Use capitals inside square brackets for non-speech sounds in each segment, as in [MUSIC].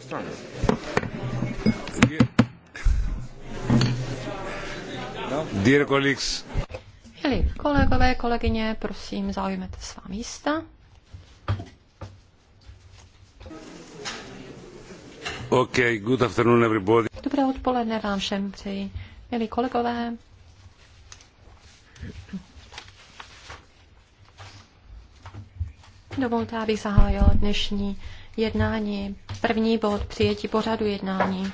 stronger, stronger. Dear colleagues. Milí kolegové, kolegyně, prosím, zaujměte svá místa. Okay, good afternoon everybody. Dobré odpoledne vám všem přeji, milí kolegové. Dovolte, abych zahájil dnešní jednání. První bod přijetí pořadu jednání.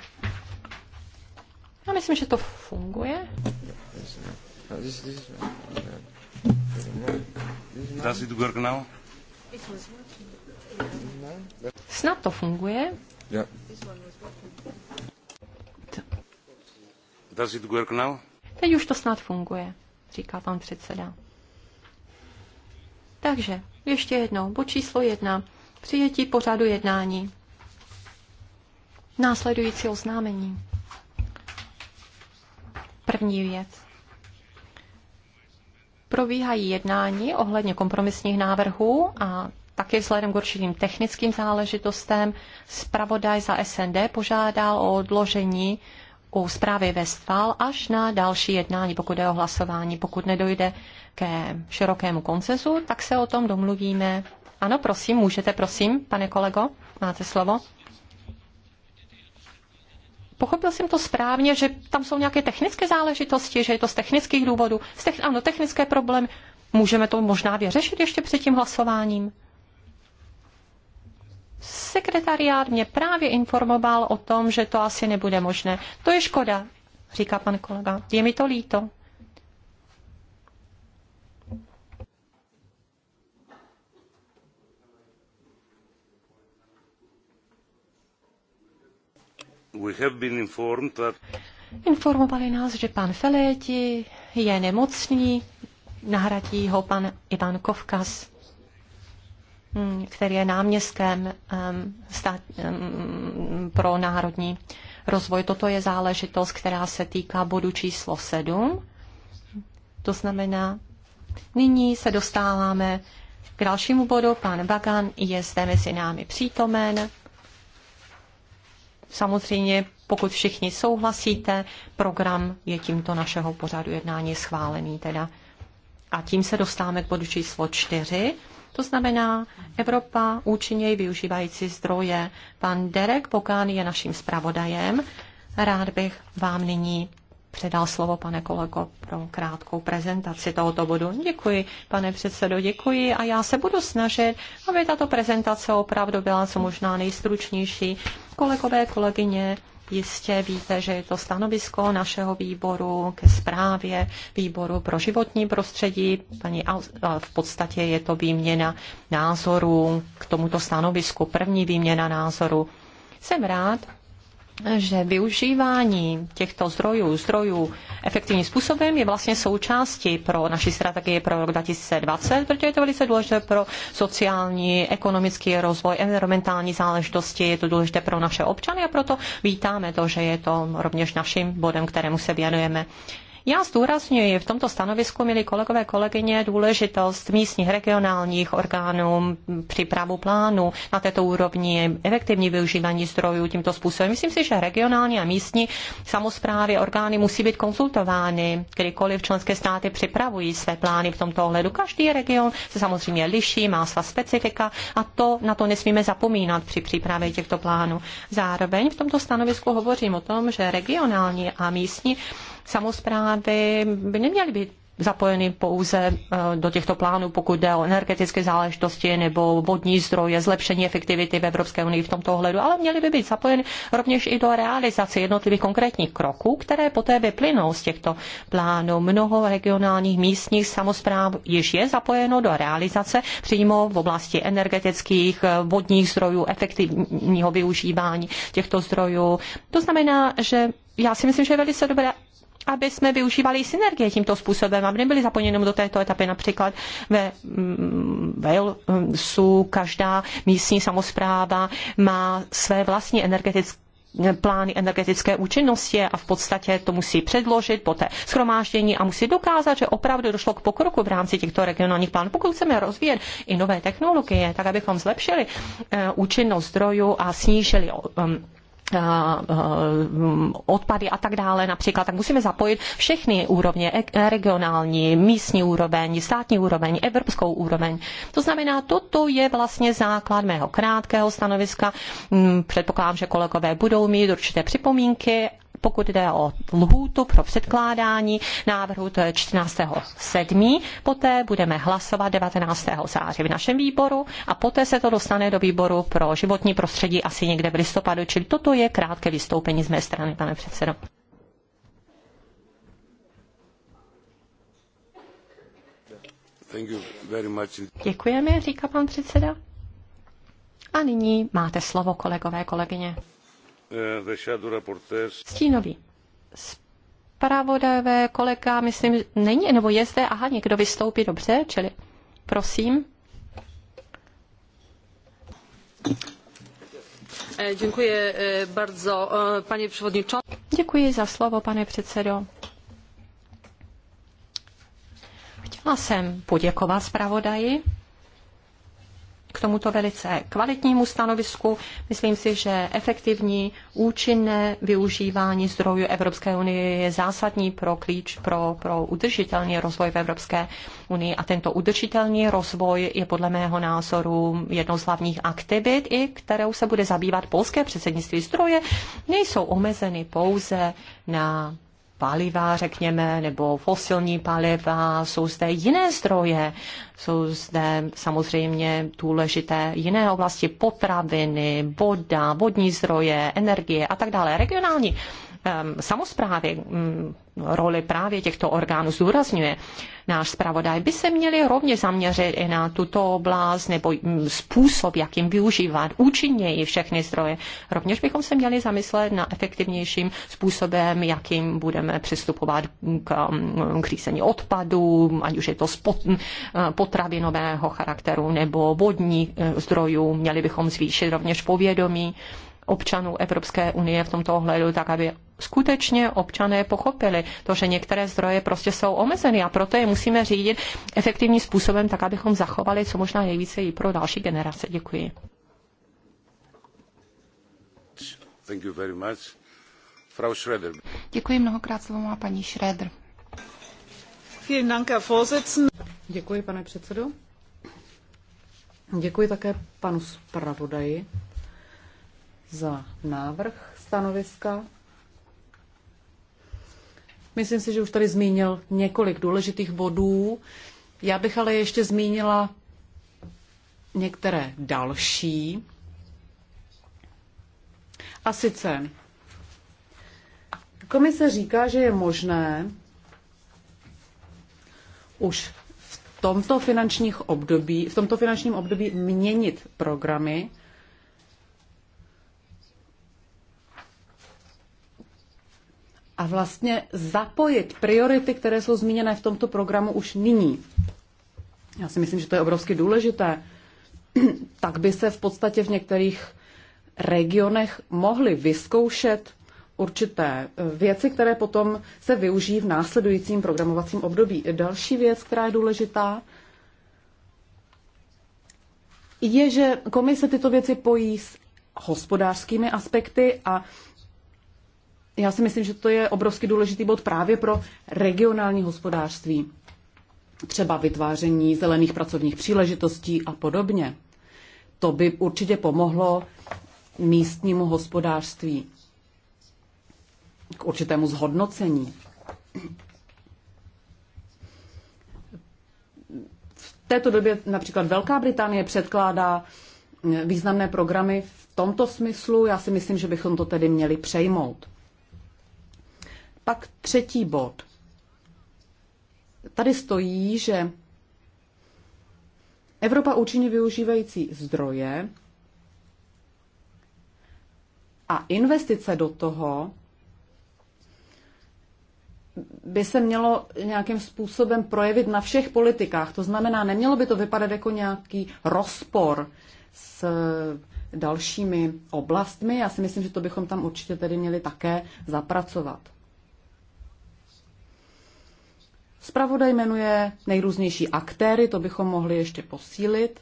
Já myslím, že to funguje. Snad to funguje. Does it work now? Teď už to snad funguje, říká pan předseda. Takže ještě jednou, bod číslo jedna. Přijetí pořadu jednání následující oznámení. První věc. Probíhají jednání ohledně kompromisních návrhů a také vzhledem k určitým technickým záležitostem zpravodaj za SND požádal o odložení u zprávy Westfal až na další jednání, pokud je o hlasování. Pokud nedojde ke širokému koncesu, tak se o tom domluvíme. Ano, prosím, můžete, prosím, pane kolego, máte slovo. Pochopil jsem to správně, že tam jsou nějaké technické záležitosti, že je to z technických důvodů. Z techn- ano, technické problémy. Můžeme to možná vyřešit ještě před tím hlasováním. Sekretariát mě právě informoval o tom, že to asi nebude možné. To je škoda, říká pan kolega. Je mi to líto. Informovali nás, že pan Feléti je nemocný, nahradí ho pan Ivan Kovkas, mm, který je náměstkem ehm, stát, ehm, pro národní rozvoj. Toto je záležitost, která se týká bodu číslo 7. To znamená, nyní se dostáváme k dalšímu bodu. Pan Bagan je zde mezi námi přítomen. Samozřejmě, pokud všichni souhlasíte, program je tímto našeho pořadu jednání schválený teda. A tím se dostáváme k bodu číslo čtyři. to znamená Evropa účinněji využívající zdroje. Pan Derek Pokán je naším zpravodajem. Rád bych vám nyní předal slovo, pane kolego, pro krátkou prezentaci tohoto bodu. Děkuji, pane předsedo, děkuji a já se budu snažit, aby tato prezentace opravdu byla co možná nejstručnější. Kolegové, kolegyně, Jistě víte, že je to stanovisko našeho výboru ke zprávě výboru pro životní prostředí. Paní, v podstatě je to výměna názorů k tomuto stanovisku, první výměna názorů. Jsem rád, že využívání těchto zdrojů, zdrojů efektivním způsobem je vlastně součástí pro naši strategii pro rok 2020, protože je to velice důležité pro sociální, ekonomický rozvoj, environmentální záležitosti, je to důležité pro naše občany a proto vítáme to, že je to rovněž naším bodem, kterému se věnujeme. Já zdůrazňuji v tomto stanovisku, milí kolegové, kolegyně, důležitost místních regionálních orgánů, přípravu plánu na této úrovni, efektivní využívání zdrojů tímto způsobem. Myslím si, že regionální a místní samozprávy, orgány musí být konzultovány, kdykoliv členské státy připravují své plány v tomto ohledu. Každý region se samozřejmě liší, má svá specifika a to na to nesmíme zapomínat při přípravě těchto plánů. Zároveň v tomto stanovisku hovořím o tom, že regionální a místní samozprávy by neměly být zapojeny pouze eh, do těchto plánů, pokud jde o energetické záležitosti nebo vodní zdroje, zlepšení efektivity v Evropské unii v tomto ohledu, ale měly by být zapojeny rovněž i do realizace jednotlivých konkrétních kroků, které poté vyplynou z těchto plánů. Mnoho regionálních místních samozpráv již je zapojeno do realizace přímo v oblasti energetických, eh, vodních zdrojů, efektivního využívání těchto zdrojů. To znamená, že já si myslím, že je velice dobré aby jsme využívali synergie tímto způsobem, aby nebyly zapojeni do této etapy. Například ve mm, Walesu každá místní samozpráva má své vlastní energetické plány energetické účinnosti a v podstatě to musí předložit poté schromáždění a musí dokázat, že opravdu došlo k pokroku v rámci těchto regionálních plánů. Pokud chceme rozvíjet i nové technologie, tak abychom zlepšili eh, účinnost zdrojů a snížili um, Eh, eh, odpady a tak dále například, tak musíme zapojit všechny úrovně, e, e, regionální, místní úroveň, státní úroveň, evropskou úroveň. To znamená, toto je vlastně základ mého krátkého stanoviska. Mm, předpokládám, že kolegové budou mít určité připomínky pokud jde o lhůtu pro předkládání návrhu, to je 14.7. Poté budeme hlasovat 19. září v našem výboru a poté se to dostane do výboru pro životní prostředí asi někde v listopadu, čili toto je krátké vystoupení z mé strany, pane předsedo. Děkujeme, říká pan předseda. A nyní máte slovo, kolegové, kolegyně. Eh, Stínový. Spravodajové kolega, myslím, není, nebo je zde, aha, někdo vystoupí dobře, čili prosím. Eh, děkuji eh, bardzo, pane przewodniczący. Děkuji za slovo, pane předsedo. Chtěla jsem poděkovat zpravodaji k tomuto velice kvalitnímu stanovisku. Myslím si, že efektivní, účinné využívání zdrojů Evropské unie je zásadní pro klíč pro, pro udržitelný rozvoj v Evropské unii. A tento udržitelný rozvoj je podle mého názoru jednou z hlavních aktivit, i kterou se bude zabývat polské předsednictví. Zdroje nejsou omezeny pouze na paliva, řekněme, nebo fosilní paliva, jsou zde jiné zdroje, jsou zde samozřejmě důležité jiné oblasti, potraviny, voda, vodní zdroje, energie a tak dále. Regionální samozprávy, mm, roli právě těchto orgánů zdůrazňuje náš zpravodaj, by se měli rovně zaměřit i na tuto oblast nebo mm, způsob, jak jim využívat účinněji všechny zdroje. Rovněž bychom se měli zamyslet na efektivnějším způsobem, jakým budeme přistupovat k, mm, křísení odpadů, ať už je to spot, potravinového charakteru nebo vodní e, zdrojů. Měli bychom zvýšit rovněž povědomí občanů Evropské unie v tomto ohledu, tak aby skutečně občané pochopili to, že některé zdroje prostě jsou omezeny a proto je musíme řídit efektivním způsobem, tak abychom zachovali co možná nejvíce i pro další generace. Děkuji. Thank you very much. Frau Schroeder. Děkuji mnohokrát, slovo má paní Schroeder. Děkuji, pane předsedo. Děkuji také panu zpravodaji za návrh stanoviska Myslím si, že už tady zmínil několik důležitých bodů. Já bych ale ještě zmínila některé další. A sice komise říká, že je možné už v tomto, finančních období, v tomto finančním období měnit programy a vlastně zapojit priority, které jsou zmíněné v tomto programu už nyní. Já si myslím, že to je obrovsky důležité. [CLEARS THROAT] tak by se v podstatě v některých regionech mohly vyzkoušet určité eh, věci, které potom se využijí v následujícím programovacím období. Další věc, která je důležitá, je, že komise tyto věci pojí s hospodářskými aspekty a já si myslím, že to je obrovsky důležitý bod právě pro regionální hospodářství. Třeba vytváření zelených pracovních příležitostí a podobně. To by určitě pomohlo místnímu hospodářství k určitému zhodnocení. V této době například Velká Británie předkládá významné programy v tomto smyslu. Já si myslím, že bychom to tedy měli přejmout. Pak třetí bod. Tady stojí, že Evropa účinně využívající zdroje a investice do toho by se mělo nějakým způsobem projevit na všech politikách. To znamená, nemělo by to vypadat jako nějaký rozpor s dalšími oblastmi. Já si myslím, že to bychom tam určitě tedy měli také zapracovat. Spravodaj jmenuje nejrůznější aktéry, to bychom mohli ještě posílit.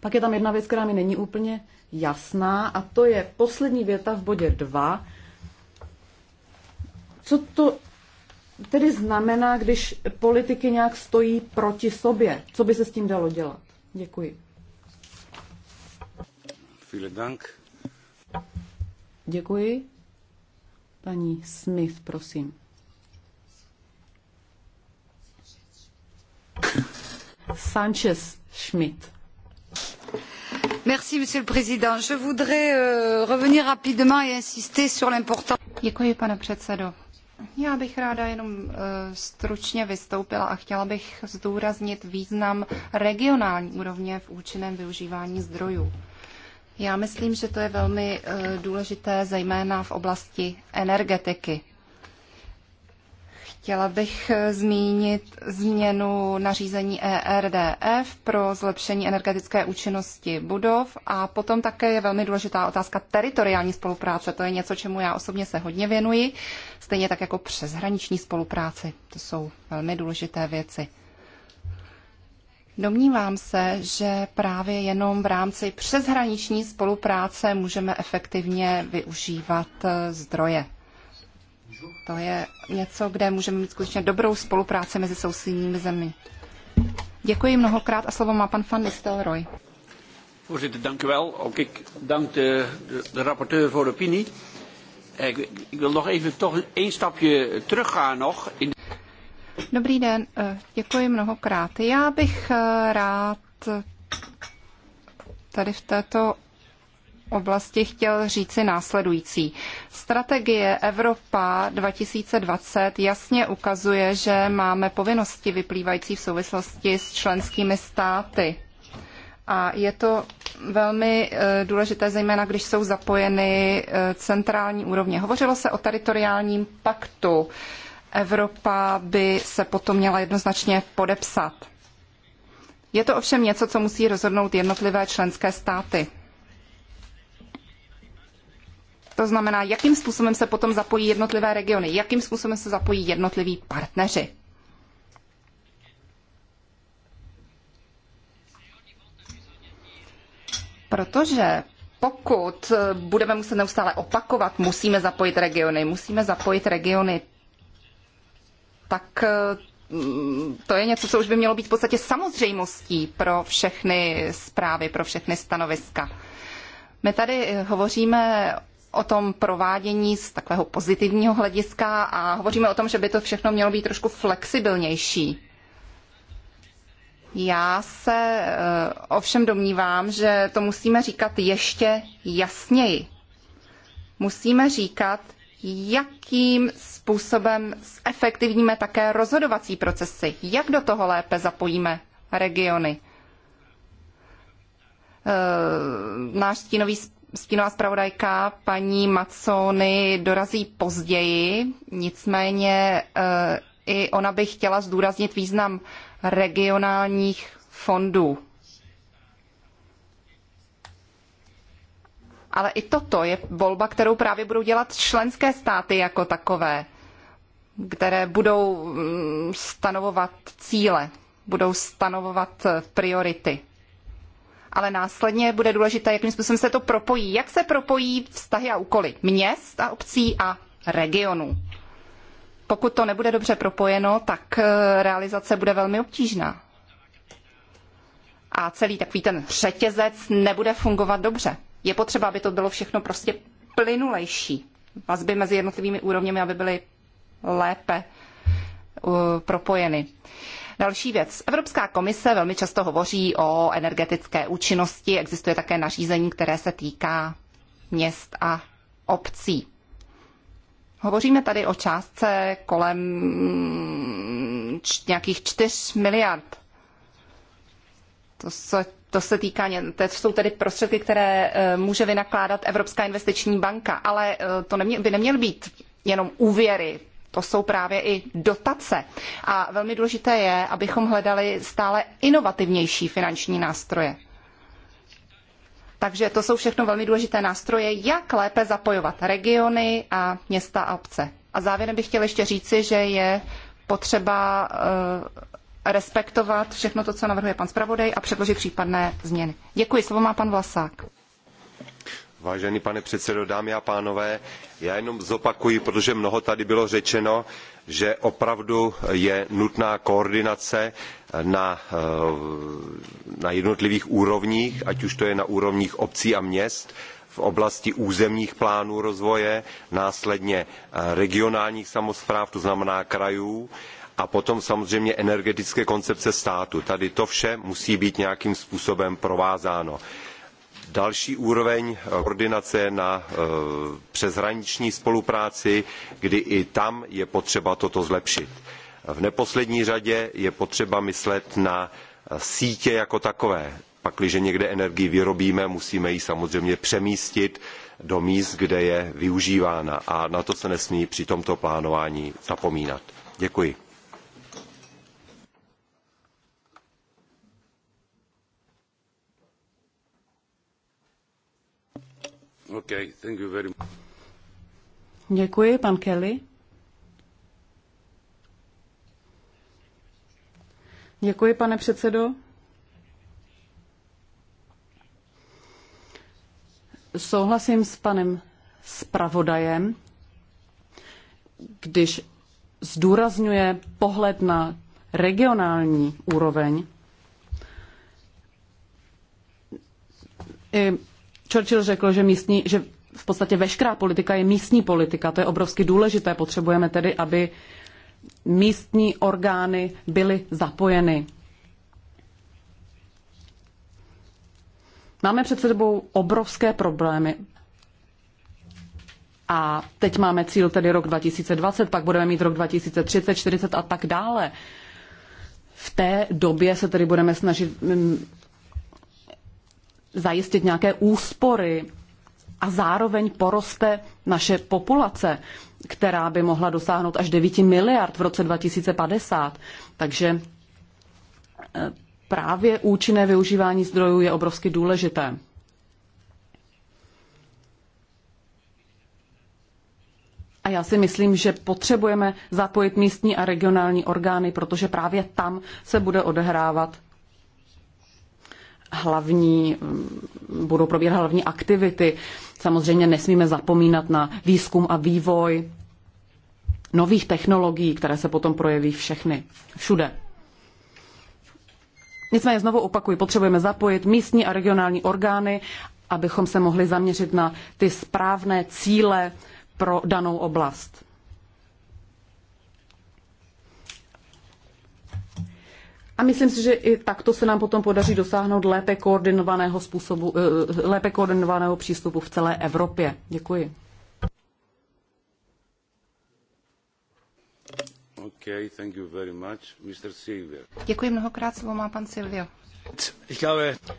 Pak je tam jedna věc, která mi není úplně jasná, a to je poslední věta v bodě 2. Co to tedy znamená, když politiky nějak stojí proti sobě? Co by se s tím dalo dělat? Děkuji. Děkuji. Paní Smith, prosím. Sanchez Schmidt. Merci, Monsieur le Président. Je voudrais euh, revenir rapidement et insister sur l'importance. Děkuji, pane předsedo. Já bych ráda jenom e, stručně vystoupila a chtěla bych zdůraznit význam regionální úrovně v účinném využívání zdrojů. Já myslím, že to je velmi e, důležité, zejména v oblasti energetiky. Chtěla bych eh, zmínit změnu nařízení ERDF pro zlepšení energetické účinnosti budov a potom také je velmi důležitá otázka teritoriální spolupráce. To je něco, čemu já osobně se hodně věnuji, stejně tak jako přeshraniční spolupráci. To jsou velmi důležité věci. Domnívám se, že právě jenom v rámci přeshraniční spolupráce můžeme efektivně využívat eh, zdroje. To je něco, kde můžeme mít skutečně dobrou spolupráci mezi sousedními zemi. Děkuji mnohokrát a slovo má pan van Nistelrooy. Voorzitter, dank u wel. Ook ik dank de, de, de rapporteur voor de opinie. Eh, ik, ik wil nog even toch stapje teruggaan nog. In... Dobrý den, eh, děkuji mnohokrát. Já bych eh, rád tady v této oblasti chtěl říci následující. Strategie Evropa 2020 jasně ukazuje, že máme povinnosti vyplývající v souvislosti s členskými státy. A je to velmi eh, důležité, zejména když jsou zapojeny eh, centrální úrovně. Hovořilo se o teritoriálním paktu. Evropa by se potom měla jednoznačně podepsat. Je to ovšem něco, co musí rozhodnout jednotlivé členské státy. To znamená, jakým způsobem se potom zapojí jednotlivé regiony, jakým způsobem se zapojí jednotliví partneři. Protože pokud budeme muset neustále opakovat, musíme zapojit regiony, musíme zapojit regiony, tak mm, to je něco, co už by mělo být v podstatě samozřejmostí pro všechny zprávy, pro všechny stanoviska. My tady hovoříme o tom provádění z takového pozitivního hlediska a hovoříme o tom, že by to všechno mělo být trošku flexibilnější. Já se eh, ovšem domnívám, že to musíme říkat ještě jasněji. Musíme říkat, jakým způsobem zefektivníme také rozhodovací procesy, jak do toho lépe zapojíme regiony. Eh, náš stínový stínová zpravodajka paní Macony dorazí později, nicméně eh, i ona by chtěla zdůraznit význam regionálních fondů. Ale i toto je volba, kterou právě budou dělat členské státy jako takové, které budou mm, stanovovat cíle, budou stanovovat priority ale následně bude důležité, jakým způsobem se to propojí. Jak se propojí vztahy a úkoly měst a obcí a regionů. Pokud to nebude dobře propojeno, tak eh, realizace bude velmi obtížná. A celý takový ten řetězec nebude fungovat dobře. Je potřeba, aby to bylo všechno prostě plynulejší. Vazby mezi jednotlivými úrovněmi, aby byly lépe eh, propojeny. Další věc. Evropská komise velmi často hovoří o energetické účinnosti. Existuje také nařízení, které se týká měst a obcí. Hovoříme tady o částce kolem nějakých 4 miliard. To se, to se týká, to jsou tedy prostředky, které e, může vynakládat Evropská investiční banka, ale e, to nemě, by neměl být jenom úvěry to jsou právě i dotace. A velmi důležité je, abychom hledali stále inovativnější finanční nástroje. Takže to jsou všechno velmi důležité nástroje, jak lépe zapojovat regiony a města a obce. A závěrem bych chtěl ještě říci, že je potřeba eh, respektovat všechno to, co navrhuje pan zpravodaj a předložit případné změny. Děkuji, slovo má pan Vlasák. Vážený pane předsedo, dámy a pánové, já jenom zopakuji, protože mnoho tady bylo řečeno, že opravdu je nutná koordinace na, eh, na jednotlivých úrovních, ať už to je na úrovních obcí a měst, v oblasti územních plánů rozvoje, následně eh, regionálních samospráv, to znamená krajů, a potom samozřejmě energetické koncepce státu. Tady to vše musí být nějakým způsobem provázáno další úroveň eh, koordinace na eh, přeshraniční spolupráci, kdy i tam je potřeba toto zlepšit. V neposlední řadě je potřeba myslet na eh, sítě jako takové. Pakliže někde energii vyrobíme, musíme ji samozřejmě přemístit do míst, kde je využívána a na to se nesmí při tomto plánování zapomínat. Děkuji. Okay, thank you very much. Děkuji, pan Kelly. Děkuji, pane předsedo. Souhlasím s panem zpravodajem, když zdůrazňuje pohled na regionální úroveň. I Churchill řekl, že, místní, že v podstatě veškerá politika je místní politika. To je obrovsky důležité. Potřebujeme tedy, aby místní orgány byly zapojeny. Máme před sebou obrovské problémy. A teď máme cíl tedy rok 2020, pak budeme mít rok 2030, 40 a tak dále. V té době se tedy budeme snažit mm, zajistit nějaké úspory a zároveň poroste naše populace, která by mohla dosáhnout až 9 miliard v roce 2050. Takže e, právě účinné využívání zdrojů je obrovsky důležité. A já si myslím, že potřebujeme zapojit místní a regionální orgány, protože právě tam se bude odehrávat hlavní, budou probíhat hlavní aktivity. Samozřejmě nesmíme zapomínat na výzkum a vývoj nových technologií, které se potom projeví všechny, všude. Nicméně znovu opakuji, potřebujeme zapojit místní a regionální orgány, abychom se mohli zaměřit na ty správné cíle pro danou oblast. A myslím si, že i takto se nám potom podaří dosáhnout lépe koordinovaného, způsobu, eh, lépe koordinovaného přístupu v celé Evropě. Děkuji. Okay, thank you very much. Mr. Děkuji mnohokrát, slovo má pan Silvio.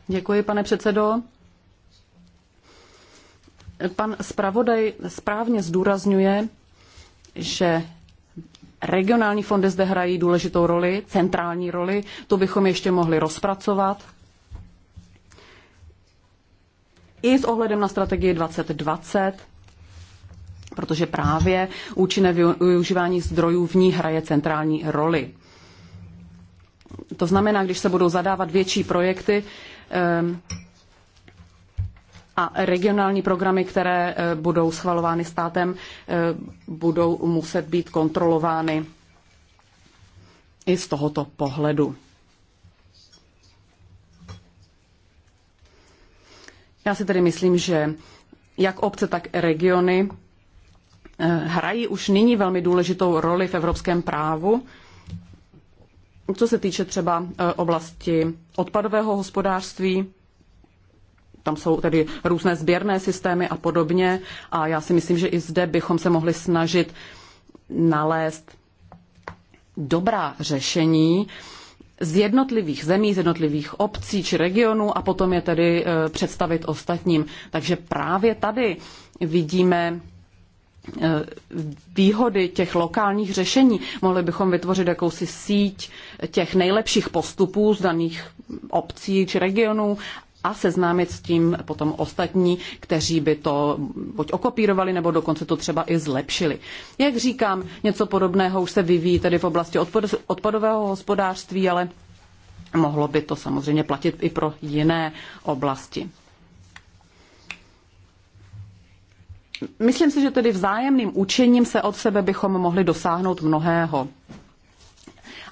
Děkuji, pane předsedo. Pan zpravodaj správně zdůrazňuje, že Regionální fondy zde hrají důležitou roli, centrální roli, to bychom ještě mohli rozpracovat. I s ohledem na strategii 2020, protože právě účinné využívání zdrojů v ní hraje centrální roli. To znamená, když se budou zadávat větší projekty, ehm, a regionální programy, které eh, budou schvalovány státem, eh, budou muset být kontrolovány i z tohoto pohledu. Já si tedy myslím, že jak obce, tak regiony eh, hrají už nyní velmi důležitou roli v evropském právu. Co se týče třeba oblasti odpadového hospodářství, tam jsou tedy různé sběrné systémy a podobně. A já si myslím, že i zde bychom se mohli snažit nalézt dobrá řešení z jednotlivých zemí, z jednotlivých obcí či regionů a potom je tedy e, představit ostatním. Takže právě tady vidíme e, výhody těch lokálních řešení. Mohli bychom vytvořit jakousi síť těch nejlepších postupů z daných obcí či regionů a seznámit s tím potom ostatní, kteří by to buď okopírovali, nebo dokonce to třeba i zlepšili. Jak říkám, něco podobného už se vyvíjí tedy v oblasti odpadového hospodářství, ale mohlo by to samozřejmě platit i pro jiné oblasti. Myslím si, že tedy vzájemným učením se od sebe bychom mohli dosáhnout mnohého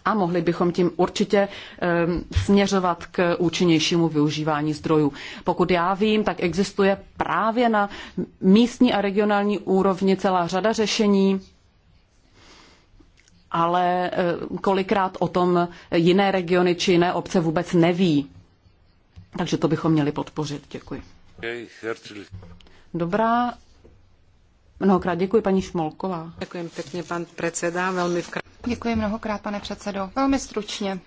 a mohli bychom tím určitě ehm, směřovat k účinnějšímu využívání zdrojů. Pokud já vím, tak existuje právě na místní a regionální úrovni celá řada řešení, ale eh, kolikrát o tom jiné regiony či jiné obce vůbec neví. Takže to bychom měli podpořit. Děkuji. Dobrá, Mnohokrát děkuji, paní Šmolková. Děkuji pěkně, pan předseda, velmi vkrát. Děkuji mnohokrát, pane předsedo. Velmi stručně.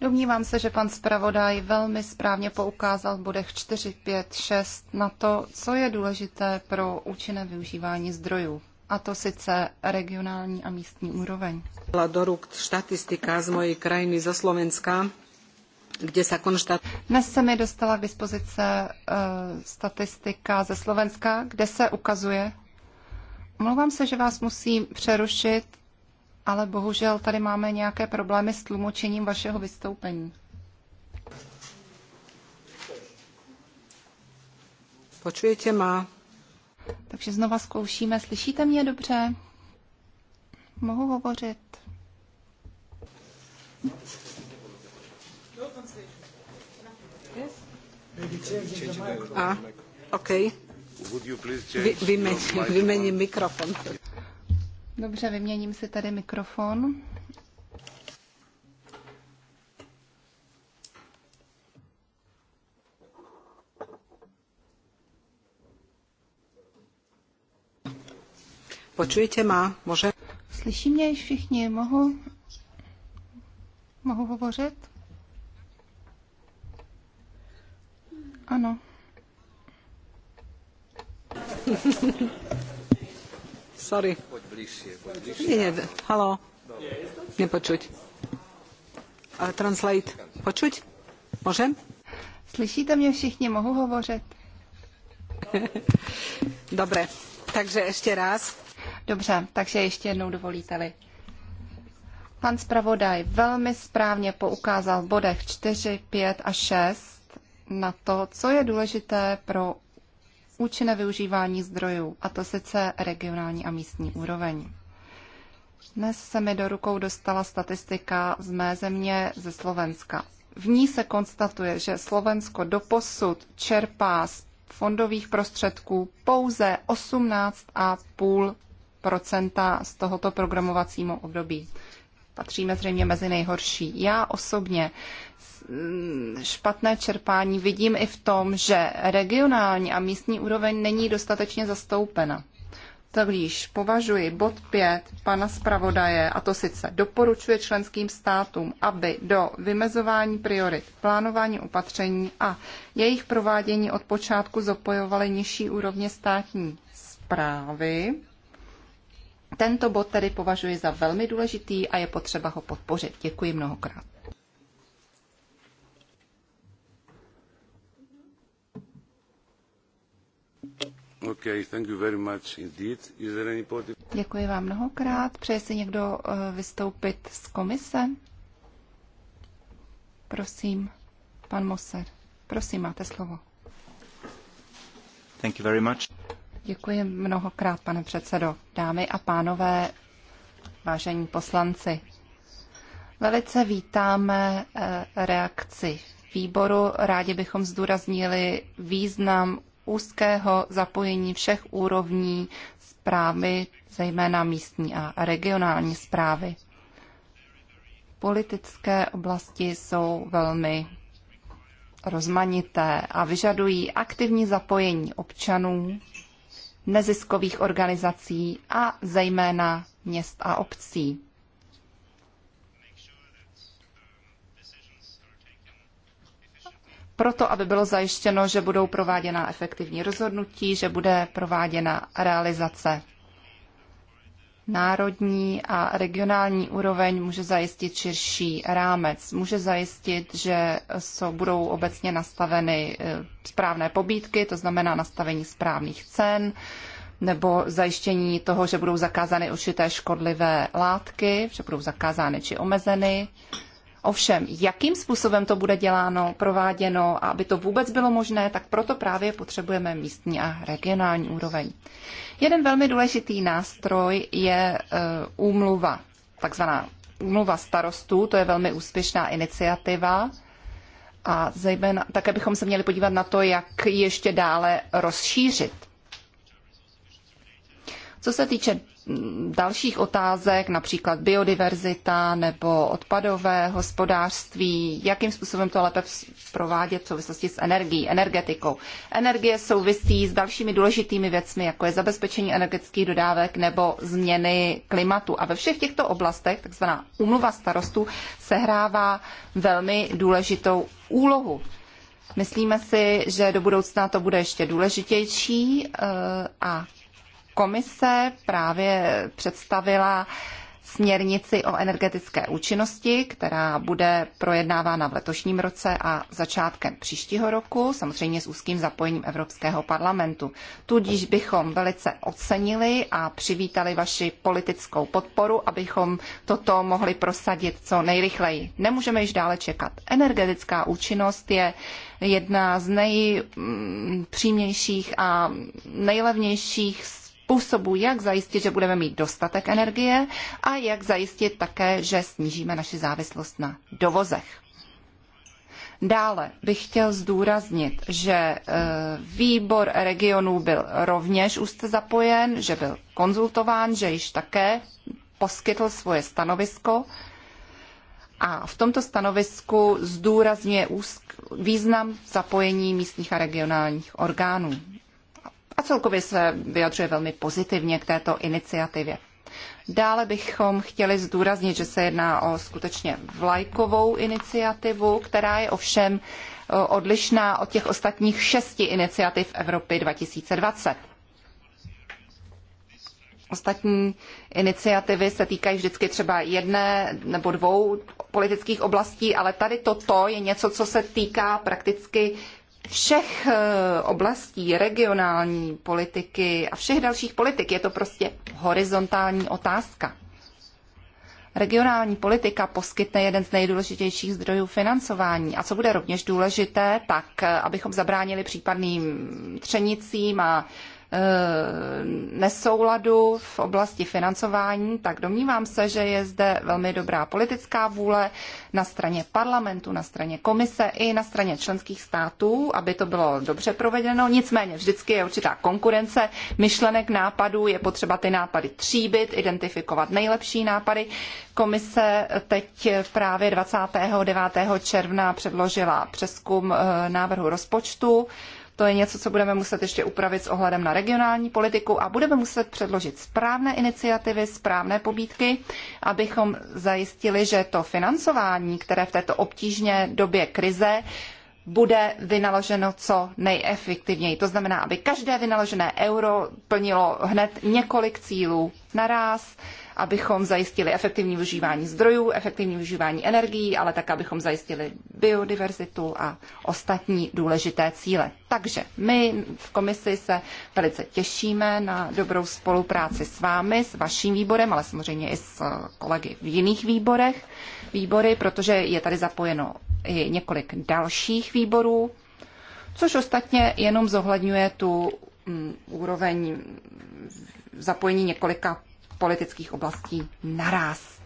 Domnívám se, že pan zpravodaj velmi správně poukázal v bodech 4, 5, 6 na to, co je důležité pro účinné využívání zdrojů. A to sice regionální a místní úroveň. Do ruk statistika z mojej krajiny ze Slovenska, kde se konštat... Dnes se mi dostala k dispozice uh, statistika ze Slovenska, kde se ukazuje, Omlouvám se, že vás musím přerušit, ale bohužel tady máme nějaké problémy s tlumočením vašeho vystoupení. Počujete má. Takže znova zkoušíme. Slyšíte mě dobře? Mohu hovořit? A, okay. Vy, vyměním mikrofon. Dobře, vyměním si tady mikrofon. Počujete má? Může? Slyší mě všichni? Mohu? Mohu hovořit? Ano. Sorry. Nie, halo. Nie translate. Počuť? Môžem? Slyšíte mě všichni, mohu hovořit? [LAUGHS] Dobré, takže ještě raz. Dobře, takže ještě jednou dovolíte-li. Pan zpravodaj velmi správně poukázal v bodech 4, 5 a 6 na to, co je důležité pro účinné využívání zdrojů, a to sice regionální a místní úroveň. Dnes se mi do rukou dostala statistika z mé země ze Slovenska. V ní se konstatuje, že Slovensko doposud čerpá z fondových prostředků pouze 18,5 z tohoto programovacímu období patříme zřejmě mezi nejhorší. Já osobně mm, špatné čerpání vidím i v tom, že regionální a místní úroveň není dostatečně zastoupena. Tudíž považuji bod 5 pana zpravodaje, a to sice doporučuje členským státům, aby do vymezování priorit, plánování opatření a jejich provádění od počátku zapojovaly nižší úrovně státní zprávy, tento bod tedy považuji za velmi důležitý a je potřeba ho podpořit. Děkuji mnohokrát. Okay, thank you very much indeed. Is there any... Děkuji vám mnohokrát. Přeje si někdo eh, vystoupit z komise? Prosím, pan Moser. Prosím, máte slovo. Thank you very much. Děkuji mnohokrát, pane předsedo. Dámy a pánové, vážení poslanci, velice vítáme eh, reakci výboru. Rádi bychom zdůraznili význam úzkého zapojení všech úrovní zprávy, zejména místní a regionální zprávy. Politické oblasti jsou velmi rozmanité a vyžadují aktivní zapojení občanů, neziskových organizací a zejména měst a obcí. Proto, aby bylo zajištěno, že budou prováděna efektivní rozhodnutí, že bude prováděna realizace národní a regionální úroveň může zajistit širší rámec. Může zajistit, že jsou, budou obecně nastaveny eh, správné pobídky, to znamená nastavení správných cen, nebo zajištění toho, že budou zakázány určité škodlivé látky, že budou zakázány či omezeny. Ovšem, jakým způsobem to bude děláno, prováděno a aby to vůbec bylo možné, tak proto právě potřebujeme místní a regionální úroveň. Jeden velmi důležitý nástroj je e, úmluva, takzvaná úmluva starostů, to je velmi úspěšná iniciativa. A zejména také bychom se měli podívat na to, jak ještě dále rozšířit. Co se týče dalších otázek, například biodiverzita nebo odpadové hospodářství, jakým způsobem to lépe provádět v souvislosti s energií, energetikou. Energie souvisí s dalšími důležitými věcmi, jako je zabezpečení energetických dodávek nebo změny klimatu. A ve všech těchto oblastech takzvaná umluva starostů sehrává velmi důležitou úlohu. Myslíme si, že do budoucna to bude ještě důležitější eh, a Komise právě představila směrnici o energetické účinnosti, která bude projednávána v letošním roce a začátkem příštího roku, samozřejmě s úzkým zapojením Evropského parlamentu. Tudíž bychom velice ocenili a přivítali vaši politickou podporu, abychom toto mohli prosadit co nejrychleji. Nemůžeme již dále čekat. Energetická účinnost je jedna z nejpřímějších mm, a nejlevnějších způsobů, jak zajistit, že budeme mít dostatek energie a jak zajistit také, že snížíme naši závislost na dovozech. Dále bych chtěl zdůraznit, že e, výbor regionů byl rovněž úzce zapojen, že byl konzultován, že již také poskytl svoje stanovisko a v tomto stanovisku zdůrazňuje význam zapojení místních a regionálních orgánů a celkově se vyjadřuje velmi pozitivně k této iniciativě. Dále bychom chtěli zdůraznit, že se jedná o skutečně vlajkovou iniciativu, která je ovšem e, odlišná od těch ostatních šesti iniciativ Evropy 2020. Ostatní iniciativy se týkají vždycky třeba jedné nebo dvou politických oblastí, ale tady toto je něco, co se týká prakticky všech eh, oblastí regionální politiky a všech dalších politik. Je to prostě horizontální otázka. Regionální politika poskytne jeden z nejdůležitějších zdrojů financování. A co bude rovněž důležité, tak eh, abychom zabránili případným třenicím a Eh, nesouladu v oblasti financování, tak domnívám se, že je zde velmi dobrá politická vůle na straně parlamentu, na straně komise i na straně členských států, aby to bylo dobře provedeno. Nicméně vždycky je určitá konkurence myšlenek, nápadů, je potřeba ty nápady tříbit, identifikovat nejlepší nápady. Komise teď právě 29. června předložila přeskum eh, návrhu rozpočtu. To je něco, co budeme muset ještě upravit s ohledem na regionální politiku a budeme muset předložit správné iniciativy, správné pobídky, abychom zajistili, že to financování, které v této obtížné době krize bude vynaloženo co nejefektivněji. To znamená, aby každé vynaložené euro plnilo hned několik cílů naraz, abychom zajistili efektivní využívání zdrojů, efektivní využívání energií, ale tak, abychom zajistili biodiverzitu a ostatní důležité cíle. Takže my v komisi se velice těšíme na dobrou spolupráci s vámi, s vaším výborem, ale samozřejmě i s kolegy v jiných výborech, výbory, protože je tady zapojeno i několik dalších výborů, což ostatně jenom zohledňuje tu mm, úroveň zapojení několika politických oblastí naraz.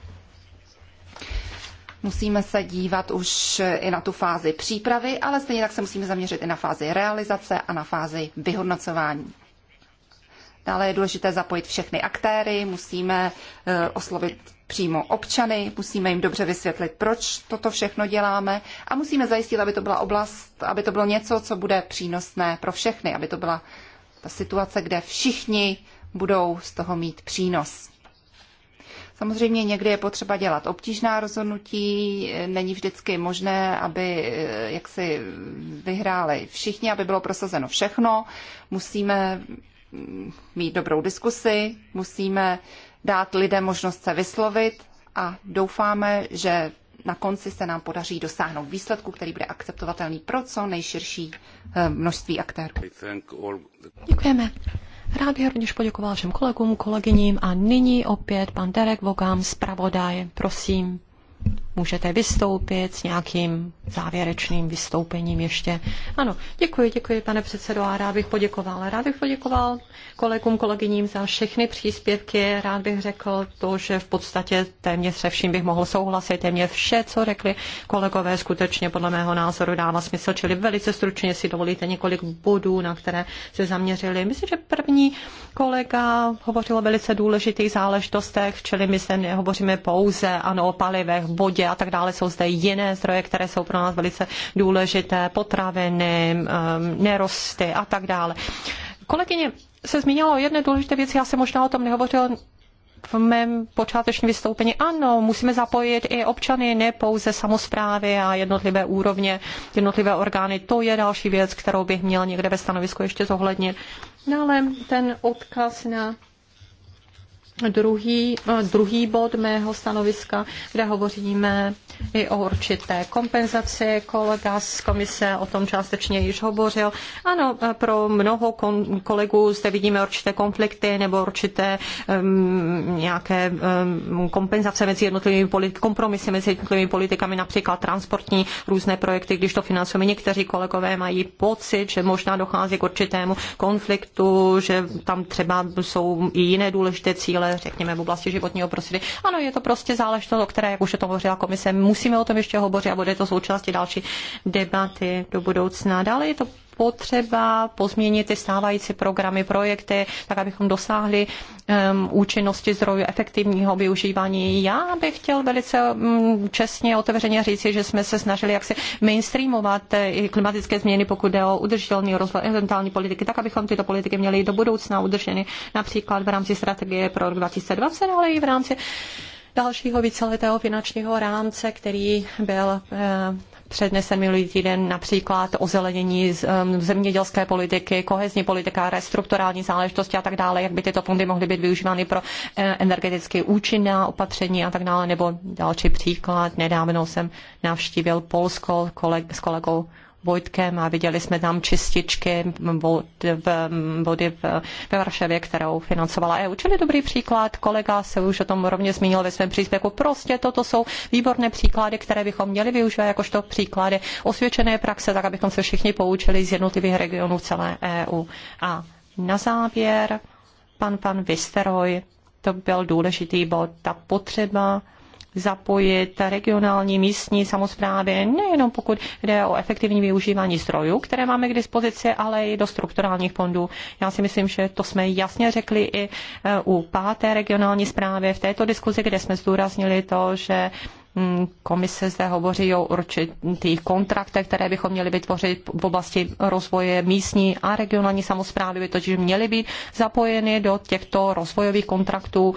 Musíme se dívat už i na tu fázi přípravy, ale stejně tak se musíme zaměřit i na fázi realizace a na fázi vyhodnocování. Dále je důležité zapojit všechny aktéry, musíme eh, oslovit přímo občany, musíme jim dobře vysvětlit, proč toto všechno děláme a musíme zajistit, aby to byla oblast, aby to bylo něco, co bude přínosné pro všechny, aby to byla ta situace, kde všichni budou z toho mít přínos. Samozřejmě někdy je potřeba dělat obtížná rozhodnutí, není vždycky možné, aby eh, jak si vyhráli všichni, aby bylo prosazeno všechno. Musíme mm, mít dobrou diskusi, musíme dát lidem možnost se vyslovit a doufáme, že na konci se nám podaří dosáhnout výsledku, který bude akceptovatelný pro co nejširší eh, množství aktérů. Děkujeme. Rád bych rovněž poděkoval všem kolegům, kolegyním a nyní opět pan Derek Vogám, zpravodaj. Prosím můžete vystoupit s nějakým závěrečným vystoupením ještě. Ano, děkuji, děkuji, pane předsedo, a rád bych poděkoval. Rád bych poděkoval kolegům, kolegyním za všechny příspěvky. Rád bych řekl to, že v podstatě téměř se vším bych mohl souhlasit. Téměř vše, co řekli kolegové, skutečně podle mého názoru dává smysl, čili velice stručně si dovolíte několik bodů, na které se zaměřili. Myslím, že první kolega hovořil o velice důležitých záležitostech, čili my se nehovoříme pouze ano, o palivech, vodě, vodě a tak dále. Jsou zde jiné zdroje, které jsou pro nás velice důležité, potraviny, um, nerosty a tak dále. Kolegyně se zmínila o jedné důležité věci, já jsem možná o tom nehovořil v mém počátečním vystoupení. Ano, musíme zapojit i občany, ne pouze samozprávy a jednotlivé úrovně, jednotlivé orgány. To je další věc, kterou bych měl někde ve stanovisku ještě zohlednit. No ale ten odkaz na druhý, eh, druhý bod mého stanoviska, kde hovoříme i o určité kompenzaci. Kolega z komise o tom částečně již hovořil. Ano, eh, pro mnoho kolegů zde vidíme určité konflikty nebo určité um, nějaké um, kompenzace mezi jednotlivými politi- kompromisy mezi jednotlivými politikami, například transportní různé projekty, když to financujeme. Někteří kolegové mají pocit, že možná dochází k určitému konfliktu, že tam třeba jsou i jiné důležité cíle cíle, řekněme, v oblasti životního prostředí. Ano, je to prostě záležitost, o které, jak už je to hovořila komise, musíme o tom ještě hovořit a bude to součástí další debaty do budoucna. Dále je to potřeba pozměnit ty stávající programy, projekty, tak abychom dosáhli um, účinnosti zdrojů efektivního využívání. Já bych chtěl velice um, čestně otevřeně říci, že jsme se snažili jaksi mainstreamovat eh, i klimatické změny, pokud jde o udržitelný rozvoj environmentální politiky, tak abychom tyto politiky měli do budoucna udrženy například v rámci strategie pro rok 2020, ale i v rámci dalšího víceletého finančního rámce, který byl eh, přednesen minulý týden například o zelenění eh, zemědělské politiky, kohezní politika, restrukturální záležitosti a tak dále, jak by tyto fondy mohly být využívány pro eh, energeticky účinná opatření a tak dále, nebo další příklad. Nedávno jsem navštívil Polsko s kolegou Vojtkem a viděli jsme tam čističky vody v, vody v, ve Varšavě, kterou financovala EU. Čili dobrý příklad, kolega se už o tom rovně zmínil ve svém příspěvku. Prostě toto jsou výborné příklady, které bychom měli využívat jakožto příklady osvědčené praxe, tak abychom se všichni poučili z jednotlivých regionů celé EU. A na závěr pan pan Visteroj, to byl důležitý bod, ta potřeba zapojit regionální místní samozprávy, nejenom pokud jde o efektivní využívání zdrojů, které máme k dispozici, ale i do strukturálních fondů. Já si myslím, že to jsme jasně řekli i e, u páté regionální zprávy v této diskuzi, kde jsme zdůraznili to, že mm, Komise zde hovoří o určitých kontraktech, které bychom měli vytvořit v oblasti rozvoje místní a regionální samozprávy, totiž měly být zapojeny do těchto rozvojových kontraktů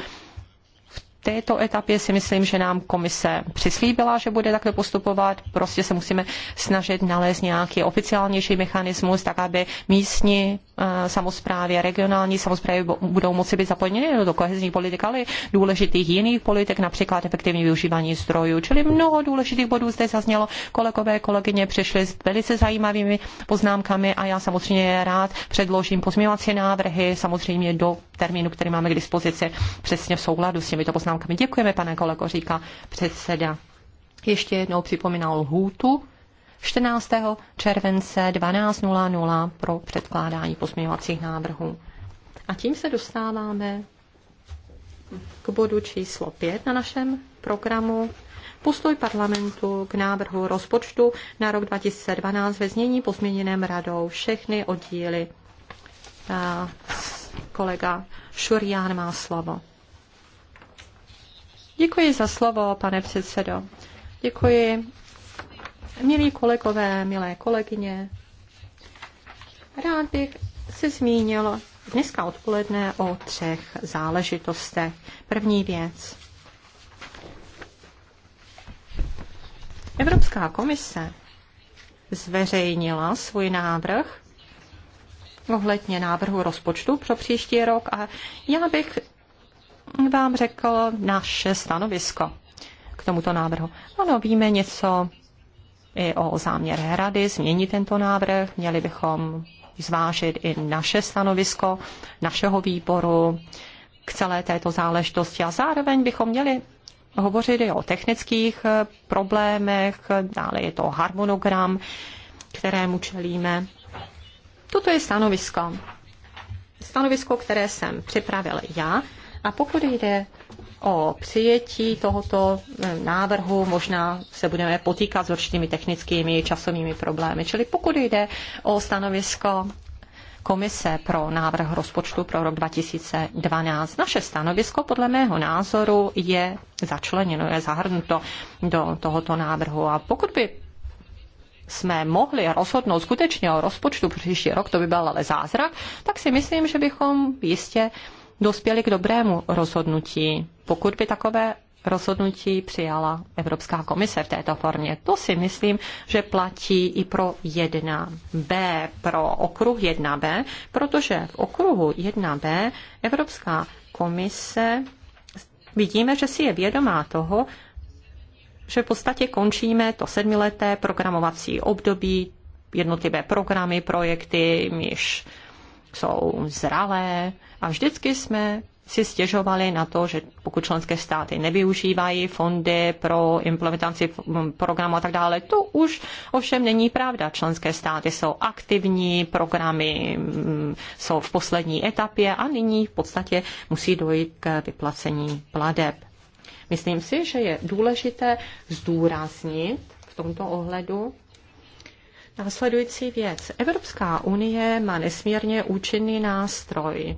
této etapě si myslím, že nám komise přislíbila, že bude takto postupovat. Prostě se musíme snažit nalézt nějaký oficiálnější mechanismus, tak aby místní eh, samozprávy a regionální samozprávy budou moci být zapojeny do kohezní politik, ale důležitých jiných politik, například efektivní využívání zdrojů. Čili mnoho důležitých bodů zde zaznělo. Kolegové, kolegyně přišli s velice zajímavými poznámkami a já samozřejmě rád předložím pozměňovací návrhy, samozřejmě do termínu, který máme k dispozici, přesně v souladu s těmito poznámkami poznámkami. Děkujeme, pane kolego, říká předseda. Ještě jednou připomínal lhůtu 14. července 12.00 pro předkládání pozměňovacích návrhů. A tím se dostáváme k bodu číslo 5 na našem programu. Postoj parlamentu k návrhu rozpočtu na rok 2012 ve změní pozměněném radou všechny oddíly. Kolega Šurián má slovo. Děkuji za slovo, pane předsedo. Děkuji. Milí kolegové, milé kolegyně, rád bych se zmínil dneska odpoledne o třech záležitostech. První věc. Evropská komise zveřejnila svůj návrh ohledně návrhu rozpočtu pro příští rok a já bych vám řekl naše stanovisko k tomuto návrhu. Ano, víme něco i o záměre rady změnit tento návrh. Měli bychom zvážit i naše stanovisko našeho výboru k celé této záležitosti a zároveň bychom měli hovořit i o technických problémech, dále je to harmonogram, kterému čelíme. Toto je stanovisko. Stanovisko, které jsem připravil já a pokud jde o přijetí tohoto eh, návrhu, možná se budeme potýkat s určitými technickými časovými problémy. Čili pokud jde o stanovisko Komise pro návrh rozpočtu pro rok 2012. Naše stanovisko podle mého názoru je začleněno, je zahrnuto do tohoto návrhu. A pokud by jsme mohli rozhodnout skutečně o rozpočtu příští rok, to by byl ale zázrak, tak si myslím, že bychom jistě dospěli k dobrému rozhodnutí, pokud by takové rozhodnutí přijala Evropská komise v této formě. To si myslím, že platí i pro 1B, pro okruh 1B, protože v okruhu 1B Evropská komise vidíme, že si je vědomá toho, že v podstatě končíme to sedmileté programovací období, jednotlivé programy, projekty již jsou zralé, a vždycky jsme si stěžovali na to, že pokud členské státy nevyužívají fondy pro implementaci programu a tak dále, to už ovšem není pravda. Členské státy jsou aktivní, programy mm, jsou v poslední etapě a nyní v podstatě musí dojít k vyplacení pladeb. Myslím si, že je důležité zdůraznit v tomto ohledu, Následující věc. Evropská unie má nesmírně účinný nástroj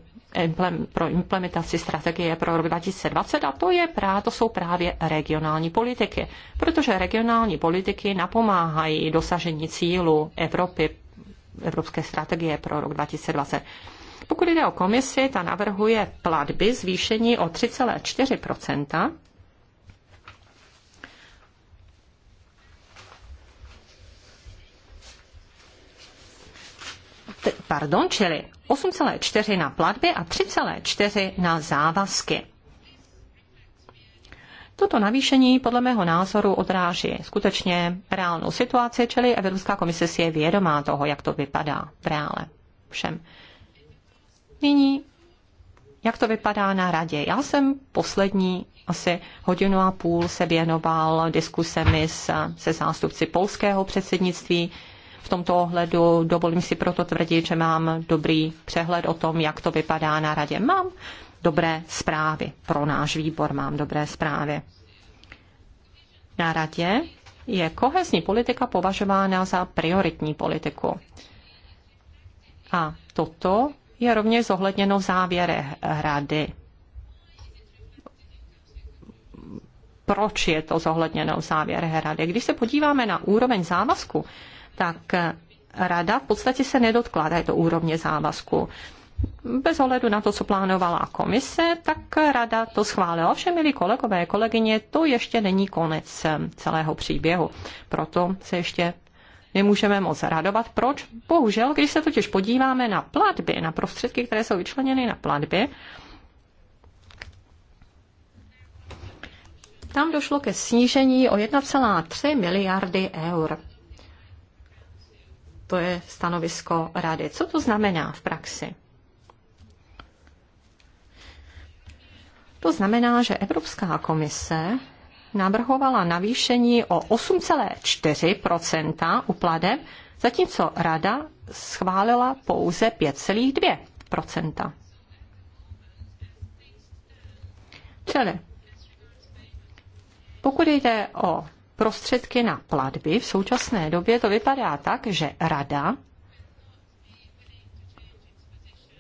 pro implementaci strategie pro rok 2020 a to, je, právě, to jsou právě regionální politiky, protože regionální politiky napomáhají dosažení cílu Evropy, Evropské strategie pro rok 2020. Pokud jde o komisi, ta navrhuje platby zvýšení o 3,4 pardon, čili 8,4 na platby a 3,4 na závazky. Toto navýšení podle mého názoru odráží skutečně reálnou situaci, čili Evropská komise si je vědomá toho, jak to vypadá v reále všem. Nyní, jak to vypadá na radě. Já jsem poslední asi hodinu a půl se věnoval diskusemi se, zástupci polského předsednictví, v tomto ohledu. Dovolím si proto tvrdit, že mám dobrý přehled o tom, jak to vypadá na radě. Mám dobré zprávy. Pro náš výbor mám dobré zprávy. Na radě je kohezní politika považována za prioritní politiku. A toto je rovněž zohledněno v závěrech rady. Proč je to zohledněno v závěrech rady? Když se podíváme na úroveň závazku, tak rada v podstatě se nedotkla této úrovně závazku. Bez ohledu na to, co plánovala komise, tak rada to schválila. Ovšem, milí kolegové, kolegyně, to ještě není konec celého příběhu. Proto se ještě nemůžeme moc radovat. Proč? Bohužel, když se totiž podíváme na platby, na prostředky, které jsou vyčleněny na platby, tam došlo ke snížení o 1,3 miliardy eur. To je stanovisko rady. Co to znamená v praxi? To znamená, že Evropská komise navrhovala navýšení o 8,4 u pladeb, zatímco Rada schválila pouze 5,2 Čili pokud jde o prostředky na platby, v současné době to vypadá tak, že rada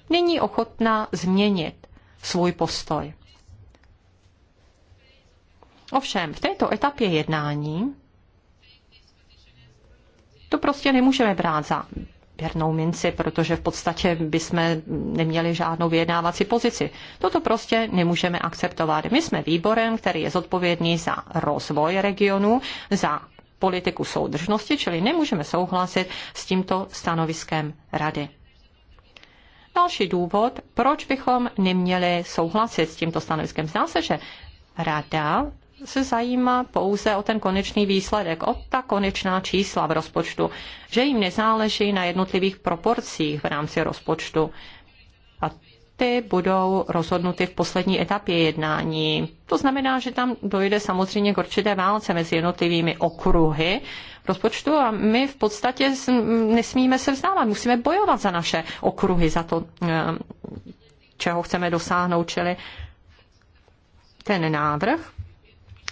není ochotná změnit svůj postoj. Ovšem, v této etapě jednání to prostě nemůžeme brát za věrnou minci, protože v podstatě bychom neměli žádnou vyjednávací pozici. Toto prostě nemůžeme akceptovat. My jsme výborem, který je zodpovědný za rozvoj regionu, za politiku soudržnosti, čili nemůžeme souhlasit s tímto stanoviskem rady. Další důvod, proč bychom neměli souhlasit s tímto stanoviskem, zdá se, že rada se zajímá pouze o ten konečný výsledek, o ta konečná čísla v rozpočtu, že jim nezáleží na jednotlivých proporcích v rámci rozpočtu. A ty budou rozhodnuty v poslední etapě jednání. To znamená, že tam dojde samozřejmě k určité válce mezi jednotlivými okruhy rozpočtu a my v podstatě nesmíme se vzdávat, musíme bojovat za naše okruhy, za to, eh, čeho chceme dosáhnout, čili ten návrh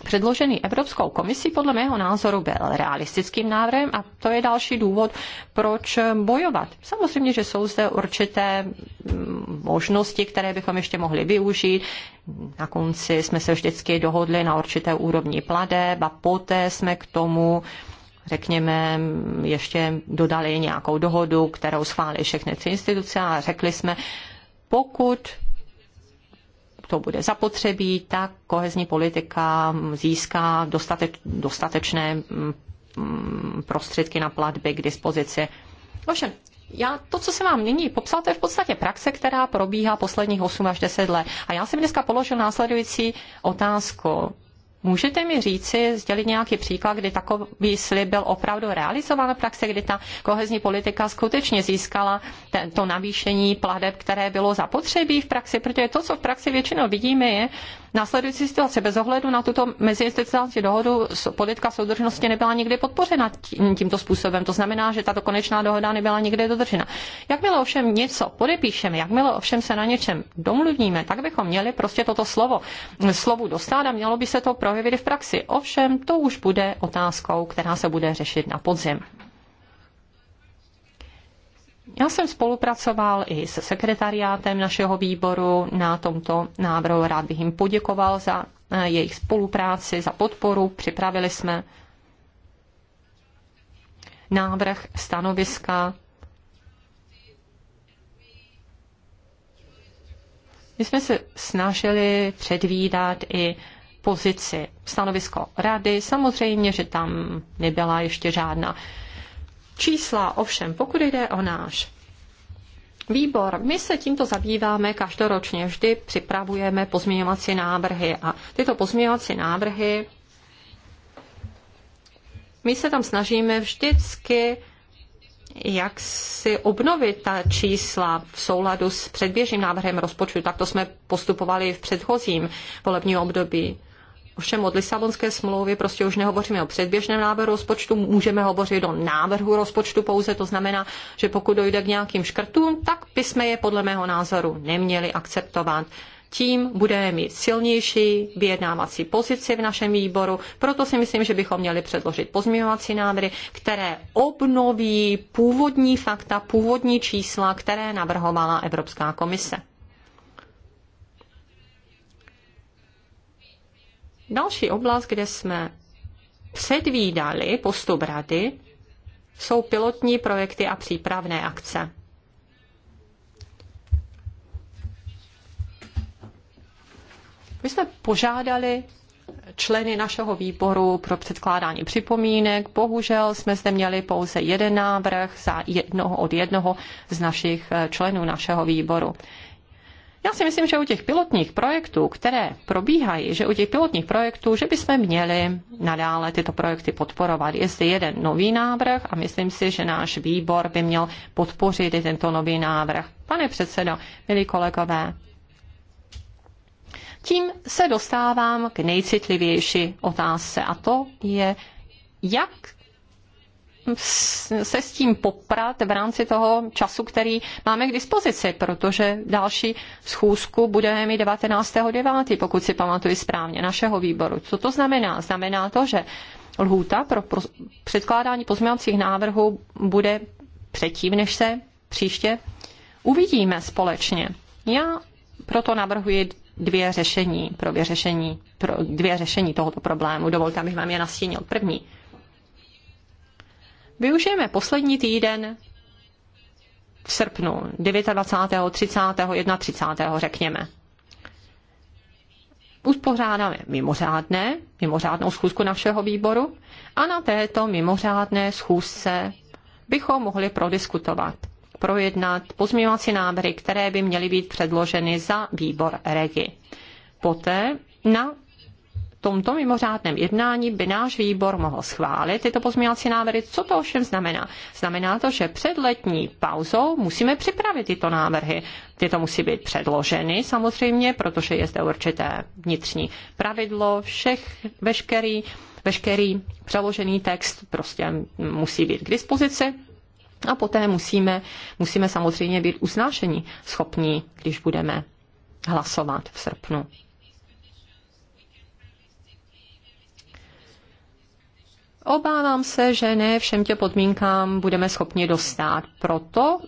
předložený Evropskou komisí podle mého názoru byl realistickým návrhem a to je další důvod, proč bojovat. Samozřejmě, že jsou zde určité mm, možnosti, které bychom ještě mohli využít. Na konci jsme se vždycky dohodli na určité úrovni pladeb a poté jsme k tomu řekněme, ještě dodali nějakou dohodu, kterou schválili všechny tři instituce a řekli jsme, pokud to bude zapotřebí, tak kohezní politika získá dostateč, dostatečné mm, prostředky na platby k dispozici. Ovšem, já to, co jsem vám nyní popsal, to je v podstatě praxe, která probíhá posledních 8 až 10 let. A já jsem dneska položil následující otázku. Můžete mi říci, sdělit nějaký příklad, kdy takový slib byl opravdu realizován v praxi, kdy ta kohezní politika skutečně získala to navýšení pladeb, které bylo zapotřebí v praxi, protože to, co v praxi většinou vidíme, je, následující situace. Bez ohledu na tuto meziinstitucionální dohodu politika soudržnosti nebyla nikdy podpořena tímto způsobem. To znamená, že tato konečná dohoda nebyla nikdy dodržena. Jakmile ovšem něco podepíšeme, jakmile ovšem se na něčem domluvíme, tak bychom měli prostě toto slovo slovu dostat a mělo by se to projevit v praxi. Ovšem, to už bude otázkou, která se bude řešit na podzim. Já jsem spolupracoval i se sekretariátem našeho výboru na tomto návrhu. Rád bych jim poděkoval za eh, jejich spolupráci, za podporu. Připravili jsme návrh stanoviska. My jsme se snažili předvídat i pozici stanovisko rady. Samozřejmě, že tam nebyla ještě žádná čísla. Ovšem, pokud jde o náš výbor, my se tímto zabýváme každoročně, vždy připravujeme pozměňovací návrhy a tyto pozměňovací návrhy my se tam snažíme vždycky jak si obnovit ta čísla v souladu s předběžným návrhem rozpočtu. Takto jsme postupovali v předchozím volebním období. Ovšem od Lisabonské smlouvy prostě už nehovoříme o předběžném návrhu rozpočtu, můžeme hovořit o návrhu rozpočtu pouze, to znamená, že pokud dojde k nějakým škrtům, tak jsme je podle mého názoru neměli akceptovat tím budeme mít silnější vyjednávací pozici v našem výboru. Proto si myslím, že bychom měli předložit pozměňovací návrhy, které obnoví původní fakta, původní čísla, které navrhovala Evropská komise. Další oblast, kde jsme předvídali postup rady, jsou pilotní projekty a přípravné akce. My jsme požádali členy našeho výboru pro předkládání připomínek. Bohužel jsme zde měli pouze jeden návrh za jednoho od jednoho z našich členů našeho výboru. Já si myslím, že u těch pilotních projektů, které probíhají, že u těch pilotních projektů, že bychom měli nadále tyto projekty podporovat. Je zde jeden nový návrh a myslím si, že náš výbor by měl podpořit i tento nový návrh. Pane předsedo, milí kolegové, tím se dostávám k nejcitlivější otázce a to je, jak se s tím poprat v rámci toho času, který máme k dispozici, protože další schůzku budeme mít 19.9., pokud si pamatuju správně, našeho výboru. Co to znamená? Znamená to, že lhůta pro předkládání pozměňovacích návrhů bude předtím, než se příště uvidíme společně. Já proto navrhuji dvě řešení pro vyřešení, pro dvě řešení tohoto problému. Dovolte, abych vám je nastínil. První Využijeme poslední týden v srpnu, 29., 30., 31., řekněme. Uspořádáme mimořádné, mimořádnou schůzku našeho výboru a na této mimořádné schůzce bychom mohli prodiskutovat, projednat pozměňovací návrhy, které by měly být předloženy za výbor REGI. Poté na tomto mimořádném jednání by náš výbor mohl schválit tyto pozměňovací návrhy. Co to ovšem znamená? Znamená to, že před letní pauzou musíme připravit tyto návrhy. Tyto musí být předloženy samozřejmě, protože je zde určité vnitřní pravidlo všech, veškerý, veškerý přeložený text prostě musí být k dispozici. A poté musíme, musíme samozřejmě být usnášení schopní, když budeme hlasovat v srpnu. Obávám se, že ne všem těm podmínkám budeme schopni dostat. Proto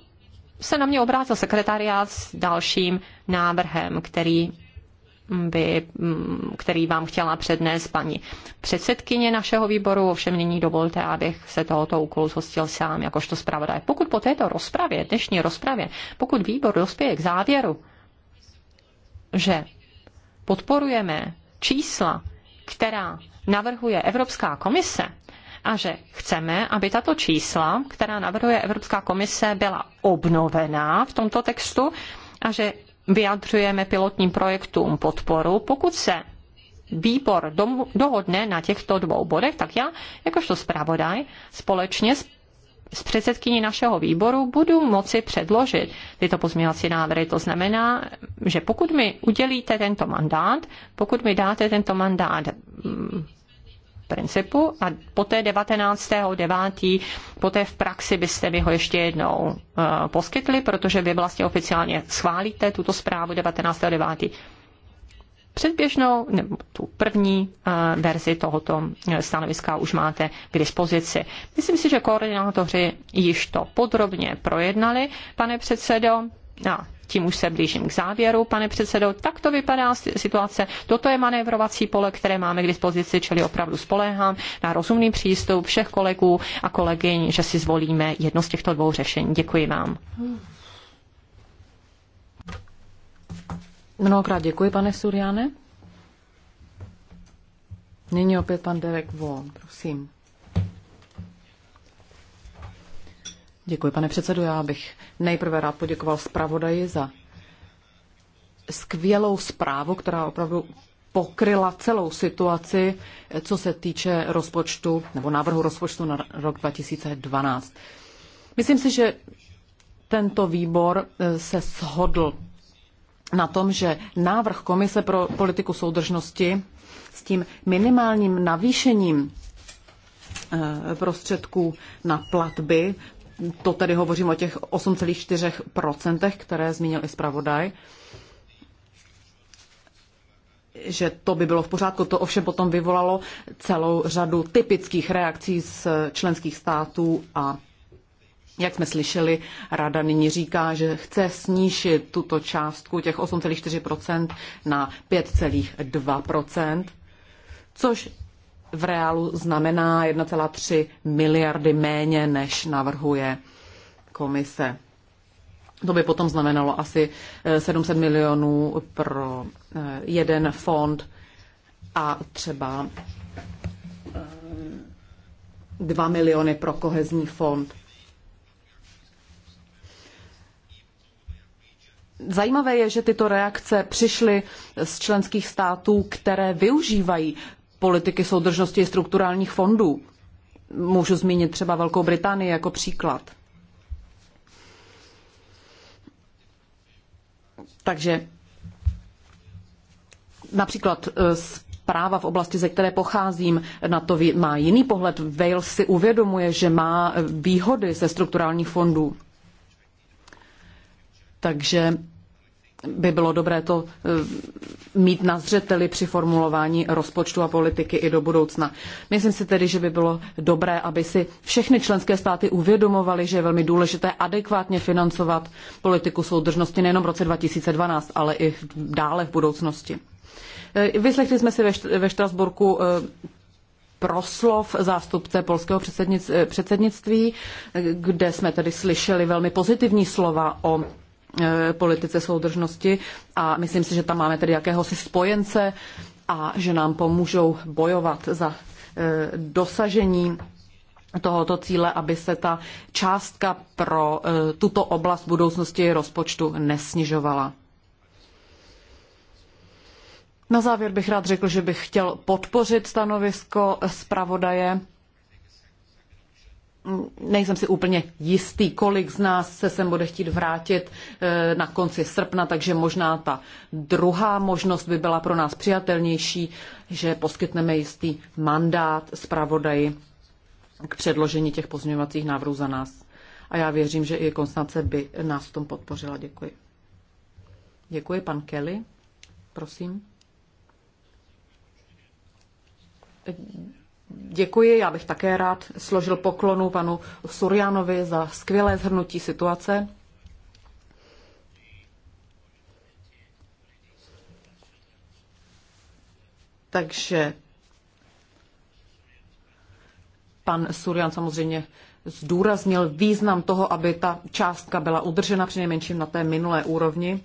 se na mě obrátil sekretariát s dalším návrhem, který by, mm, který vám chtěla přednést paní předsedkyně našeho výboru, ovšem nyní dovolte, abych se tohoto úkolu zhostil sám, jakožto zpravodaj. Pokud po této rozpravě, dnešní rozpravě, pokud výbor dospěje k závěru, že podporujeme čísla, která navrhuje Evropská komise, a že chceme, aby tato čísla, která navrhuje Evropská komise, byla obnovená v tomto textu a že vyjadřujeme pilotním projektům podporu. Pokud se výbor dohodne na těchto dvou bodech, tak já, jakožto zpravodaj, společně s s předsedkyní našeho výboru budu moci předložit tyto pozměňovací návrhy. To znamená, že pokud mi udělíte tento mandát, pokud mi dáte tento mandát mm, principu a poté 19.9. poté v praxi byste mi ho ještě jednou eh, poskytli, protože vy vlastně oficiálně schválíte tuto zprávu 19.9. Předběžnou, nebo tu první eh, verzi tohoto eh, stanoviska už máte k dispozici. Myslím si, že koordinátoři již to podrobně projednali, pane předsedo. A tím už se blížím k závěru, pane předsedo, tak to vypadá situace. Toto je manévrovací pole, které máme k dispozici, čili opravdu spoléhám na rozumný přístup všech kolegů a kolegyň, že si zvolíme jedno z těchto dvou řešení. Děkuji vám. Mnohokrát děkuji, pane Suriane. Nyní opět pan Derek Von, prosím. Děkuji, pane předsedo. Já bych nejprve rád poděkoval zpravodaji za skvělou zprávu, která opravdu pokryla celou situaci, co se týče rozpočtu nebo návrhu rozpočtu na rok 2012. Myslím si, že tento výbor eh, se shodl na tom, že návrh Komise pro politiku soudržnosti s tím minimálním navýšením eh, prostředků na platby to tedy hovořím o těch 8,4%, které zmínil i zpravodaj, že to by bylo v pořádku. To ovšem potom vyvolalo celou řadu typických reakcí z členských států a jak jsme slyšeli, rada nyní říká, že chce snížit tuto částku těch 8,4% na 5,2%, což v reálu znamená 1,3 miliardy méně, než navrhuje komise. To by potom znamenalo asi 700 eh, milionů pro eh, jeden fond a třeba 2 eh, miliony pro kohezní fond. Zajímavé je, že tyto reakce přišly z členských států, které využívají politiky soudržnosti strukturálních fondů. Můžu zmínit třeba Velkou Británii jako příklad. Takže například e, zpráva v oblasti, ze které pocházím, na to má jiný pohled. Wales si uvědomuje, že má výhody ze strukturálních fondů. Takže by bylo dobré to eh, mít na zřeteli při formulování rozpočtu a politiky i do budoucna. Myslím si tedy, že by bylo dobré, aby si všechny členské státy uvědomovaly, že je velmi důležité adekvátně financovat politiku soudržnosti nejenom v roce 2012, ale i dále v budoucnosti. Eh, vyslechli jsme si ve Štrasburku eh, proslov zástupce polského předsednictví, kde jsme tedy slyšeli velmi pozitivní slova o Eh, politice soudržnosti a myslím si, že tam máme tedy jakéhosi spojence a že nám pomůžou bojovat za eh, dosažení tohoto cíle, aby se ta částka pro eh, tuto oblast budoucnosti rozpočtu nesnižovala. Na závěr bych rád řekl, že bych chtěl podpořit stanovisko zpravodaje nejsem si úplně jistý, kolik z nás se sem bude chtít vrátit eh, na konci srpna, takže možná ta druhá možnost by byla pro nás přijatelnější, že poskytneme jistý mandát zpravodaji k předložení těch pozměňovacích návrhů za nás. A já věřím, že i Konstance by nás v tom podpořila. Děkuji. Děkuji, pan Kelly. Prosím. Děkuji, já bych také rád složil poklonu panu Surjanovi za skvělé zhrnutí situace. Takže pan Surian samozřejmě zdůraznil význam toho, aby ta částka byla udržena přinejmenším na té minulé úrovni.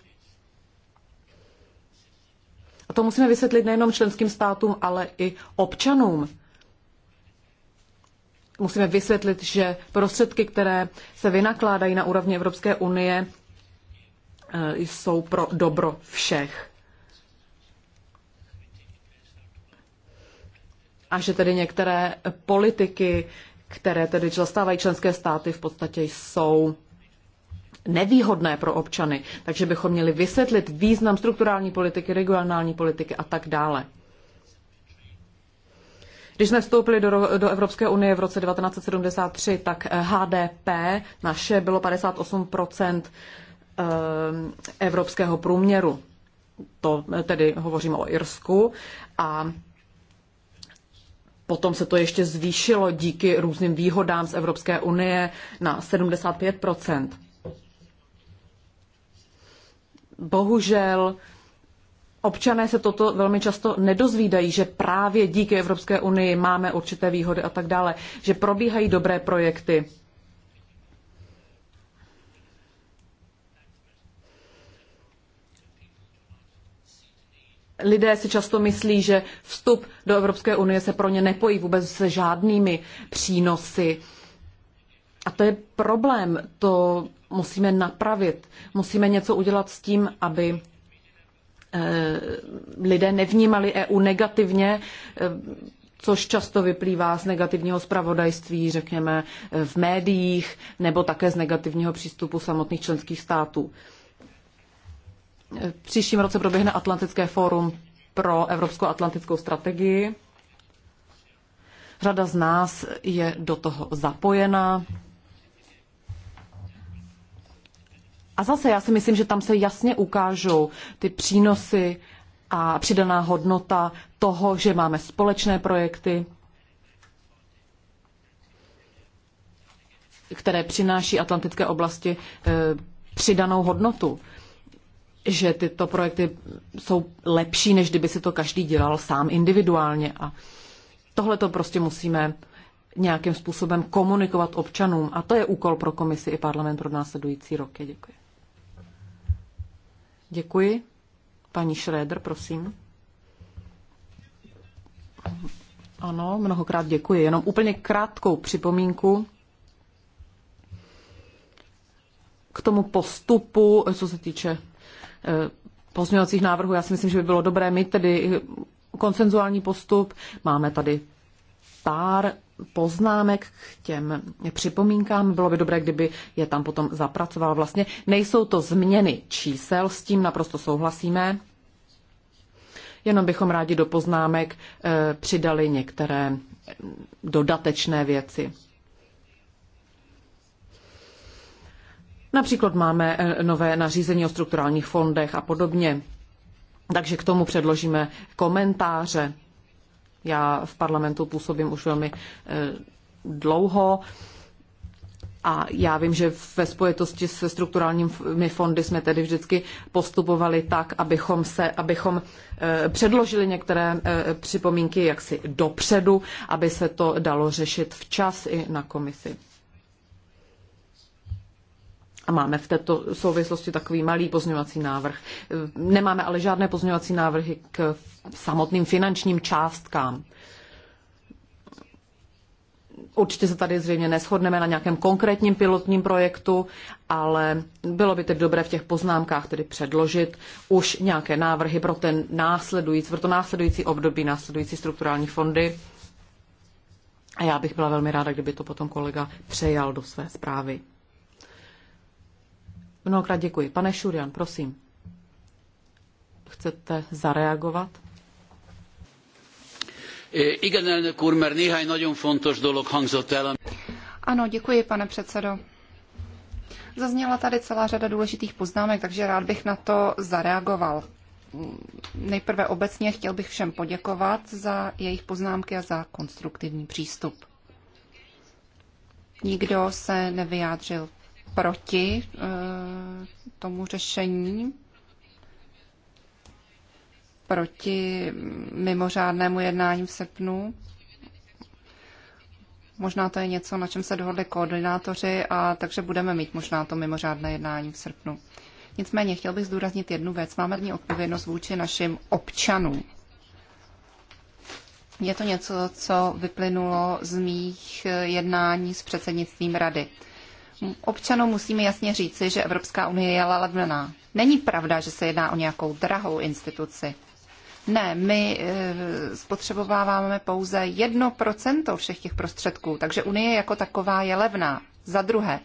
A to musíme vysvětlit nejenom členským státům, ale i občanům musíme vysvětlit, že prostředky, které se vynakládají na úrovni Evropské unie, eh, jsou pro dobro všech. A že tedy některé politiky, které tedy zastávají členské státy, v podstatě jsou nevýhodné pro občany. Takže bychom měli vysvětlit význam strukturální politiky, regionální politiky a tak dále. Když jsme vstoupili do, do Evropské unie v roce 1973, tak HDP eh, naše bylo 58 eh, evropského průměru. To eh, tedy hovoříme o Irsku. A potom se to ještě zvýšilo díky různým výhodám z Evropské unie na 75 Bohužel občané se toto velmi často nedozvídají, že právě díky Evropské unii máme určité výhody a tak dále, že probíhají dobré projekty. lidé si často myslí, že vstup do Evropské unie se pro ně nepojí vůbec se žádnými přínosy. A to je problém, to musíme napravit. Musíme něco udělat s tím, aby Eh, lidé nevnímali EU negativně, eh, což často vyplývá z negativního zpravodajství, řekněme, eh, v médiích, nebo také z negativního přístupu samotných členských států. V příštím roce proběhne Atlantické fórum pro Evropskou atlantickou strategii. Řada z nás je do toho zapojena. A zase já si myslím, že tam se jasně ukážou ty přínosy a přidaná hodnota toho, že máme společné projekty, které přináší atlantické oblasti eh, přidanou hodnotu. Že tyto projekty jsou lepší, než kdyby si to každý dělal sám individuálně. A tohle to prostě musíme nějakým způsobem komunikovat občanům. A to je úkol pro komisi i parlament pro následující roky. Děkuji. Děkuji. Paní Šréder, prosím. Ano, mnohokrát děkuji. Jenom úplně krátkou připomínku k tomu postupu, co se týče eh, pozměňovacích návrhů. Já si myslím, že by bylo dobré mít tedy konsenzuální postup. Máme tady pár poznámek k těm připomínkám. Bylo by dobré, kdyby je tam potom zapracoval. Vlastně nejsou to změny čísel, s tím naprosto souhlasíme. Jenom bychom rádi do poznámek e, přidali některé dodatečné věci. Například máme e, nové nařízení o strukturálních fondech a podobně. Takže k tomu předložíme komentáře. Já v parlamentu působím už velmi eh, dlouho a já vím, že ve spojitosti se strukturálními fondy jsme tedy vždycky postupovali tak, abychom, se, abychom eh, předložili některé eh, připomínky jaksi dopředu, aby se to dalo řešit včas i na komisi. A Máme v této souvislosti takový malý pozňovací návrh. Nemáme ale žádné pozňovací návrhy k samotným finančním částkám. Určitě se tady zřejmě neschodneme na nějakém konkrétním pilotním projektu, ale bylo by tedy dobré v těch poznámkách tedy předložit už nějaké návrhy pro ten následující, pro to následující období, následující strukturální fondy. A já bych byla velmi ráda, kdyby to potom kolega přejal do své zprávy. Mnohokrát děkuji. Pane Šurian, prosím. Chcete zareagovat? dolog Ano, děkuji, pane předsedo. Zazněla tady celá řada důležitých poznámek, takže rád bych na to zareagoval. Nejprve obecně chtěl bych všem poděkovat za jejich poznámky a za konstruktivní přístup. Nikdo se nevyjádřil proti eh, tomu řešení, proti mimořádnému jednání v srpnu. Možná to je něco, na čem se dohodli koordinátoři, a takže budeme mít možná to mimořádné jednání v srpnu. Nicméně chtěl bych zdůraznit jednu věc. Máme dní odpovědnost vůči našim občanům. Je to něco, co vyplynulo z mých eh, jednání s předsednictvím rady občanům musíme jasně říci, že Evropská unie je levná. Není pravda, že se jedná o nějakou drahou instituci. Ne, my e, spotřebováváme pouze 1% všech těch prostředků, takže Unie jako taková je levná. Za druhé,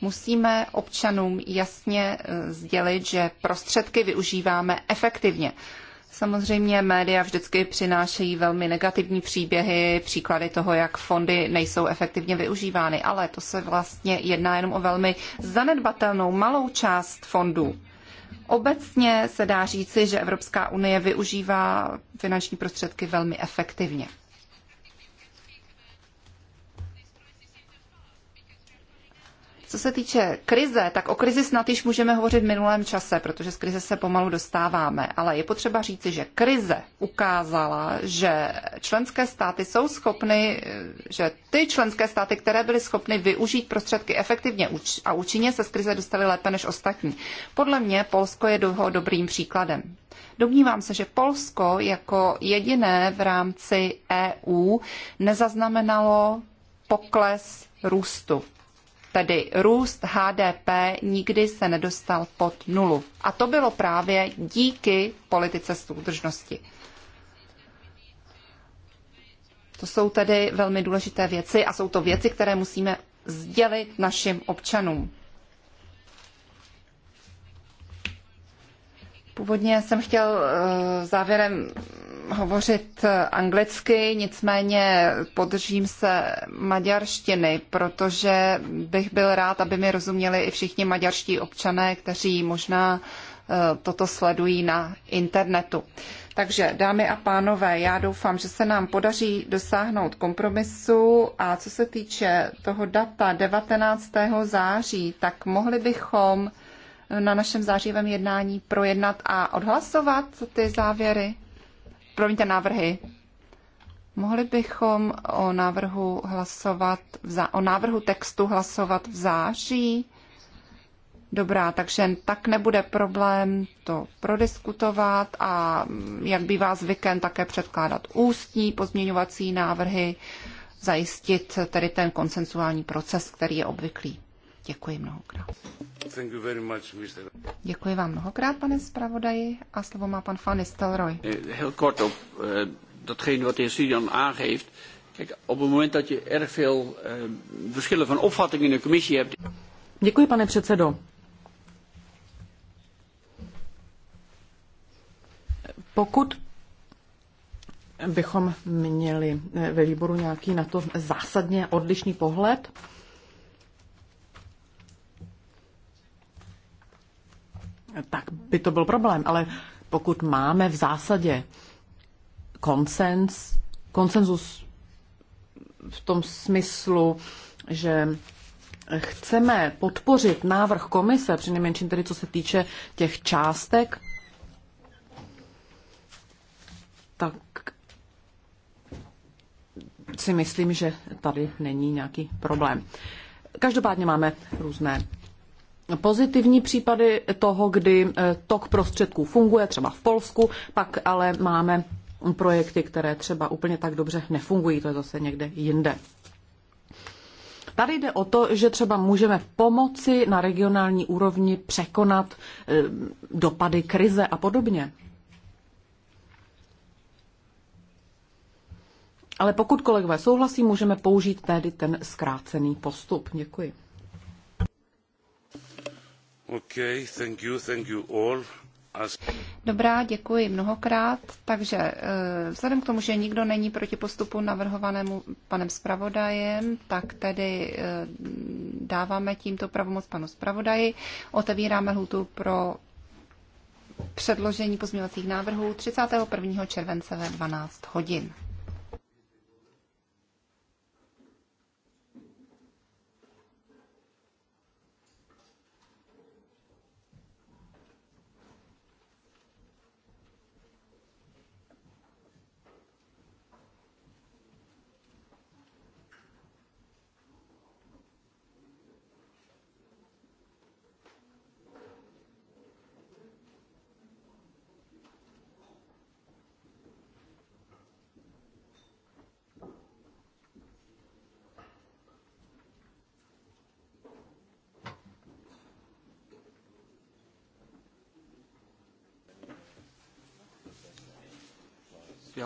musíme občanům jasně e, sdělit, že prostředky využíváme efektivně. Samozřejmě média vždycky přinášejí velmi negativní příběhy, příklady toho, jak fondy nejsou efektivně využívány, ale to se vlastně jedná jenom o velmi zanedbatelnou malou část fondů. Obecně se dá říci, že Evropská unie využívá finanční prostředky velmi efektivně. Co se týče krize, tak o krizi snad již můžeme hovořit v minulém čase, protože z krize se pomalu dostáváme, ale je potřeba říci, že krize ukázala, že členské státy jsou schopny, že ty členské státy, které byly schopny využít prostředky efektivně a účinně, se z krize dostaly lépe než ostatní. Podle mě Polsko je doho dobrým příkladem. Domnívám se, že Polsko jako jediné v rámci EU nezaznamenalo pokles růstu. Tedy růst HDP nikdy se nedostal pod nulu. A to bylo právě díky politice soudržnosti. To jsou tedy velmi důležité věci a jsou to věci, které musíme sdělit našim občanům. Původně jsem chtěl eh, závěrem hovořit anglicky, nicméně podržím se maďarštiny, protože bych byl rád, aby mi rozuměli i všichni maďarští občané, kteří možná eh, toto sledují na internetu. Takže, dámy a pánové, já doufám, že se nám podaří dosáhnout kompromisu a co se týče toho data 19. září, tak mohli bychom na našem zářivém jednání projednat a odhlasovat ty závěry? promiňte, návrhy. Mohli bychom o návrhu hlasovat, v zá, o návrhu textu hlasovat v září? Dobrá, takže tak nebude problém to prodiskutovat a mm, jak bývá zvykem také předkládat ústní pozměňovací návrhy, zajistit tedy ten konsensuální proces, který je obvyklý. Děkuji mnohokrát. Thank you very much, Mr. Děkuji vám mnohokrát, pane zpravodaji. A slovo má pan Fanny Stelroy. Eh, heel kort op eh, datgene wat de heer Sudan aangeeft. Kijk, op het moment dat je erg veel eh, verschillen van opvatting in de commissie hebt... Děkuji, pane předsedo. Pokud bychom měli ve výboru nějaký na to zásadně odlišný pohled, tak by to byl problém. Ale pokud máme v zásadě konsens, konsenzus v tom smyslu, že chceme podpořit návrh komise, nejmenším tedy co se týče těch částek, tak si myslím, že tady není nějaký problém. Každopádně máme různé pozitivní případy toho, kdy eh, tok prostředků funguje, třeba v Polsku, pak ale máme projekty, které třeba úplně tak dobře nefungují, to je zase někde jinde. Tady jde o to, že třeba můžeme pomoci na regionální úrovni překonat eh, dopady krize a podobně. Ale pokud kolegové souhlasí, můžeme použít tedy ten zkrácený postup. Děkuji. Dobrá, děkuji mnohokrát. Takže eh, vzhledem k tomu, že nikdo není proti postupu navrhovanému panem zpravodajem, tak tedy eh, dáváme tímto pravomoc panu zpravodaji. Otevíráme lhutu pro předložení pozměňovacích návrhů 31. července ve 12 hodin.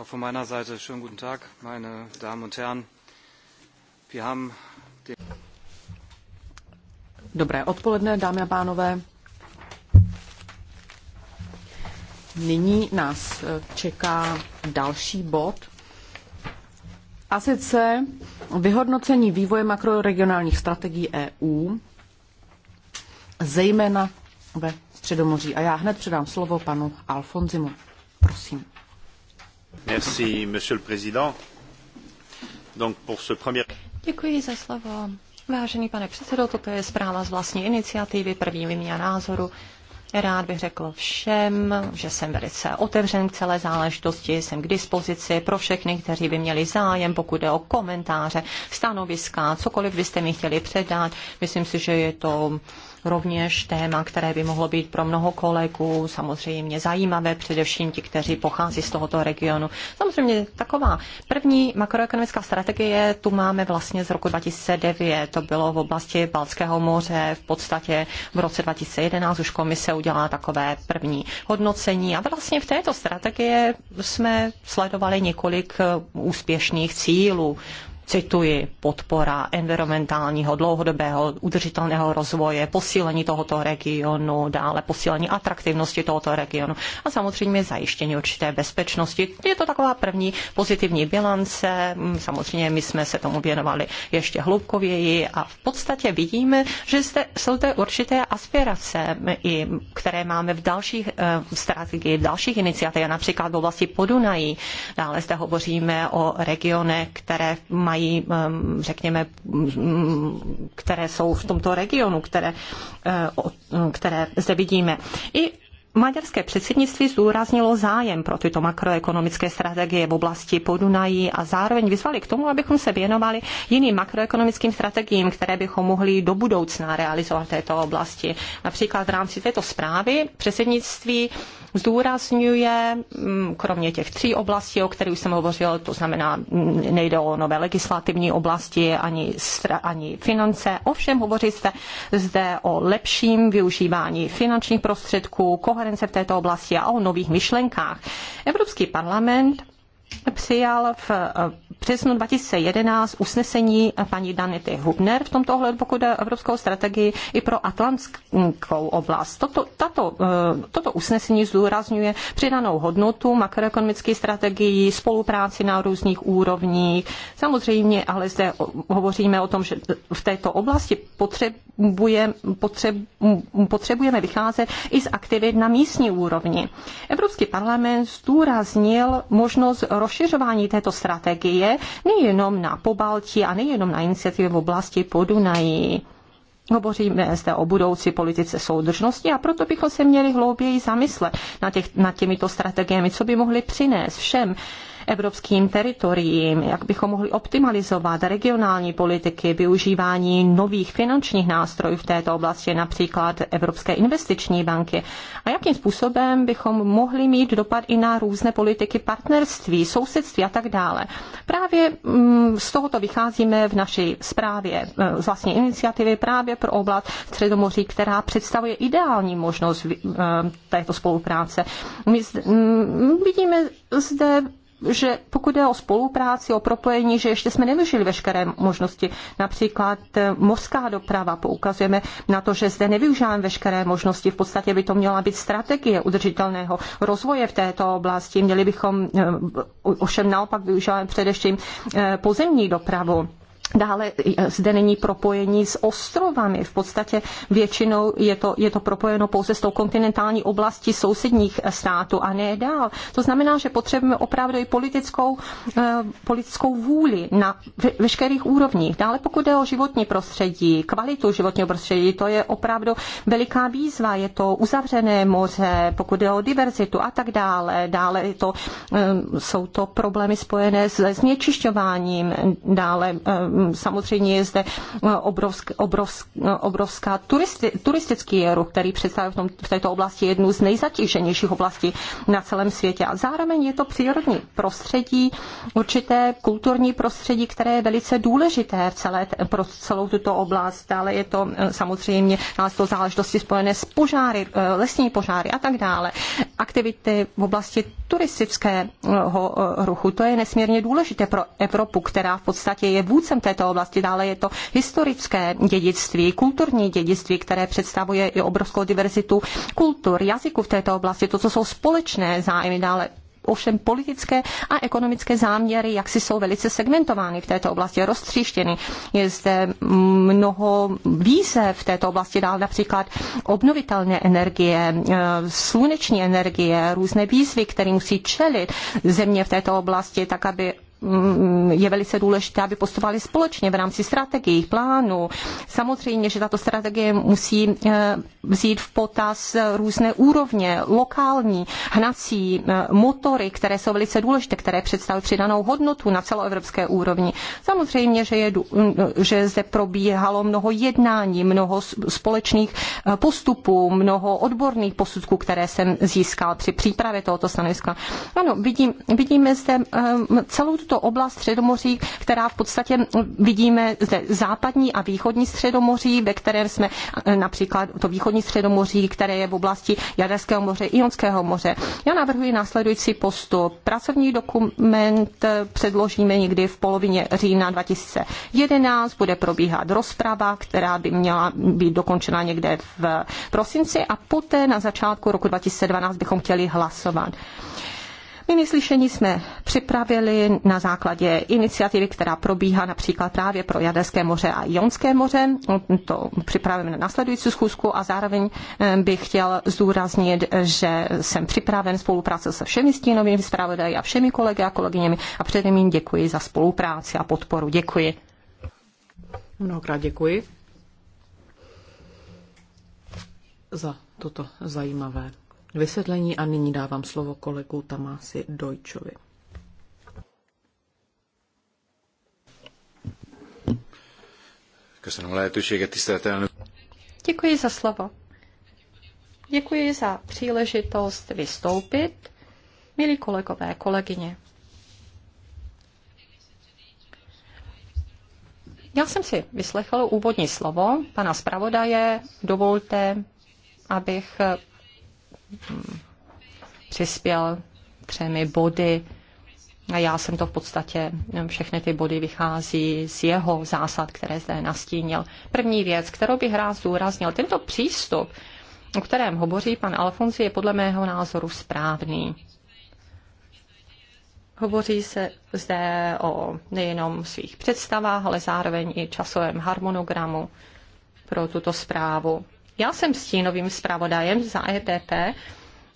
auch von meiner Seite schönen guten Tag, meine Damen und Herren. Wir haben den Dobré odpoledne, dámy a pánové. Nyní nás eh, čeká další bod. A sice vyhodnocení vývoje makroregionálních strategií EU, zejména ve Středomoří. A já hned předám slovo panu Alfonzimu. Prosím monsieur le président. pour ce premier... Děkuji za slovo. Vážený pane předsedo, toto je zpráva z vlastní iniciativy, první výměna názoru. Rád bych řekl všem, že jsem velice otevřen k celé záležitosti, jsem k dispozici pro všechny, kteří by měli zájem, pokud jde o komentáře, stanoviska, cokoliv byste mi chtěli předat. Myslím si, že je to rovněž téma, které by mohlo být pro mnoho kolegů samozřejmě zajímavé, především ti, kteří pochází z tohoto regionu. Samozřejmě taková první makroekonomická strategie tu máme vlastně z roku 2009. To bylo v oblasti Balckého moře. V podstatě v roce 2011 už komise udělala takové první hodnocení a vlastně v této strategie jsme sledovali několik úspěšných cílů cituji, podpora environmentálního, dlouhodobého, udržitelného rozvoje, posílení tohoto regionu, dále posílení atraktivnosti tohoto regionu a samozřejmě zajištění určité bezpečnosti. Je to taková první pozitivní bilance, samozřejmě my jsme se tomu věnovali ještě hloubkověji a v podstatě vidíme, že jste, jsou to určité aspirace, i, které máme v dalších v eh, strategii, v dalších iniciativách, například v oblasti Podunají. Dále zde hovoříme o regionech, které mají mají, um, řekněme, um, které jsou v tomto regionu, které, uh, um, které zde vidíme. I Maďarské předsednictví zdůraznilo zájem pro tyto makroekonomické strategie v oblasti Podunají a zároveň vyzvali k tomu, abychom se věnovali jiným makroekonomickým strategiím, které bychom mohli do budoucna realizovat v této oblasti. Například v rámci této zprávy předsednictví zdůrazňuje, mm, kromě těch tří oblastí, o kterých jsem hovořil, to znamená, mm, nejde o nové legislativní oblasti ani, ani finance, ovšem hovoří se zde o lepším využívání finančních prostředků, koherence v této oblasti a o nových myšlenkách. Evropský parlament přijal v eh, březnu 2011 usnesení paní Danity Hubner v tomto ohledu, pokud je evropskou strategii i pro atlantskou oblast. Toto, tato, eh, toto usnesení zdůrazňuje přidanou hodnotu makroekonomické strategii, spolupráci na různých úrovních. Samozřejmě, ale zde hovoříme o tom, že v této oblasti potřeb, potřebujeme vycházet i z aktivit na místní úrovni. Evropský parlament zdůraznil možnost rozšiřování této strategie nejenom na Pobaltí a nejenom na iniciativy v oblasti Podunají. Hovoříme zde o budoucí politice soudržnosti a proto bychom se měli hlouběji zamyslet na těch, nad těmito strategiemi, co by mohly přinést všem evropským teritoriím, jak bychom mohli optimalizovat regionální politiky, využívání nových finančních nástrojů v této oblasti, například Evropské investiční banky, a jakým způsobem bychom mohli mít dopad i na různé politiky partnerství, sousedství a tak dále. Právě mm, z tohoto vycházíme v naší zprávě eh, z vlastní iniciativy právě pro oblast Středomoří, která představuje ideální možnost eh, této spolupráce. My mm, vidíme zde že pokud jde o spolupráci, o propojení, že ještě jsme nevyužili veškeré možnosti. Například eh, mořská doprava, poukazujeme na to, že zde nevyužíváme veškeré možnosti. V podstatě by to měla být strategie udržitelného rozvoje v této oblasti. Měli bychom eh, ovšem naopak využívat především eh, pozemní dopravu Dále eh, zde není propojení s ostrovami. V podstatě většinou je to, je to propojeno pouze s tou kontinentální oblastí sousedních eh, států a ne dál. To znamená, že potřebujeme opravdu i politickou, eh, politickou vůli na veškerých úrovních. Dále pokud jde o životní prostředí, kvalitu životního prostředí, to je opravdu veliká výzva. Je to uzavřené moře, pokud jde o diverzitu a tak dále. Dále je to, jsou to problémy spojené s znečišťováním, dále Mm, samozřejmě je zde eh, obrovsk, obrovsk, eh, obrovská turisti, turistický ruch, který představuje v, tom, v této oblasti jednu z nejzatíženějších oblastí na celém světě. A zároveň je to přírodní prostředí, určité kulturní prostředí, které je velice důležité v celé, pro celou tuto oblast. Dále je to eh, samozřejmě nás to záležitosti spojené s požáry, lesní požáry a tak dále. Aktivity v oblasti turistického ruchu, to je nesmírně důležité pro Evropu, která v podstatě je vůdcem té této oblasti. Dále je to historické dědictví, kulturní dědictví, které představuje i obrovskou diverzitu kultur, jazyků v této oblasti, to, co jsou společné zájmy, dále ovšem politické a ekonomické záměry, jak si jsou velice segmentovány v této oblasti, roztříštěny. Je zde mnoho výzev v této oblasti, dál například obnovitelné energie, eh, sluneční energie, různé výzvy, které musí čelit země v této oblasti, tak aby Mm, je velice důležité, aby postupovali společně v rámci strategií, plánů. Samozřejmě, že tato strategie musí eh, vzít v potaz různé úrovně, lokální, hnací, eh, motory, které jsou velice důležité, které představují přidanou hodnotu na celoevropské úrovni. Samozřejmě, že, je, mm, že zde probíhalo mnoho jednání, mnoho společných eh, postupů, mnoho odborných posudků, které jsem získal při přípravě tohoto stanoviska. Ano, vidím, vidíme zde celou tuto to oblast Středomoří, která v podstatě vidíme zde západní a východní Středomoří, ve kterém jsme eh, například to východní Středomoří, které je v oblasti Jaderského moře, Ionského moře. Já navrhuji následující postup. Pracovní dokument eh, předložíme někdy v polovině října 2011, bude probíhat rozprava, která by měla být dokončena někde v prosinci a poté na začátku roku 2012 bychom chtěli hlasovat slyšení jsme připravili na základě iniciativy, která probíhá například právě pro Jaderské moře a Jonské moře. To připravíme na následující schůzku a zároveň eh, bych chtěl zdůraznit, že jsem připraven spolupráce se všemi stínovými zpravodaji a všemi kolegy a kolegyněmi a předem jim děkuji za spolupráci a podporu. Děkuji. Mnohokrát děkuji za toto zajímavé vysvětlení a nyní dávám slovo kolegu Tamási Dojčovi. Děkuji za slovo. Děkuji za příležitost vystoupit, milí kolegové, kolegyně. Já jsem si vyslechl úvodní slovo pana zpravodaje. Dovolte, abych přispěl třemi body. A já jsem to v podstatě, všechny ty body vychází z jeho zásad, které zde nastínil. První věc, kterou bych rád zdůraznil, tento přístup, o kterém hovoří pan Alfonsi, je podle mého názoru správný. Hovoří se zde o nejenom svých představách, ale zároveň i časovém harmonogramu pro tuto zprávu. Já jsem stínovým zpravodajem za EPP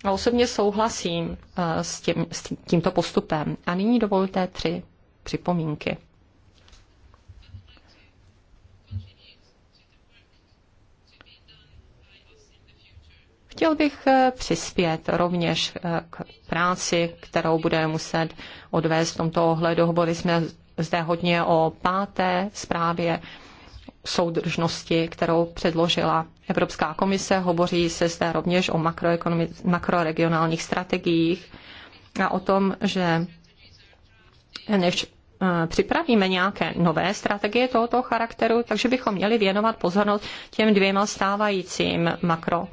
a osobně souhlasím eh, s, tím, s tímto postupem. A nyní dovolte tři připomínky. Chtěl bych eh, přispět rovněž eh, k práci, kterou bude muset odvést v tomto ohledu. Hovorili jsme zde hodně o páté zprávě soudržnosti, kterou předložila Evropská komise. Hovoří se zde rovněž o makroregionálních strategiích a o tom, že než eh, připravíme nějaké nové strategie tohoto charakteru, takže bychom měli věnovat pozornost těm dvěma stávajícím makro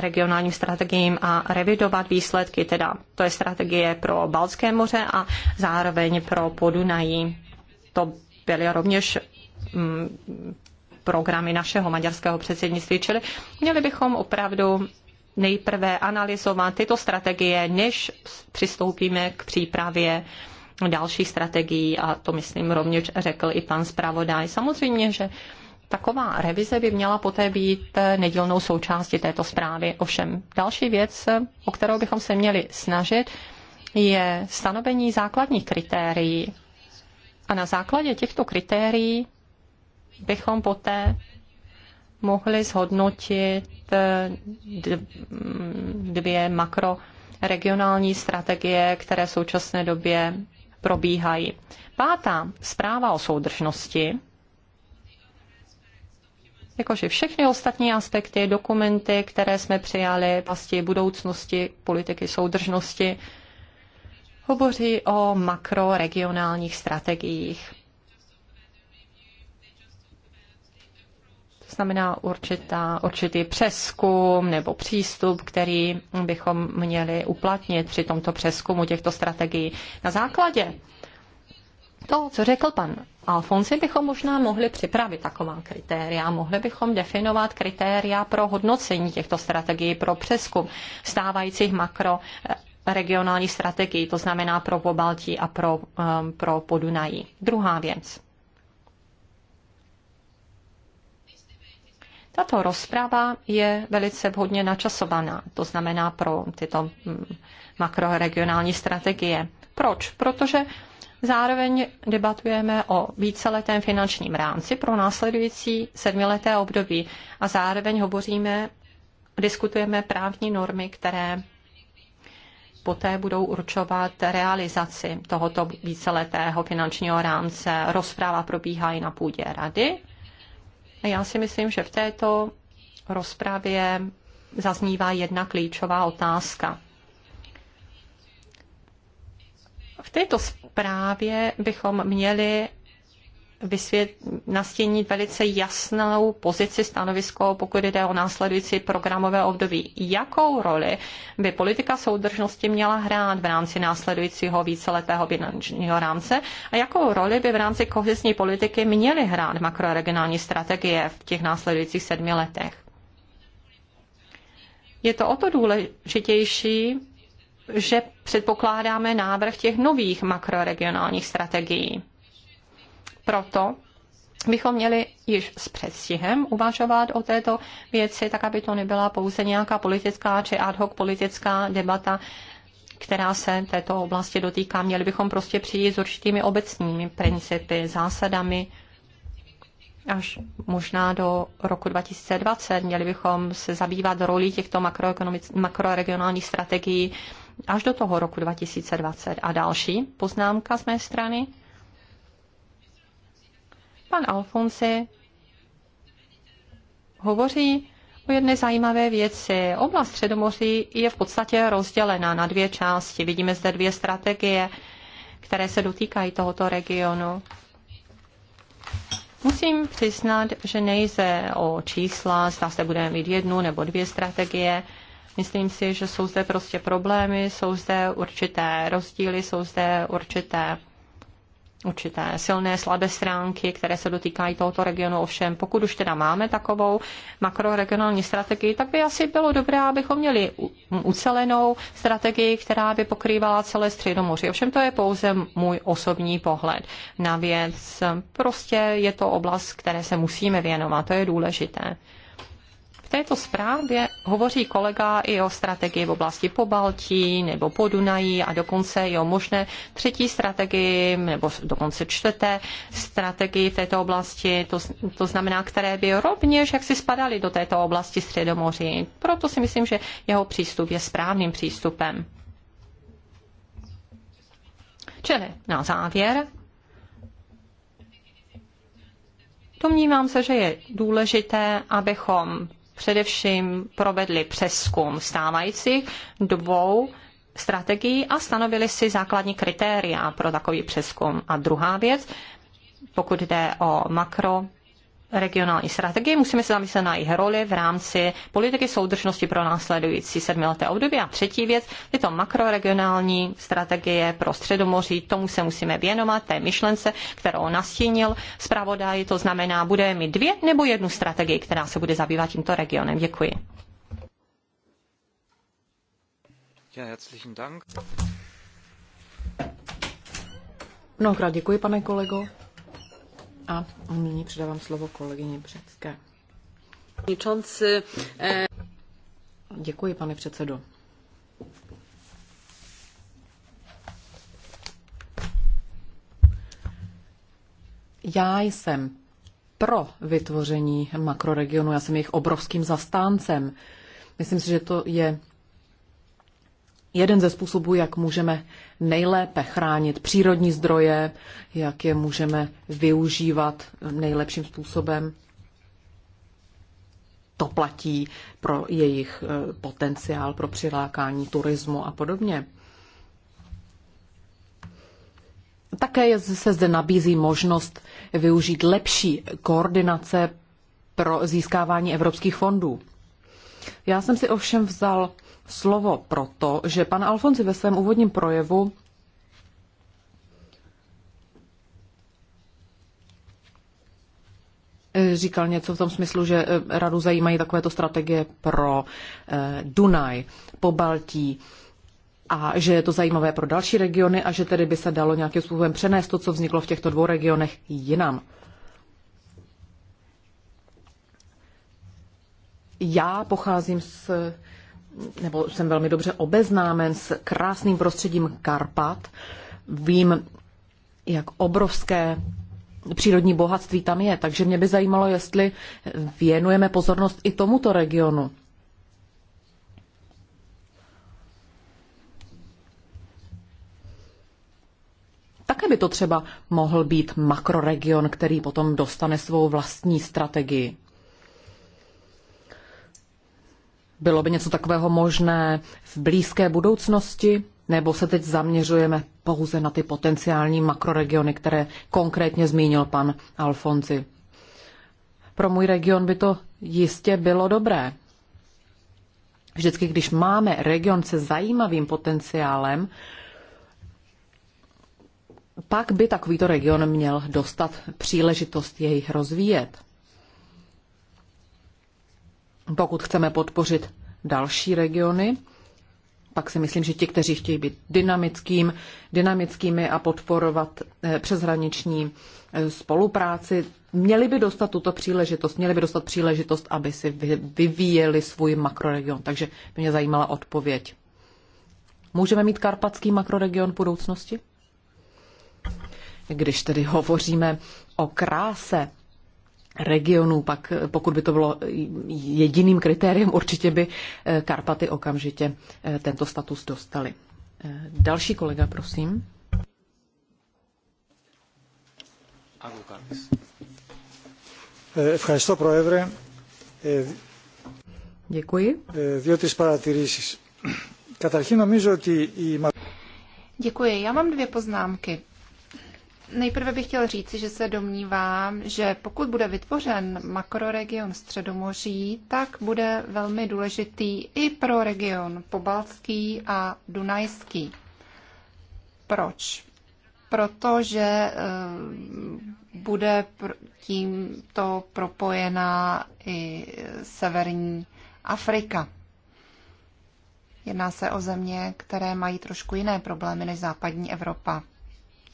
regionálním strategiím a revidovat výsledky, teda to je strategie pro Balské moře a zároveň pro Podunají. To byly rovněž Mm, programy našeho maďarského předsednictví. Čili měli bychom opravdu nejprve analyzovat tyto strategie, než přistoupíme k přípravě další strategií a to myslím rovněž řekl i pan zpravodaj. Samozřejmě, že taková revize by měla poté být nedílnou součástí této zprávy. Ovšem další věc, o kterou bychom se měli snažit, je stanovení základních kritérií. A na základě těchto kritérií bychom poté mohli zhodnotit eh, mm, dvě makroregionální strategie, které v současné době probíhají. Pátá zpráva o soudržnosti, jakože všechny ostatní aspekty, dokumenty, které jsme přijali, vlastně budoucnosti politiky soudržnosti, hovoří o makroregionálních strategiích. znamená určitá, určitý přeskum nebo přístup, který bychom měli uplatnit při tomto přeskumu těchto strategií. Na základě to, co řekl pan Alfonsi, bychom možná mohli připravit taková kritéria, mohli bychom definovat kritéria pro hodnocení těchto strategií pro přeskum stávajících makro eh, regionální strategií, to znamená pro Pobaltí a pro, um, pro Podunají. Druhá věc. Tato rozprava je velice vhodně načasovaná, to znamená pro tyto mm, makroregionální strategie. Proč? Protože zároveň debatujeme o víceletém finančním rámci pro následující sedmileté období a zároveň hovoříme, diskutujeme právní normy, které poté budou určovat realizaci tohoto víceletého finančního rámce. Rozpráva probíhá i na půdě rady já si myslím, že v této rozpravě zaznívá jedna klíčová otázka. V této zprávě bychom měli vysvět, nastínit velice jasnou pozici stanovisko, pokud jde o následující programové období. Jakou roli by politika soudržnosti měla hrát v rámci následujícího víceletého finančního rámce a jakou roli by v rámci kohezní politiky měly hrát makroregionální strategie v těch následujících sedmi letech? Je to o to důležitější, že předpokládáme návrh těch nových makroregionálních strategií proto bychom měli již s předstihem uvažovat o této věci, tak aby to nebyla pouze nějaká politická či ad hoc politická debata, která se této oblasti dotýká. Měli bychom prostě přijít s určitými obecnými principy, zásadami, až možná do roku 2020. Měli bychom se zabývat rolí těchto makroregionálních strategií až do toho roku 2020. A další poznámka z mé strany. Pan Alfonsi hovoří o jedné zajímavé věci. Oblast Středomoří je v podstatě rozdělena na dvě části. Vidíme zde dvě strategie, které se dotýkají tohoto regionu. Musím přiznat, že nejde o čísla, zda se budeme mít jednu nebo dvě strategie. Myslím si, že jsou zde prostě problémy, jsou zde určité rozdíly, jsou zde určité určité silné, slabé stránky, které se dotýkají tohoto regionu. Ovšem, pokud už teda máme takovou makroregionální strategii, tak by asi bylo dobré, abychom měli ucelenou strategii, která by pokrývala celé Středomoří. Ovšem, to je pouze můj osobní pohled na věc. Prostě je to oblast, které se musíme věnovat, to je důležité této zprávě hovoří kolega i o strategii v oblasti Pobaltí nebo Podunají a dokonce i o možné třetí strategii nebo dokonce čtvrté strategii v této oblasti, to, to znamená, které by rovněž jaksi spadaly do této oblasti Středomoří. Proto si myslím, že jeho přístup je správným přístupem. Čili na závěr Domnívám se, že je důležité, abychom především provedli přeskum stávajících dvou strategií a stanovili si základní kritéria pro takový přeskum. A druhá věc, pokud jde o makro regionální strategii, musíme se zamyslet na jejich roli v rámci politiky soudržnosti pro následující sedmileté období. A třetí věc, je to makroregionální strategie pro středomoří, tomu se musíme věnovat, té myšlence, kterou nastínil zpravodaj, to znamená, bude mít dvě nebo jednu strategii, která se bude zabývat tímto regionem. Děkuji. Ja, herzlichen Dank. Mnohokrát děkuji, pane kolego a nyní předávám slovo kolegyni Břecké. Eh, Děkuji, pane předsedo. Já jsem pro vytvoření makroregionu, já jsem jejich obrovským zastáncem. Myslím si, že to je jeden ze způsobů, jak můžeme nejlépe chránit přírodní zdroje, jak je můžeme využívat nejlepším způsobem. To platí pro jejich e, potenciál, pro přilákání turismu a podobně. Také se zde nabízí možnost využít lepší koordinace pro získávání evropských fondů. Já jsem si ovšem vzal slovo proto, že pan Alfonsi ve svém úvodním projevu říkal něco v tom smyslu, že eh, radu zajímají takovéto strategie pro eh, Dunaj, po Baltí a že je to zajímavé pro další regiony a že tedy by se dalo nějakým způsobem přenést to, co vzniklo v těchto dvou regionech jinam. Já pocházím z nebo jsem velmi dobře obeznámen s krásným prostředím Karpat. Vím, jak obrovské přírodní bohatství tam je, takže mě by zajímalo, jestli věnujeme pozornost i tomuto regionu. Také by to třeba mohl být makroregion, který potom dostane svou vlastní strategii. Bylo by něco takového možné v blízké budoucnosti? Nebo se teď zaměřujeme pouze na ty potenciální makroregiony, které konkrétně zmínil pan Alfonzi? Pro můj region by to jistě bylo dobré. Vždycky, když máme region se zajímavým potenciálem, pak by takovýto region měl dostat příležitost jej rozvíjet. Pokud chceme podpořit další regiony, pak si myslím, že ti, kteří chtějí být dynamickým, dynamickými a podporovat eh, přeshraniční eh, spolupráci, měli by dostat tuto příležitost, měli by dostat příležitost, aby si vyvíjeli svůj makroregion. Takže by mě zajímala odpověď. Můžeme mít karpatský makroregion v budoucnosti? Když tedy hovoříme o kráse, regionů, pak eh, pokud by to bylo jediným kritériem, určitě by eh, Karpaty okamžitě eh, tento status dostaly. Další kolega, prosím. Děkuji. Děkuji. Já mám dvě poznámky. Nejprve bych chtěl říci, že se domnívám, že pokud bude vytvořen makroregion Středomoří, tak bude velmi důležitý i pro region Pobalský a Dunajský. Proč? Protože eh, bude tímto propojená i severní Afrika. Jedná se o země, které mají trošku jiné problémy než západní Evropa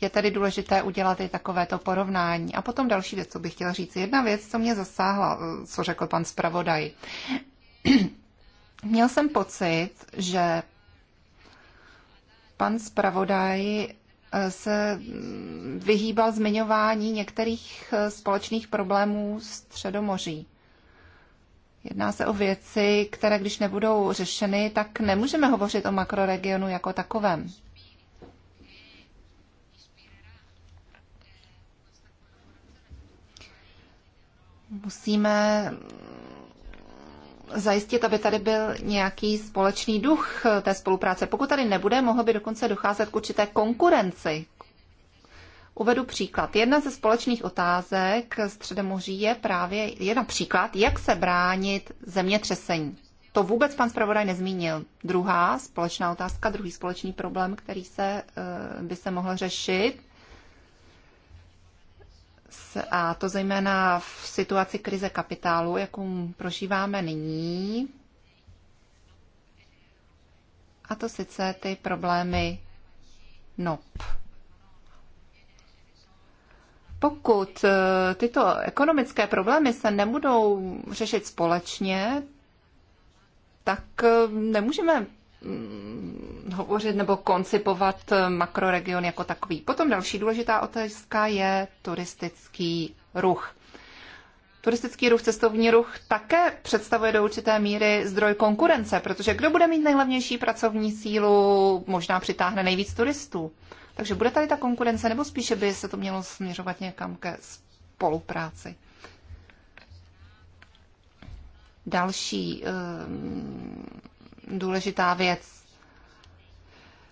je tedy důležité udělat i takovéto porovnání. A potom další věc, co bych chtěla říct. Jedna věc, co mě zasáhla, eh, co řekl pan zpravodaj. [CLEARS THROAT] Měl jsem pocit, že pan zpravodaj eh, se mm, vyhýbal zmiňování některých eh, společných problémů Středomoří. Jedná se o věci, které když nebudou řešeny, tak nemůžeme hovořit o makroregionu jako takovém. musíme zajistit, aby tady byl nějaký společný duch té spolupráce. Pokud tady nebude, mohlo by dokonce docházet k určité konkurenci. Uvedu příklad. Jedna ze společných otázek Středomoří je právě, je například, jak se bránit zemětřesení. To vůbec pan zpravodaj nezmínil. Druhá společná otázka, druhý společný problém, který se, eh, by se mohl řešit, a to zejména v situaci krize kapitálu, jakou prožíváme nyní. A to sice ty problémy NOP. Pokud eh, tyto ekonomické problémy se nebudou řešit společně, tak eh, nemůžeme Mm, hovořit nebo koncipovat makroregion jako takový. Potom další důležitá otázka je turistický ruch. Turistický ruch, cestovní ruch také představuje do určité míry zdroj konkurence, protože kdo bude mít nejlevnější pracovní sílu, možná přitáhne nejvíc turistů. Takže bude tady ta konkurence, nebo spíše by se to mělo směřovat někam ke spolupráci? Další um, důležitá věc.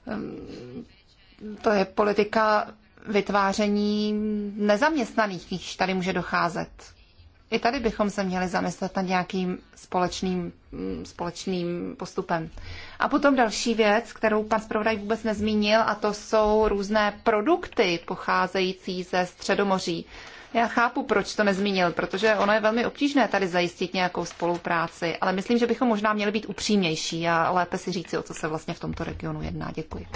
Ehm, to je politika vytváření nezaměstnaných, když tady může docházet. I tady bychom se měli zamyslet nad nějakým společným, mm, společným postupem. A potom další věc, kterou pan zpravodaj vůbec nezmínil, a to jsou různé produkty pocházející ze Středomoří. Já chápu, proč to nezmínil, protože ono je velmi obtížné tady zajistit nějakou spolupráci, ale myslím, že bychom možná měli být upřímnější a lépe si říci, o co se vlastně v tomto regionu jedná. Děkuji.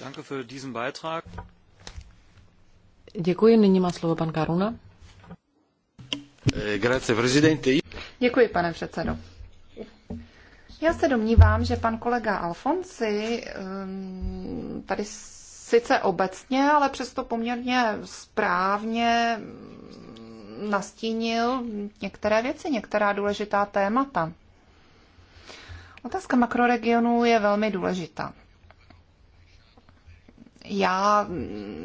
Danke für diesen Beitrag. Děkuji, nyní má slovo pan Karuna. Eh, Děkuji, pane předsedo. Já se domnívám, že pan kolega Alfonsi ehm, tady sice obecně, ale přesto poměrně správně nastínil některé věci, některá důležitá témata. Otázka makroregionů je velmi důležitá. Já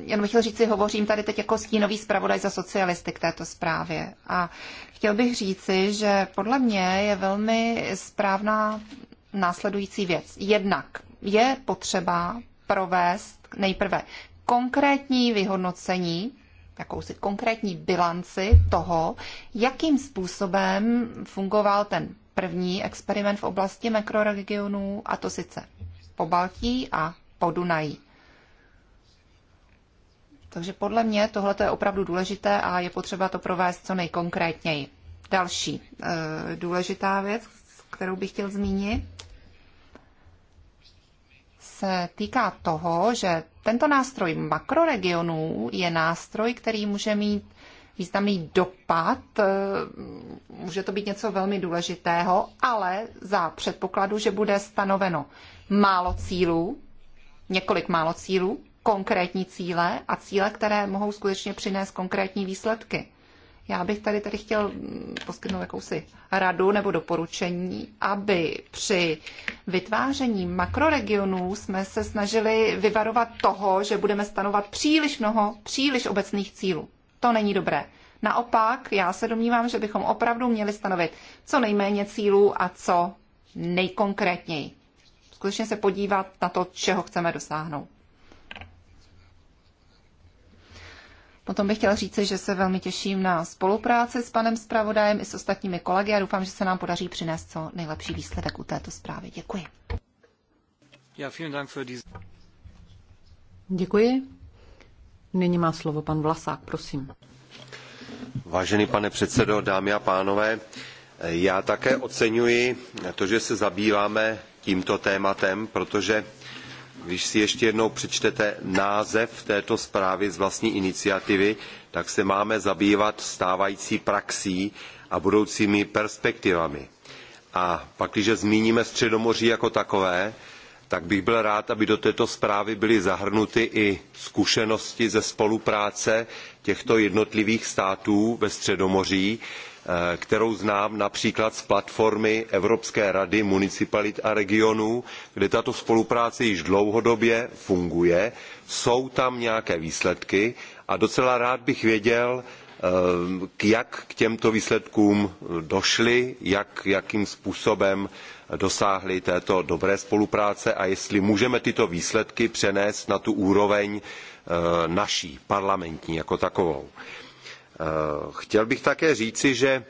jenom bych chtěl říci, hovořím tady teď jako stínový zpravodaj za socialisty k této zprávě. A chtěl bych říci, že podle mě je velmi správná následující věc. Jednak je potřeba provést nejprve konkrétní vyhodnocení, jakousi konkrétní bilanci toho, jakým způsobem fungoval ten první experiment v oblasti mikroregionů, a to sice po Baltí a po Dunají. Takže podle mě tohle je opravdu důležité a je potřeba to provést co nejkonkrétněji. Další e, důležitá věc, kterou bych chtěl zmínit, se týká toho, že tento nástroj makroregionů je nástroj, který může mít významný dopad, e, může to být něco velmi důležitého, ale za předpokladu, že bude stanoveno málo cílů, několik málo cílů, konkrétní cíle a cíle, které mohou skutečně přinést konkrétní výsledky. Já bych tady tady chtěl poskytnout jakousi radu nebo doporučení, aby při vytváření makroregionů jsme se snažili vyvarovat toho, že budeme stanovat příliš mnoho, příliš obecných cílů. To není dobré. Naopak, já se domnívám, že bychom opravdu měli stanovit co nejméně cílů a co nejkonkrétněji. Skutečně se podívat na to, čeho chceme dosáhnout. Potom bych chtěla říct, že se velmi těším na spolupráci s panem zpravodajem i s ostatními kolegy a doufám, že se nám podaří přinést co nejlepší výsledek u této zprávy. Děkuji. Ja, Dank für diese... Děkuji. Nyní má slovo pan Vlasák, prosím. Vážený pane předsedo, dámy a pánové, já také oceňuji to, že se zabýváme tímto tématem, protože když si ještě jednou přečtete název této zprávy z vlastní iniciativy, tak se máme zabývat stávající praxí a budoucími perspektivami. A pak, když zmíníme Středomoří jako takové, tak bych byl rád, aby do této zprávy byly zahrnuty i zkušenosti ze spolupráce těchto jednotlivých států ve Středomoří, Eh, kterou znám například z platformy Evropské rady municipalit a regionů, kde tato spolupráce již dlouhodobě funguje. Jsou tam nějaké výsledky a docela rád bych věděl, eh, jak k těmto výsledkům došli, jak, jakým způsobem dosáhli této dobré spolupráce a jestli můžeme tyto výsledky přenést na tu úroveň eh, naší parlamentní jako takovou. Eh, chtěl bych také říci, že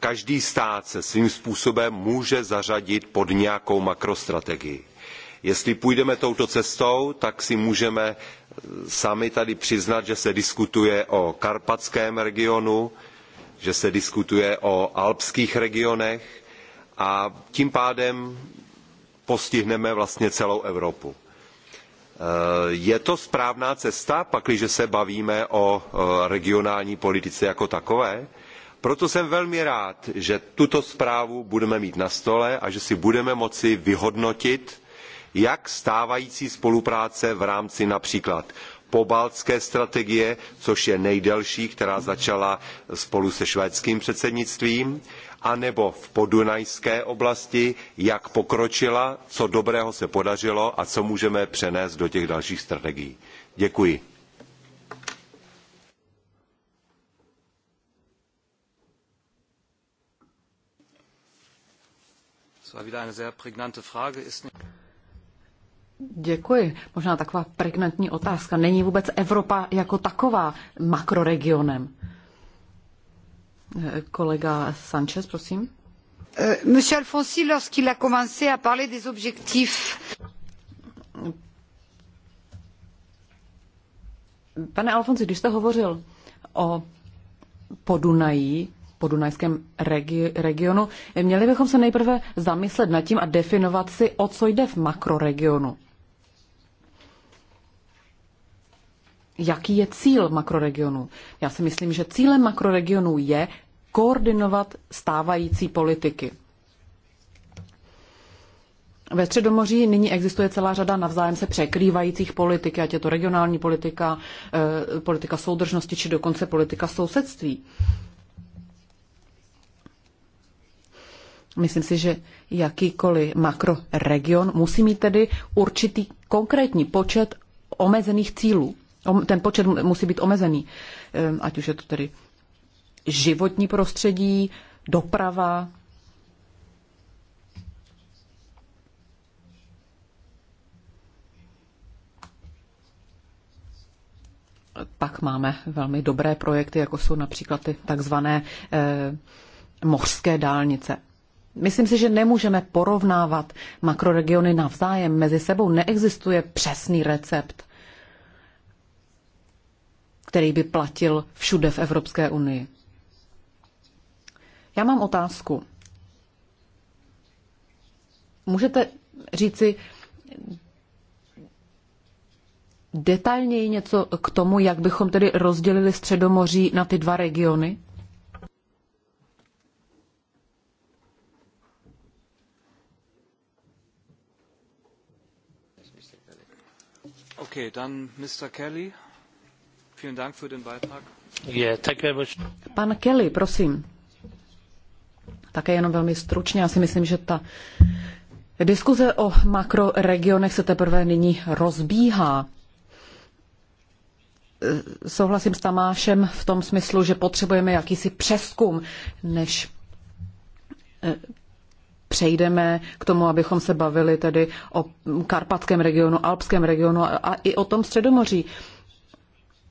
každý stát se svým způsobem může zařadit pod nějakou makrostrategii. Jestli půjdeme touto cestou, tak si můžeme eh, sami tady přiznat, že se diskutuje o karpatském regionu, že se diskutuje o alpských regionech a tím pádem postihneme vlastně celou Evropu. Eh, je to správná cesta, pakliže se bavíme o eh, regionální politice jako takové? Proto jsem velmi rád, že tuto zprávu budeme mít na stole a že si budeme moci vyhodnotit, jak stávající spolupráce v rámci například pobaltské strategie, což je nejdelší, která začala spolu se švédským předsednictvím, anebo v podunajské oblasti, jak pokročila, co dobrého se podařilo a co můžeme přenést do těch dalších strategií. Děkuji. Děkuji. Možná taková pregnantní otázka. Není vůbec Evropa jako taková makroregionem? Kolega Sanchez, prosím. Euh, Monsieur Alfonsi, lorsqu'il a commencé à parler des objectifs. Pane Alfonsi, když jste hovořil o Podunají, podunajském regi- regionu, měli bychom se nejprve zamyslet nad tím a definovat si, o co jde v makroregionu. Jaký je cíl makroregionu? Já si myslím, že cílem makroregionu je koordinovat stávající politiky. Ve Středomoří nyní existuje celá řada navzájem se překrývajících politik, ať je to regionální politika, eh, politika soudržnosti či dokonce politika sousedství. Myslím si, že jakýkoliv makroregion musí mít tedy určitý konkrétní počet omezených cílů. Ten počet musí být omezený, eh, ať už je to tedy životní prostředí, doprava. Pak máme velmi dobré projekty, jako jsou například ty takzvané eh, mořské dálnice. Myslím si, že nemůžeme porovnávat makroregiony navzájem. Mezi sebou neexistuje přesný recept, který by platil všude v Evropské unii. Já mám otázku. Můžete říci detailněji něco k tomu, jak bychom tedy rozdělili Středomoří na ty dva regiony? Okay, dann Mr. Kelly. Vielen Dank für den Beitrag. Yeah, Pan Kelly, prosím. Také jenom velmi stručně, já si myslím, že ta diskuze o makroregionech se teprve nyní rozbíhá. Souhlasím s Tamášem v tom smyslu, že potřebujeme jakýsi přeskum, než eh, přejdeme k tomu, abychom se bavili tedy o karpatském regionu, alpském regionu a i o tom středomoří.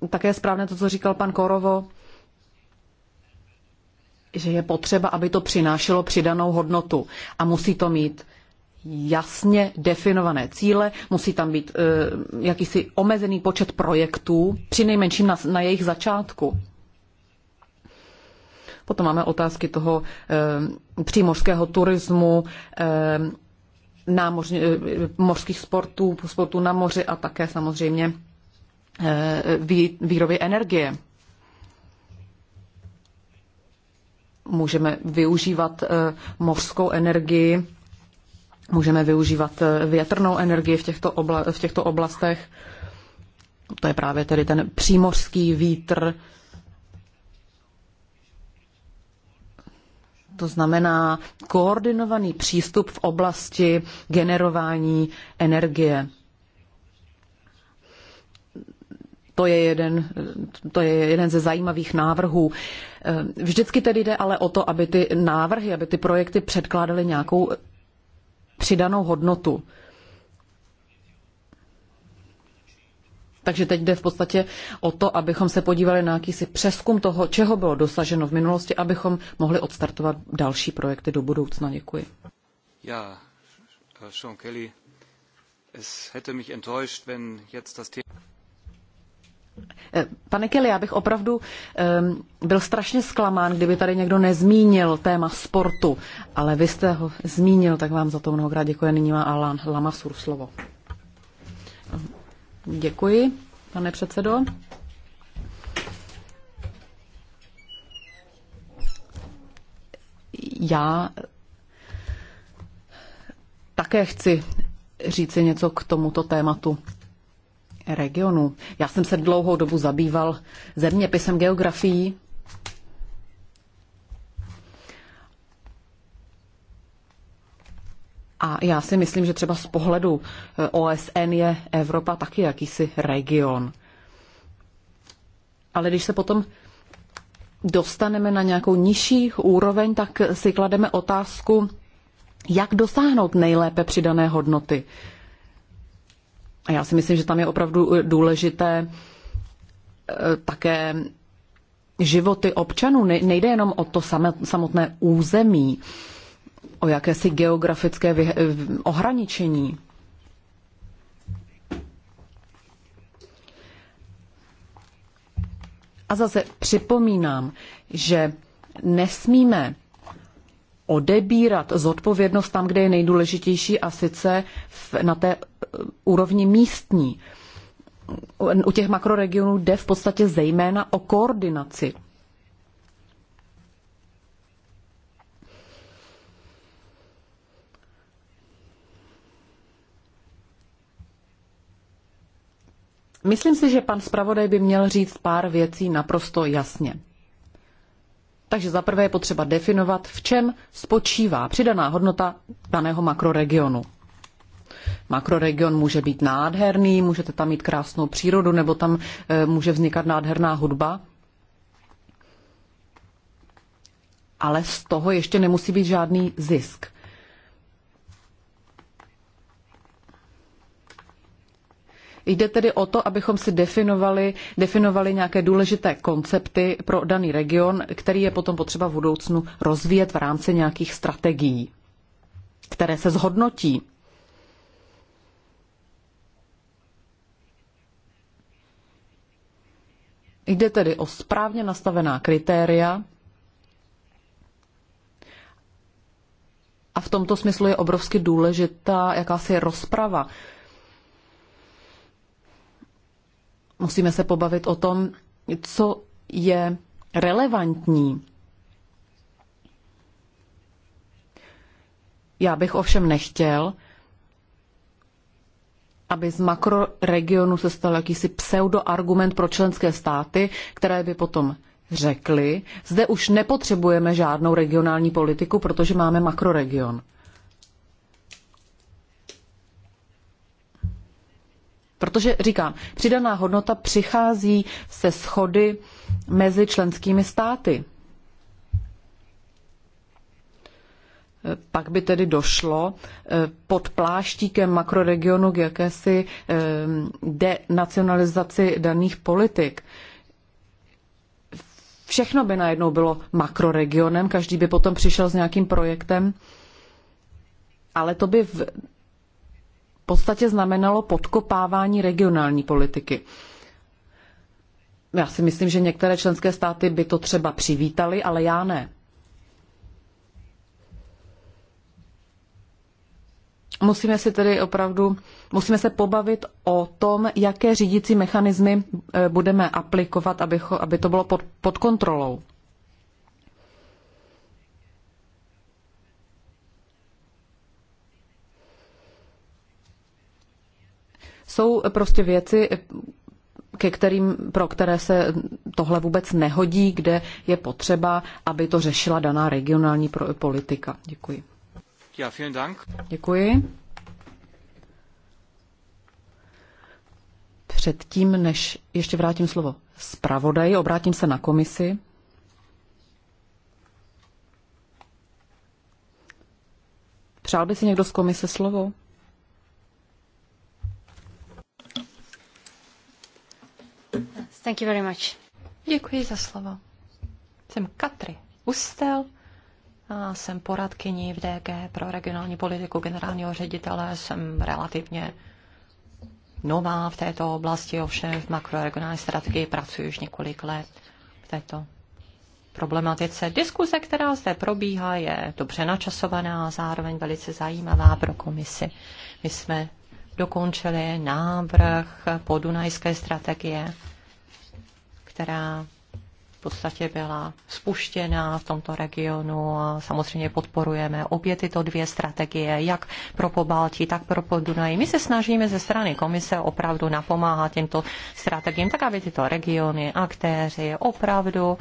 Také je správné to, co říkal pan Korovo, že je potřeba, aby to přinášelo přidanou hodnotu a musí to mít jasně definované cíle, musí tam být e, jakýsi omezený počet projektů, při nejmenším na, na jejich začátku. Potom máme otázky toho e, přímořského turismu, e, eh, námoř, e, mořských sportů, sportů na moři a také samozřejmě e, vý, výroby energie. můžeme využívat eh, mořskou energii, můžeme využívat eh, větrnou energii v těchto, obla- v těchto oblastech. To je právě tedy ten přímořský vítr. To znamená koordinovaný přístup v oblasti generování energie. To je, jeden, to je jeden ze zajímavých návrhů. Eh, vždycky tedy jde ale o to, aby ty návrhy, aby ty projekty předkládaly nějakou přidanou hodnotu. Takže teď jde v podstatě o to, abychom se podívali na jakýsi přeskum toho, čeho bylo dosaženo v minulosti, abychom mohli odstartovat další projekty do budoucna. Děkuji. Já, eh, Sean Kelly, es hätte mich enttäuscht, wenn jetzt das Thema... Pane Kelly, já bych opravdu byl strašně zklamán, kdyby tady někdo nezmínil téma sportu, ale vy jste ho zmínil, tak vám za to mnohokrát děkuji. Nyní má Alan Lamasur slovo. Děkuji, pane předsedo. Já také chci říci něco k tomuto tématu regionu. Já jsem se dlouhou dobu zabýval zeměpisem geografií. A já si myslím, že třeba z pohledu eh, OSN je Evropa taky jakýsi region. Ale když se potom dostaneme na nějakou nižší úroveň, tak si klademe otázku, jak dosáhnout nejlépe přidané hodnoty. A já si myslím, že tam je opravdu eh, důležité eh, také životy občanů. Nejde jenom o to samotné území, o jakési geografické eh, ohraničení. A zase připomínám, že nesmíme odebírat zodpovědnost tam, kde je nejdůležitější, a sice v, na té úrovni místní. U těch makroregionů jde v podstatě zejména o koordinaci. Myslím si, že pan zpravodaj by měl říct pár věcí naprosto jasně. Takže zaprvé je potřeba definovat, v čem spočívá přidaná hodnota daného makroregionu makroregion může být nádherný, můžete tam mít krásnou přírodu, nebo tam e, může vznikat nádherná hudba. Ale z toho ještě nemusí být žádný zisk. Jde tedy o to, abychom si definovali, definovali nějaké důležité koncepty pro daný region, který je potom potřeba v budoucnu rozvíjet v rámci nějakých strategií, které se zhodnotí. Jde tedy o správně nastavená kritéria a v tomto smyslu je obrovsky důležitá jakási rozprava. Musíme se pobavit o tom, co je relevantní. Já bych ovšem nechtěl, aby z makroregionu se stal jakýsi pseudoargument pro členské státy, které by potom řekly, zde už nepotřebujeme žádnou regionální politiku, protože máme makroregion. Protože říkám, přidaná hodnota přichází se schody mezi členskými státy. pak by tedy došlo eh, pod pláštíkem makroregionu k jakési eh, denacionalizaci daných politik. Všechno by najednou bylo makroregionem, každý by potom přišel s nějakým projektem, ale to by v podstatě znamenalo podkopávání regionální politiky. Já si myslím, že některé členské státy by to třeba přivítali, ale já ne. Musíme si tedy opravdu, musíme se pobavit o tom, jaké řídící mechanismy e, budeme aplikovat, aby, aby to bylo pod, pod kontrolou. Jsou prostě věci, e, ke kterým, pro které se tohle vůbec nehodí, kde je potřeba, aby to řešila daná regionální politika. Děkuji. Ja, vielen Dank. Děkuji. Předtím, než ještě vrátím slovo zpravodaji, obrátím se na komisi. Přál by si někdo z komise slovo? Thank you very much. Děkuji za slovo. Jsem Katry Ustel, já jsem poradkyní v DG pro regionální politiku generálního ředitele, jsem relativně nová v této oblasti, ovšem v makroregionální strategii pracuji už několik let v této problematice. diskuse, která zde probíhá, je dobře načasovaná a zároveň velice zajímavá pro komisi. My jsme dokončili návrh podunajské strategie, která podstatě byla spuštěna v tomto regionu a samozřejmě podporujeme obě tyto dvě strategie, jak pro Pobaltí, tak pro Podunaj. My se snažíme ze strany komise opravdu napomáhat těmto strategiím, tak aby tyto regiony, aktéři opravdu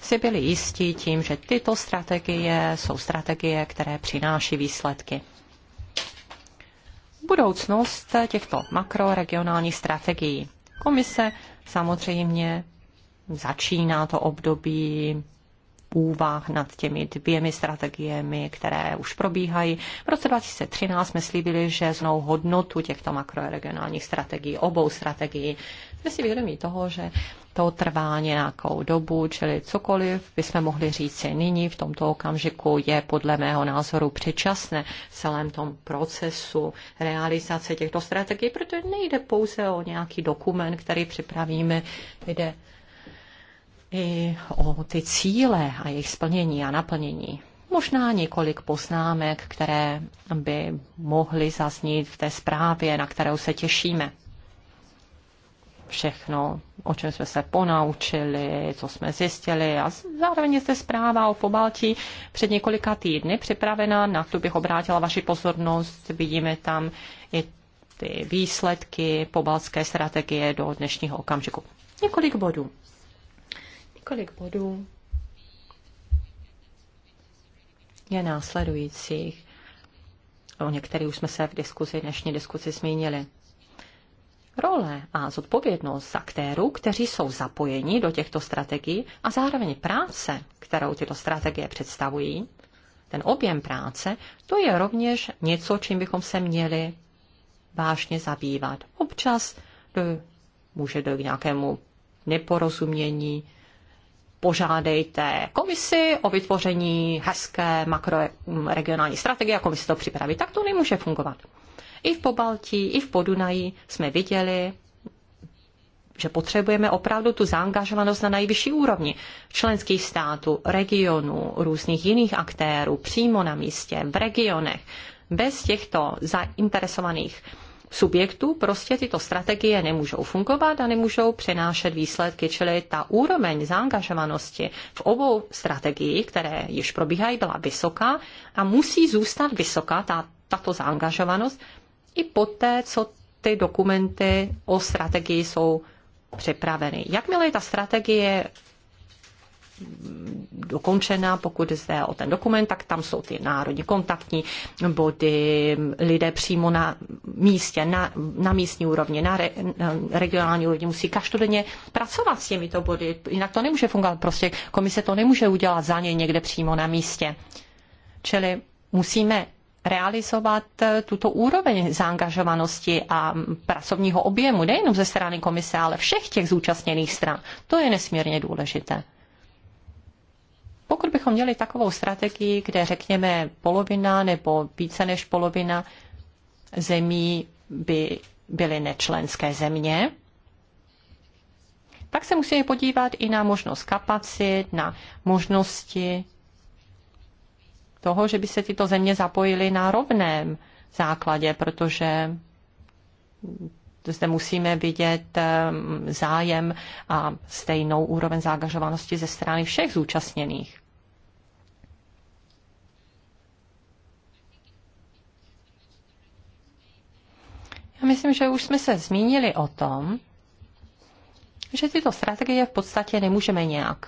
si byli jistí tím, že tyto strategie jsou strategie, které přináší výsledky. Budoucnost těchto makroregionálních strategií. Komise samozřejmě začíná to období úvah nad těmi dvěmi strategiemi, které už probíhají. V roce 2013 jsme slíbili, že znou hodnotu těchto makroregionálních strategií, obou strategií. Jsme si vědomí toho, že to trvá nějakou dobu, čili cokoliv bychom mohli říct, nyní v tomto okamžiku je podle mého názoru předčasné v celém tom procesu realizace těchto strategií, protože nejde pouze o nějaký dokument, který připravíme, jde i o ty cíle a jejich splnění a naplnění. Možná několik poznámek, které by mohly zaznít v té zprávě, na kterou se těšíme. Všechno, o čem jsme se ponaučili, co jsme zjistili a zároveň je zde zpráva o pobaltí před několika týdny připravená, na tu bych obrátila vaši pozornost. Vidíme tam i ty výsledky pobaltské strategie do dnešního okamžiku. Několik bodů. Několik bodů je následujících. O některých už jsme se v diskuzi, dnešní diskuzi zmínili. Role a zodpovědnost aktérů, kteří jsou zapojeni do těchto strategií a zároveň práce, kterou tyto strategie představují, ten objem práce, to je rovněž něco, čím bychom se měli vážně zabývat. Občas do, může dojít k nějakému neporozumění, požádejte komisi o vytvoření hezké makroregionální strategie a komise to připraví. Tak to nemůže fungovat. I v Pobaltí, i v Podunají jsme viděli, že potřebujeme opravdu tu zaangažovanost na nejvyšší úrovni členských států, regionů, různých jiných aktérů, přímo na místě, v regionech. Bez těchto zainteresovaných subjektů prostě tyto strategie nemůžou fungovat a nemůžou přenášet výsledky, čili ta úroveň zaangažovanosti v obou strategiích, které již probíhají, byla vysoká a musí zůstat vysoká ta, tato zaangažovanost i poté, co ty dokumenty o strategii jsou připraveny. Jakmile je ta strategie dokončena, pokud jde o ten dokument, tak tam jsou ty národní kontaktní body, lidé přímo na místě, na, na místní úrovni, na, re, na regionální úrovni musí každodenně pracovat s těmito body, jinak to nemůže fungovat, prostě komise to nemůže udělat za ně někde přímo na místě. Čili musíme realizovat eh, tuto úroveň zaangažovanosti a pracovního objemu, nejenom ze strany komise, ale všech těch zúčastněných stran. To je nesmírně důležité. Pokud bychom měli takovou strategii, kde řekněme polovina nebo více než polovina zemí by byly nečlenské země, pak se musíme podívat i na možnost kapacit, na možnosti toho, že by se tyto země zapojily na rovném základě, protože zde musíme vidět ehm, zájem a stejnou úroveň zaangažovanosti ze strany všech zúčastněných. Já myslím, že už jsme se zmínili o tom, že tyto strategie v podstatě nemůžeme nějak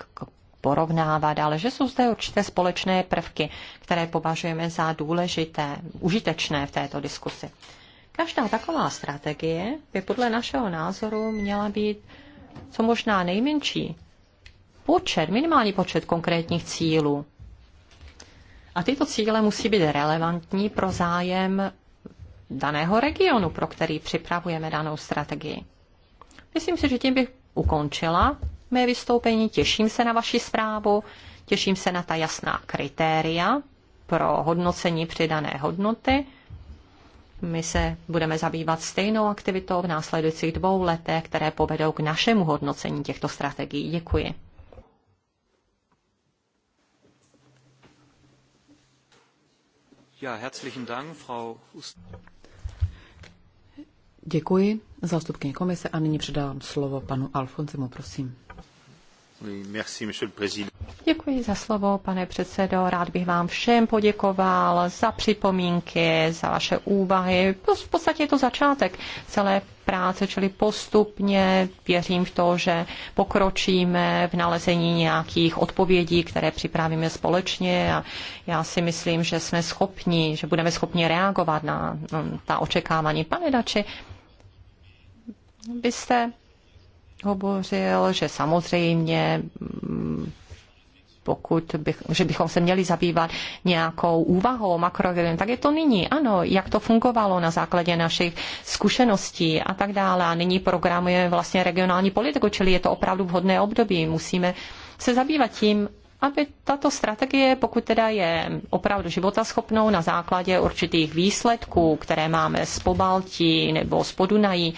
porovnávat, ale že jsou zde určité společné prvky, které považujeme za důležité, užitečné v této diskusi. Každá taková strategie by podle našeho názoru měla být co možná nejmenší počet, minimální počet konkrétních cílů. A tyto cíle musí být relevantní pro zájem daného regionu, pro který připravujeme danou strategii. Myslím si, že tím bych ukončila mé vystoupení. Těším se na vaši zprávu, těším se na ta jasná kritéria pro hodnocení přidané hodnoty. My se budeme zabývat stejnou aktivitou v následujících dvou letech, které povedou k našemu hodnocení těchto strategií. Děkuji. Ja, herzlichen Dank, Frau Ust Děkuji zástupkyni komise a nyní předávám slovo panu Alfonsemu, prosím. Děkuji za slovo, pane předsedo. Rád bych vám všem poděkoval za připomínky, za vaše úvahy. V podstatě je to začátek celé práce, čili postupně věřím v to, že pokročíme v nalezení nějakých odpovědí, které připravíme společně a já si myslím, že jsme schopni, že budeme schopni reagovat na ta očekávání. Pane Dači, vy jste hovořil, že samozřejmě mm, pokud bych, že bychom se měli zabývat nějakou úvahou makroekonomií, tak je to nyní. Ano, jak to fungovalo na základě našich zkušeností a tak dále. A nyní programujeme vlastně regionální politiku, čili je to opravdu vhodné období. Musíme se zabývat tím, aby tato strategie, pokud teda je opravdu životaschopnou na základě určitých výsledků, které máme z Pobaltí nebo z Podunají,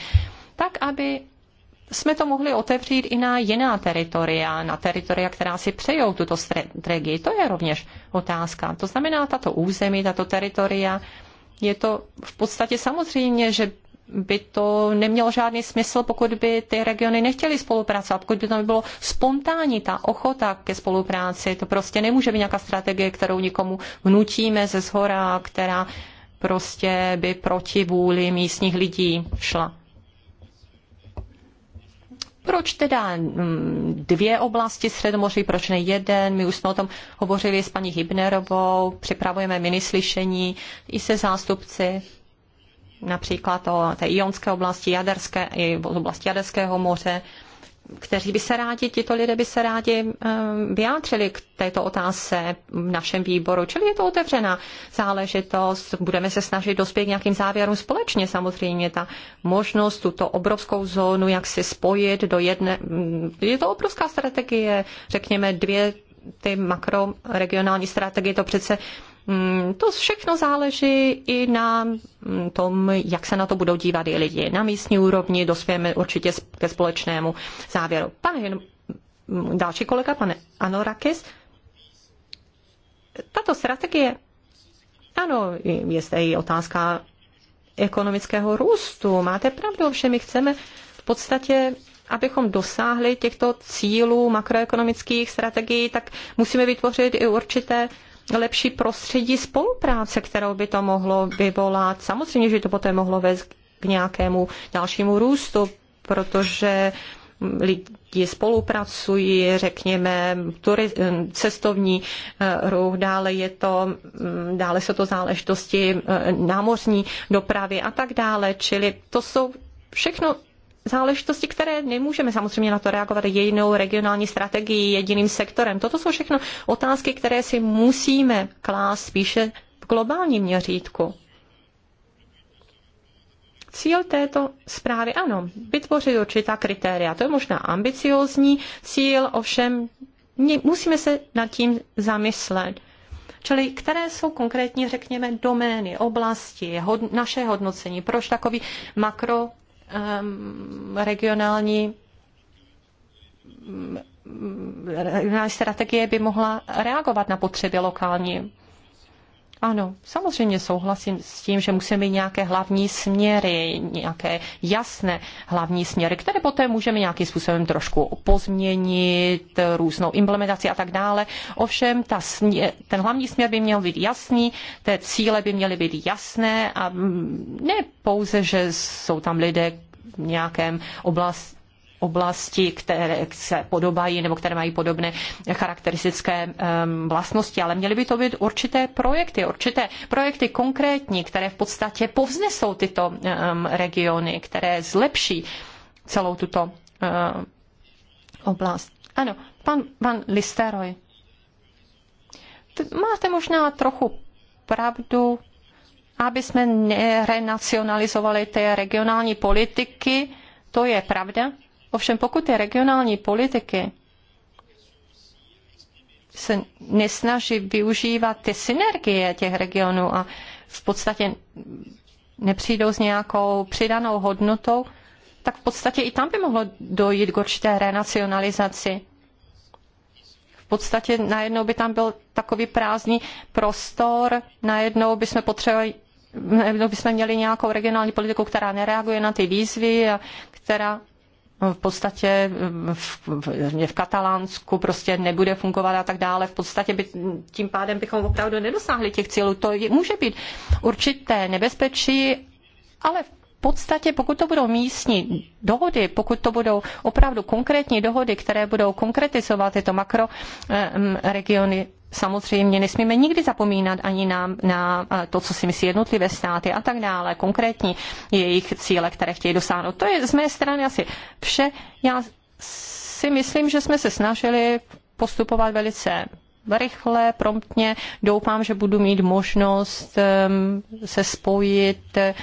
tak aby jsme to mohli otevřít i na jiná teritoria, na teritoria, která si přejou tuto strategii. To je rovněž otázka. To znamená, tato území, tato teritoria, je to v podstatě samozřejmě, že by to nemělo žádný smysl, pokud by ty regiony nechtěly spolupracovat, pokud by tam bylo spontánní ta ochota ke spolupráci. To prostě nemůže být nějaká strategie, kterou nikomu vnutíme ze zhora, která prostě by proti vůli místních lidí šla. Proč teda mm, dvě oblasti Středomoří, proč ne jeden? My už jsme o tom hovořili s paní Hybnerovou, připravujeme minislyšení i se zástupci například o té ionské oblasti, jaderské, i oblasti Jaderského moře kteří by se rádi, tito lidé by se rádi eh, vyjádřili k této otázce v našem výboru. Čili je to otevřená záležitost. Budeme se snažit dospět k nějakým závěrům společně samozřejmě. Ta možnost tuto obrovskou zónu, jak si spojit do jedné, mm, je to obrovská strategie, řekněme dvě ty makroregionální strategie, to přece Mm, to všechno záleží i na mm, tom, jak se na to budou dívat i lidi. Na místní úrovni dospějeme určitě ke společnému závěru. Pane, mm, další kolega, pane Anorakis, tato strategie, ano, je zde i otázka ekonomického růstu. Máte pravdu, že my chceme v podstatě abychom dosáhli těchto cílů makroekonomických strategií, tak musíme vytvořit i určité lepší prostředí spolupráce, kterou by to mohlo vyvolat. Samozřejmě, že to poté mohlo vést k nějakému dalšímu růstu, protože lidi spolupracují, řekněme, turi, cestovní eh, ruch, dále, je to, mm, dále jsou to záležitosti eh, námořní dopravy a tak dále. Čili to jsou všechno záležitosti, které nemůžeme samozřejmě na to reagovat jedinou regionální strategií, jediným sektorem. Toto jsou všechno otázky, které si musíme klást spíše v globálním měřítku. Cíl této zprávy, ano, vytvořit určitá kritéria. To je možná ambiciózní cíl, ovšem musíme se nad tím zamyslet. Čili které jsou konkrétně, řekněme, domény, oblasti, hod, naše hodnocení, proč takový makro Ehm, regionální ehm, regionální strategie by mohla reagovat na potřeby lokální ano, samozřejmě souhlasím s tím, že musíme mít nějaké hlavní směry, nějaké jasné hlavní směry, které poté můžeme nějakým způsobem trošku pozměnit, různou implementaci a tak dále. Ovšem, ta směr, ten hlavní směr by měl být jasný, ty cíle by měly být jasné a ne pouze, že jsou tam lidé, v nějakém oblast, oblasti, které se podobají nebo které mají podobné charakteristické vlastnosti, ale měly by to být určité projekty, určité projekty konkrétní, které v podstatě povznesou tyto regiony, které zlepší celou tuto oblast. Ano, pan, pan Listeroj. Máte možná trochu pravdu, aby jsme nerenacionalizovali ty regionální politiky, to je pravda, Ovšem pokud ty regionální politiky se nesnaží využívat ty synergie těch regionů a v podstatě nepřijdou s nějakou přidanou hodnotou, tak v podstatě i tam by mohlo dojít k určité renacionalizaci. V podstatě najednou by tam byl takový prázdný prostor, najednou by jsme potřebovali najednou bychom měli nějakou regionální politiku, která nereaguje na ty výzvy a která v podstatě v, v, v Katalánsku prostě nebude fungovat a tak dále. V podstatě by, tím pádem bychom opravdu nedosáhli těch cílů. To je, může být určité nebezpečí, ale v podstatě, pokud to budou místní dohody, pokud to budou opravdu konkrétní dohody, které budou konkretizovat tyto makroregiony, samozřejmě nesmíme nikdy zapomínat ani na, na eh, to, co si myslí jednotlivé státy a tak dále, konkrétní jejich cíle, které chtějí dosáhnout. To je z mé strany asi vše. Já si myslím, že jsme se snažili postupovat velice rychle, promptně. Doufám, že budu mít možnost ehm, se spojit eh,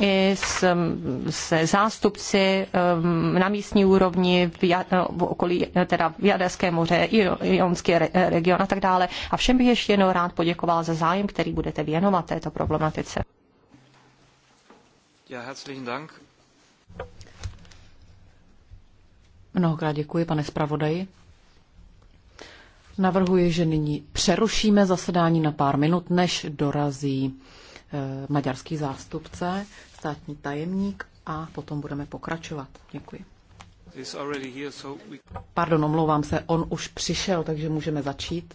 i s, um, se zástupci um, na místní úrovni v, no, v okolí teda v Jaderské moře, Jonský region a tak dále. A všem bych ještě jednou rád poděkoval za zájem, který budete věnovat této problematice. Ja, herzlichen Dank. Mnohokrát děkuji, pane zpravodaji. Navrhuji, že nyní přerušíme zasedání na pár minut, než dorazí eh, maďarský zástupce státní tajemník a potom budeme pokračovat. Děkuji. Pardon, omlouvám se, on už přišel, takže můžeme začít.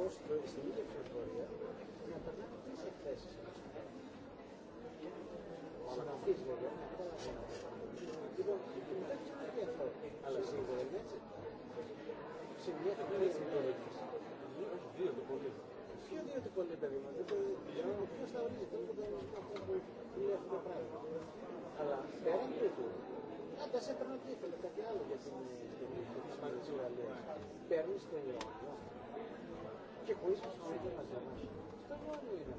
κόστο στην ίδια πληροφορία να περνάνε αυτέ οι εκθέσει. Σαφή βέβαια, με πολλά πράγματα. Λοιπόν, δεν ξέρω τι αυτό, αλλά σίγουρα είναι έτσι. Σε μια εκθέση τώρα. Δύο το πολύ. Ποιο δύο το πολύ, παιδί μου. Ποιο θα ορίζει, δεν μπορεί να είναι αυτό το πράγμα. Αλλά πέραν τούτου, άντας έπαιρνε ό,τι ήθελε, κάτι άλλο για την ιστορία της Γαλλίας. Παίρνεις το υλικό και χωρίς να σου πει να διαβάσει. Αυτό μόνο είναι.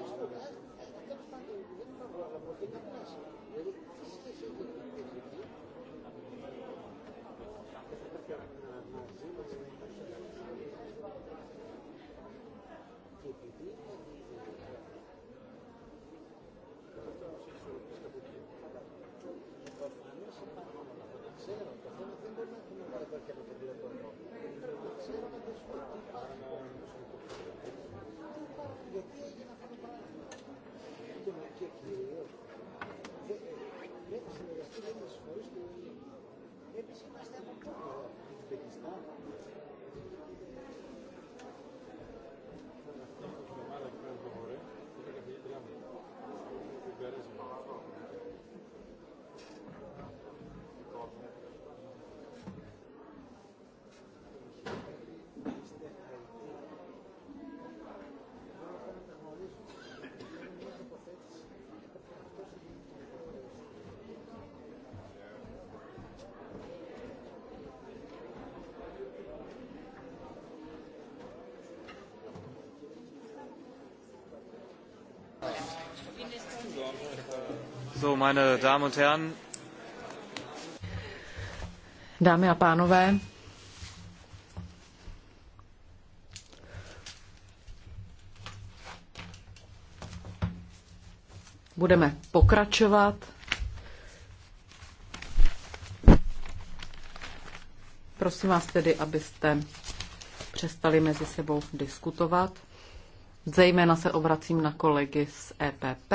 Έστω, δεν φτάνει, δεν είναι πρόβλημα, γιατί δεν φτάσει. Δηλαδή, τι σχέση έχει. So, meine Damen und Herren. Dámy a pánové, budeme pokračovat. Prosím vás tedy, abyste přestali mezi sebou diskutovat. Zejména se obracím na kolegy z EPP,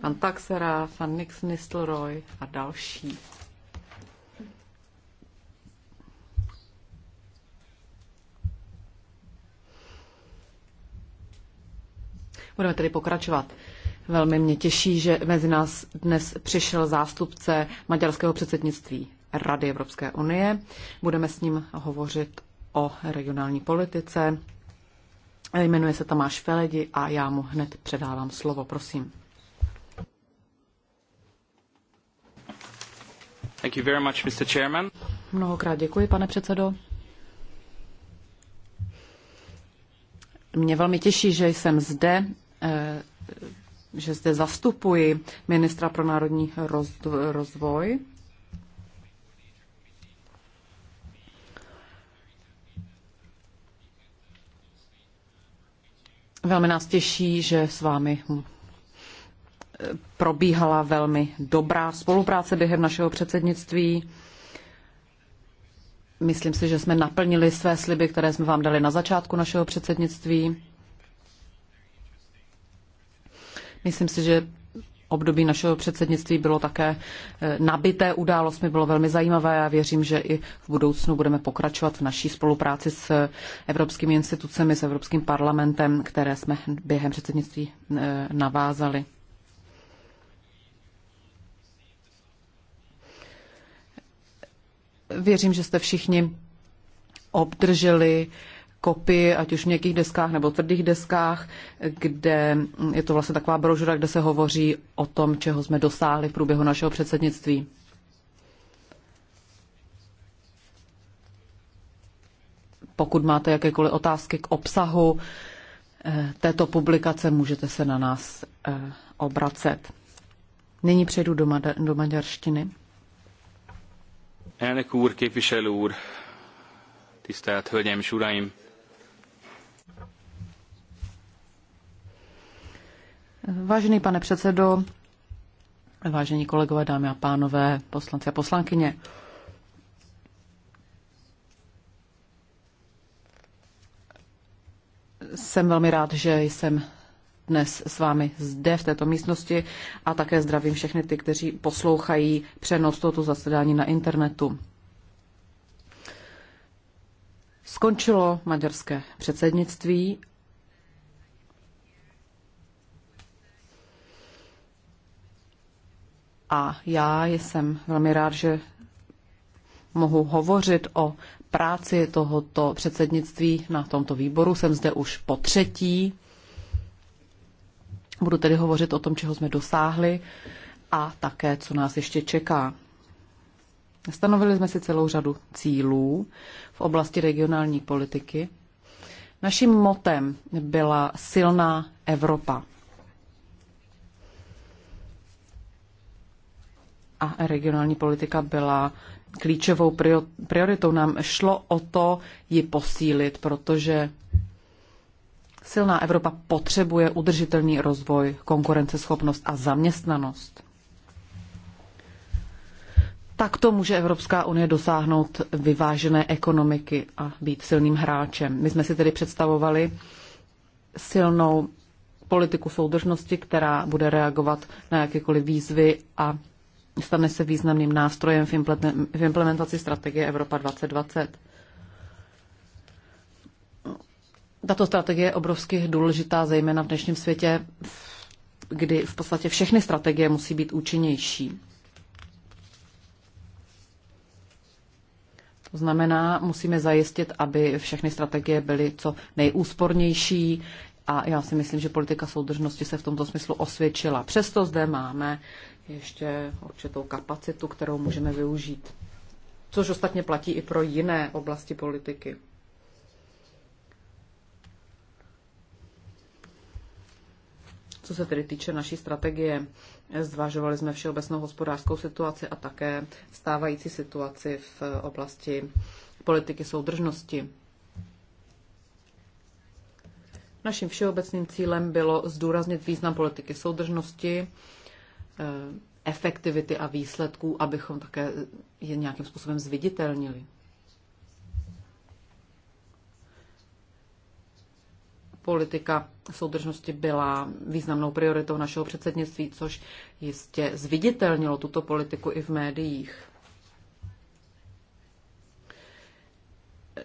pan Taxera, pan Nix Nistelrooy a další. Budeme tedy pokračovat. Velmi mě těší, že mezi nás dnes přišel zástupce maďarského předsednictví Rady Evropské unie. Budeme s ním hovořit o regionální politice, Jmenuje se Tomáš Feledi a já mu hned předávám slovo, prosím. Thank you very much, Mr. Chairman. Mnohokrát děkuji, pane předsedo. Mě velmi těší, že jsem zde, eh, že zde zastupuji ministra pro národní rozvoj Velmi nás těší, že s vámi hm, probíhala velmi dobrá spolupráce během našeho předsednictví. Myslím si, že jsme naplnili své sliby, které jsme vám dali na začátku našeho předsednictví. Myslím si, že období našeho předsednictví bylo také eh, nabité událostmi, bylo velmi zajímavé a věřím, že i v budoucnu budeme pokračovat v naší spolupráci s eh, evropskými institucemi, s Evropským parlamentem, které jsme během předsednictví eh, navázali. Věřím, že jste všichni obdrželi uh, kopii, ať už v měkkých deskách nebo tvrdých deskách, kde je to vlastně taková brožura, kde se hovoří o tom, čeho jsme dosáhli v průběhu našeho předsednictví. Pokud máte jakékoliv otázky k obsahu eh, této publikace, můžete se na nás eh, obracet. Nyní přejdu do, ma- do maďarštiny. Elnök úr, képviselő úr, tisztelt hölgyeim és uraim! Vážený pane předsedo, vážení kolegové, dámy a pánové, poslanci a poslankyně. Jsem velmi rád, že jsem dnes s vámi zde v této místnosti a také zdravím všechny ty, kteří poslouchají přenos tohoto zasedání na internetu. Skončilo maďarské předsednictví a já jsem velmi rád, že mohu hovořit o práci tohoto předsednictví na tomto výboru. Jsem zde už po třetí. Budu tedy hovořit o tom, čeho jsme dosáhli a také, co nás ještě čeká. Stanovili jsme si celou řadu cílů v oblasti regionální politiky. Naším motem byla silná Evropa. a regionální politika byla klíčovou prioritou. Nám šlo o to ji posílit, protože silná Evropa potřebuje udržitelný rozvoj, konkurenceschopnost a zaměstnanost. Takto může Evropská unie dosáhnout vyvážené ekonomiky a být silným hráčem. My jsme si tedy představovali silnou politiku soudržnosti, která bude reagovat na jakékoliv výzvy a stane se významným nástrojem v implementaci strategie Evropa 2020. Tato strategie je obrovsky důležitá, zejména v dnešním světě, kdy v podstatě všechny strategie musí být účinnější. To znamená, musíme zajistit, aby všechny strategie byly co nejúspornější, a já si myslím, že politika soudržnosti se v tomto smyslu osvědčila. Přesto zde máme ještě určitou kapacitu, kterou můžeme využít. Což ostatně platí i pro jiné oblasti politiky. Co se tedy týče naší strategie, zvažovali jsme všeobecnou hospodářskou situaci a také stávající situaci v oblasti politiky soudržnosti. Naším všeobecným cílem bylo zdůraznit význam politiky soudržnosti, eh, efektivity a výsledků, abychom také je nějakým způsobem zviditelnili. Politika soudržnosti byla významnou prioritou našeho předsednictví, což jistě zviditelnilo tuto politiku i v médiích.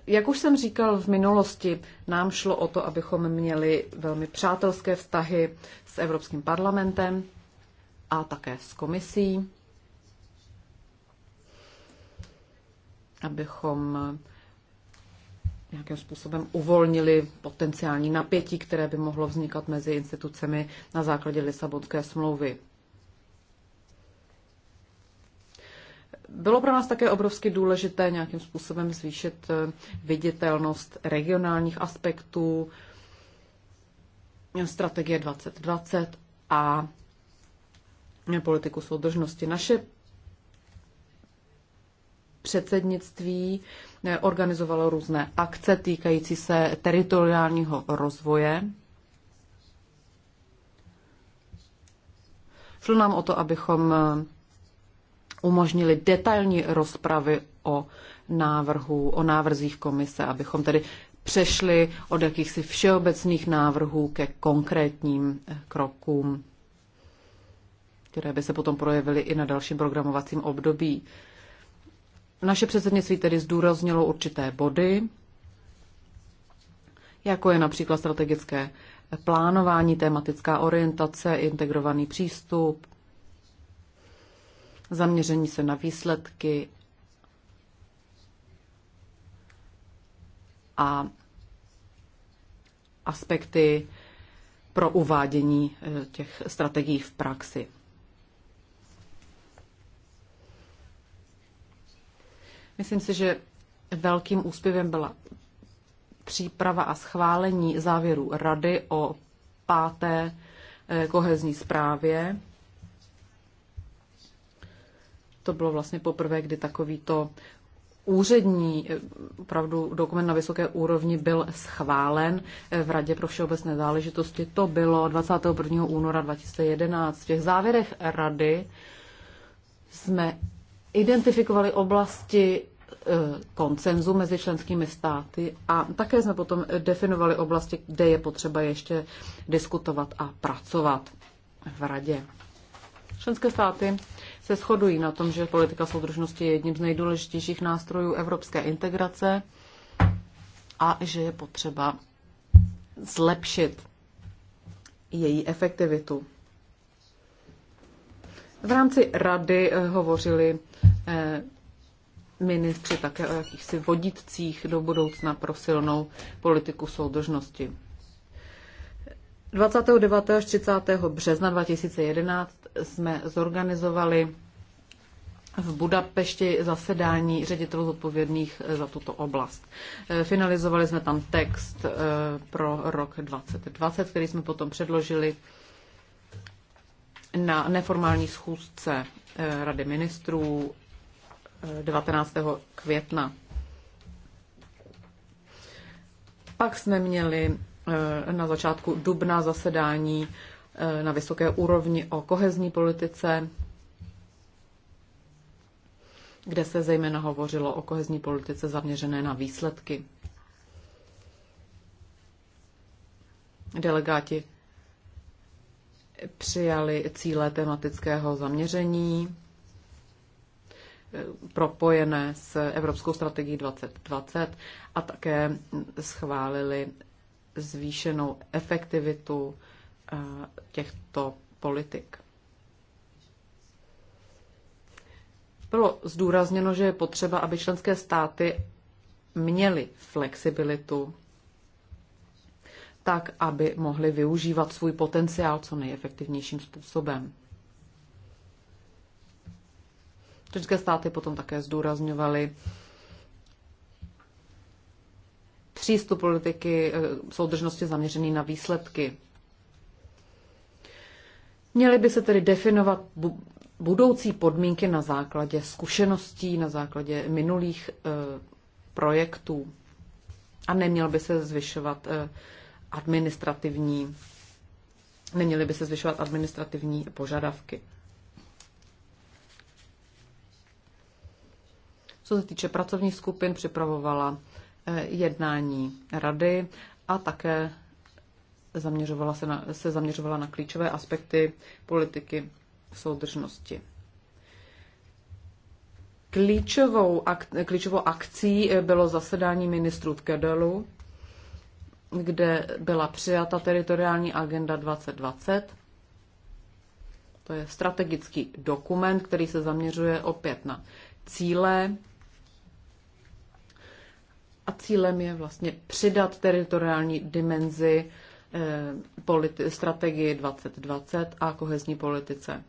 Jak už jsem říkal v minulosti, nám šlo o to, abychom měli velmi přátelské vztahy s Evropským parlamentem a také s komisí, abychom nějakým způsobem uvolnili potenciální napětí, které by mohlo vznikat mezi institucemi na základě Lisabonské smlouvy. Bylo pro nás také obrovsky důležité nějakým způsobem zvýšit eh, viditelnost regionálních aspektů, strategie 2020 a politiku soudržnosti. Naše předsednictví eh, organizovalo různé akce týkající se teritoriálního rozvoje. Šlo nám o to, abychom eh, umožnili detailní rozpravy o návrhu, o návrzích komise, abychom tedy přešli od jakýchsi všeobecných návrhů ke konkrétním eh, krokům, které by se potom projevily i na dalším programovacím období. Naše předsednictví tedy zdůraznilo určité body, jako je například strategické plánování, tematická orientace, integrovaný přístup, zaměření se na výsledky a aspekty pro uvádění eh, těch strategií v praxi. Myslím si, že velkým úspěvem byla příprava a schválení závěrů Rady o páté eh, kohezní zprávě, to bylo vlastně poprvé, kdy takovýto úřední opravdu dokument na vysoké úrovni byl schválen v Radě pro všeobecné záležitosti. To bylo 21. února 2011. V těch závěrech Rady jsme identifikovali oblasti eh, koncenzu mezi členskými státy a také jsme potom definovali oblasti, kde je potřeba ještě diskutovat a pracovat v radě. Členské státy se shodují na tom, že politika soudržnosti je jedním z nejdůležitějších nástrojů evropské integrace a že je potřeba zlepšit její efektivitu. V rámci rady eh, hovořili eh, ministři také o jakýchsi vodítcích do budoucna pro silnou politiku soudržnosti. 29. až 30. března 2011 jsme zorganizovali v Budapešti zasedání ředitelů zodpovědných eh, za tuto oblast. Eh, finalizovali jsme tam text eh, pro rok 2020, který jsme potom předložili na neformální schůzce Rady ministrů 19. května. Pak jsme měli na začátku dubna zasedání Eh, na vysoké úrovni o kohezní politice, kde se zejména hovořilo o kohezní politice zaměřené na výsledky. Delegáti přijali cíle tematického zaměření eh, propojené s Evropskou strategií 2020 a také schválili zvýšenou efektivitu Eh, těchto politik. Bylo zdůrazněno, že je potřeba, aby členské státy měly flexibilitu tak, aby mohli využívat svůj potenciál co nejefektivnějším způsobem. České státy potom také zdůrazňovaly přístup politiky eh, soudržnosti zaměřený na výsledky. Měly by se tedy definovat budoucí podmínky na základě zkušeností, na základě minulých e, projektů a neměl by se zvyšovat e, administrativní neměly by se zvyšovat administrativní požadavky. Co se týče pracovních skupin, připravovala e, jednání rady a také zaměřovala se, na, se zaměřovala na klíčové aspekty politiky soudržnosti. Klíčovou, ak, klíčovou akcí eh, bylo zasedání ministrů v Kedelu, kde byla přijata teritoriální agenda 2020. To je strategický dokument, který se zaměřuje opět na cíle. A cílem je vlastně přidat teritoriální dimenzi Eh, politi- strategii 2020 a kohezní politice.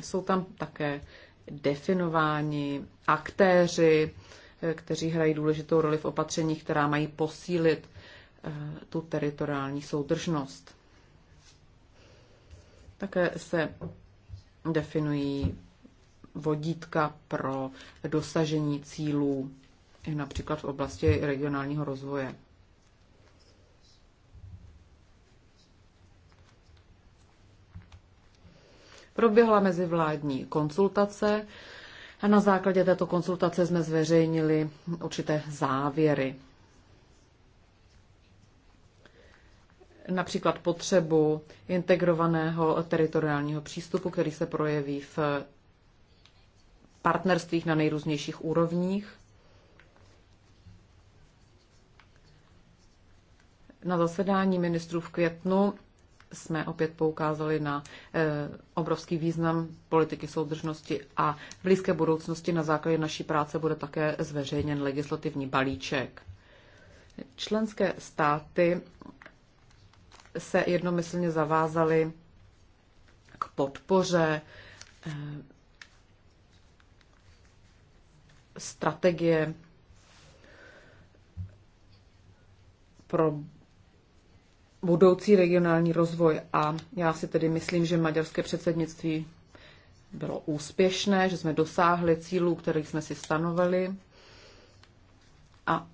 Jsou tam také definováni aktéři, eh, kteří hrají důležitou roli v opatřeních, která mají posílit eh, tu teritoriální soudržnost. Také se definují vodítka pro dosažení cílů, například v oblasti regionálního rozvoje. Proběhla mezivládní konsultace a na základě této konsultace jsme zveřejnili určité závěry. Například potřebu integrovaného teritoriálního přístupu, který se projeví v partnerstvích na nejrůznějších úrovních. Na zasedání ministrů v květnu jsme opět poukázali na eh, obrovský význam politiky soudržnosti a v blízké budoucnosti na základě naší práce bude také zveřejněn legislativní balíček. Členské státy se jednomyslně zavázaly k podpoře eh, strategie pro budoucí regionální rozvoj. A já si tedy myslím, že maďarské předsednictví bylo úspěšné, že jsme dosáhli cílů, kterých jsme si stanovili. A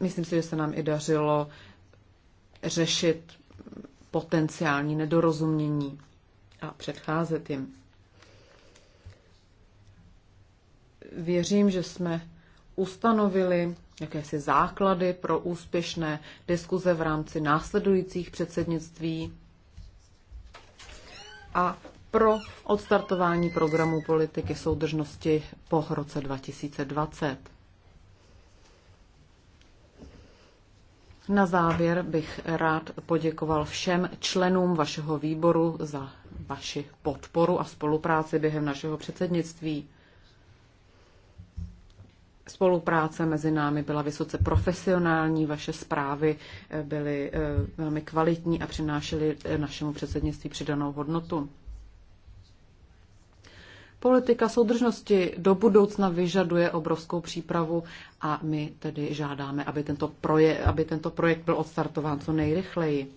myslím si, že se nám i dařilo řešit potenciální nedorozumění a předcházet jim. Věřím, že jsme ustanovili jakési základy pro úspěšné diskuze v rámci následujících předsednictví a pro odstartování programu politiky soudržnosti po roce 2020. Na závěr bych rád poděkoval všem členům vašeho výboru za vaši podporu a spolupráci během našeho předsednictví. Spolupráce mezi námi byla vysoce profesionální, vaše zprávy eh, byly eh, velmi kvalitní a přinášely eh, našemu předsednictví přidanou hodnotu. Politika soudržnosti do budoucna vyžaduje obrovskou přípravu a my tedy žádáme, aby tento, proje, aby tento projekt byl odstartován co nejrychleji.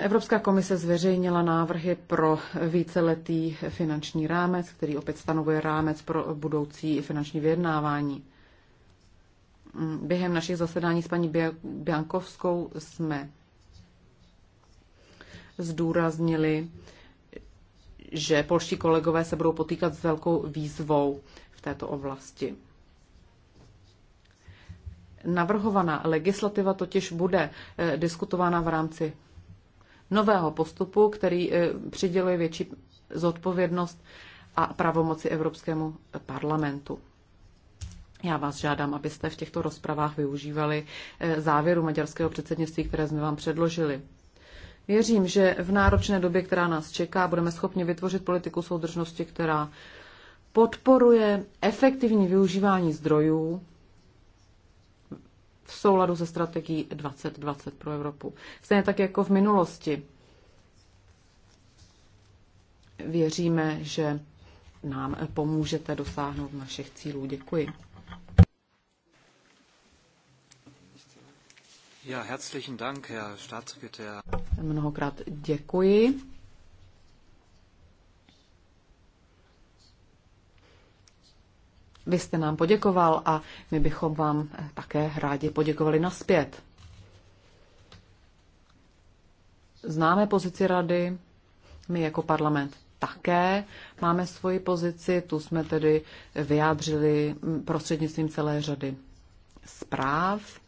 Evropská komise zveřejnila návrhy pro víceletý finanční rámec, který opět stanovuje rámec pro budoucí finanční vyjednávání. Během našich zasedání s paní Biankovskou jsme zdůraznili, že polští kolegové se budou potýkat s velkou výzvou v této oblasti. Navrhovaná legislativa totiž bude eh, diskutována v rámci nového postupu, který eh, přiděluje větší zodpovědnost a pravomoci Evropskému parlamentu. Já vás žádám, abyste v těchto rozpravách využívali eh, závěru maďarského předsednictví, které jsme vám předložili. Věřím, že v náročné době, která nás čeká, budeme schopni vytvořit politiku soudržnosti, která podporuje efektivní využívání zdrojů, v souladu se strategií 2020 pro Evropu. Stejně tak jako v minulosti. Věříme, že nám pomůžete dosáhnout našich cílů. Děkuji. Ja, herzlichen Dank, Herr Staatssekretär. Mnohokrát děkuji Vy jste nám poděkoval a my bychom vám také rádi poděkovali naspět. Známe pozici rady, my jako parlament také máme svoji pozici, tu jsme tedy vyjádřili prostřednictvím celé řady zpráv.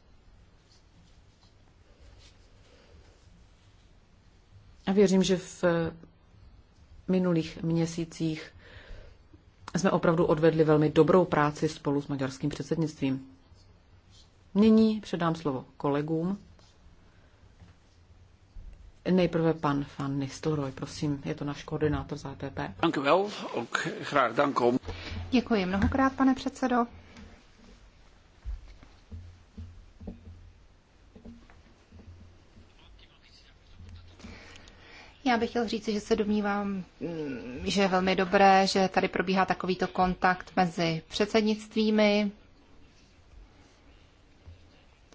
A věřím, že v minulých měsících jsme opravdu odvedli velmi dobrou práci spolu s maďarským předsednictvím. Nyní předám slovo kolegům. Nejprve pan Van Nistelrooy, prosím, je to náš koordinátor za EPP. Děkuji mnohokrát, pane předsedo. Já bych chtěl říct, že se domnívám, mm, že je velmi dobré, že tady probíhá takovýto kontakt mezi předsednictvími.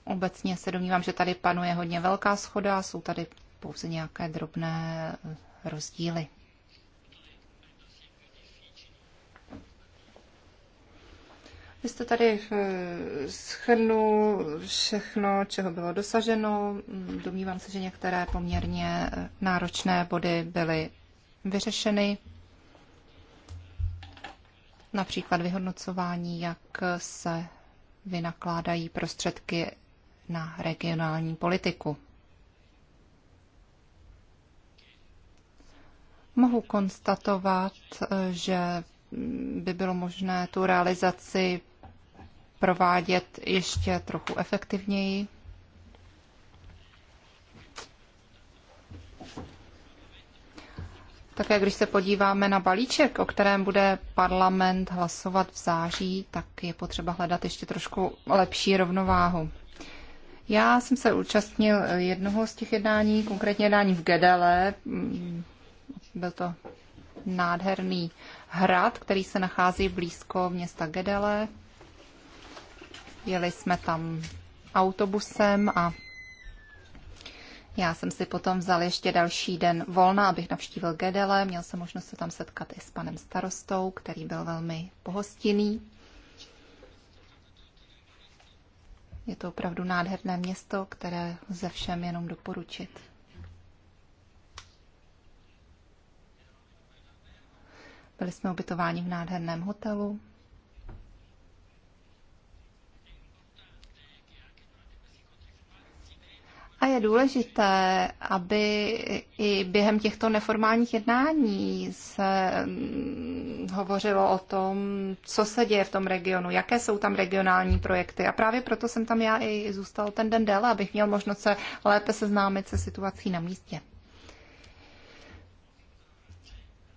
Obecně se domnívám, že tady panuje hodně velká schoda, jsou tady pouze nějaké drobné rozdíly. Vy jste tady eh, schrnul všechno, čeho bylo dosaženo. Domnívám se, že některé poměrně eh, náročné body byly vyřešeny. Například vyhodnocování, jak se vynakládají prostředky na regionální politiku. Mohu konstatovat, eh, že by bylo možné tu realizaci provádět ještě trochu efektivněji. Také když se podíváme na balíček, o kterém bude parlament hlasovat v září, tak je potřeba hledat ještě trošku lepší rovnováhu. Já jsem se účastnil jednoho z těch jednání, konkrétně jednání v Gedele. Byl to nádherný hrad, který se nachází blízko města Gedele. Jeli jsme tam autobusem a já jsem si potom vzal ještě další den volna, abych navštívil Gedele. Měl jsem možnost se tam setkat i s panem starostou, který byl velmi pohostinný. Je to opravdu nádherné město, které ze všem jenom doporučit. Byli jsme ubytováni v nádherném hotelu, A je důležité, aby i během těchto neformálních jednání se mm, hovořilo o tom, co se děje v tom regionu, jaké jsou tam regionální projekty. A právě proto jsem tam já i zůstal ten den déle, abych měl možnost se lépe seznámit se situací na místě.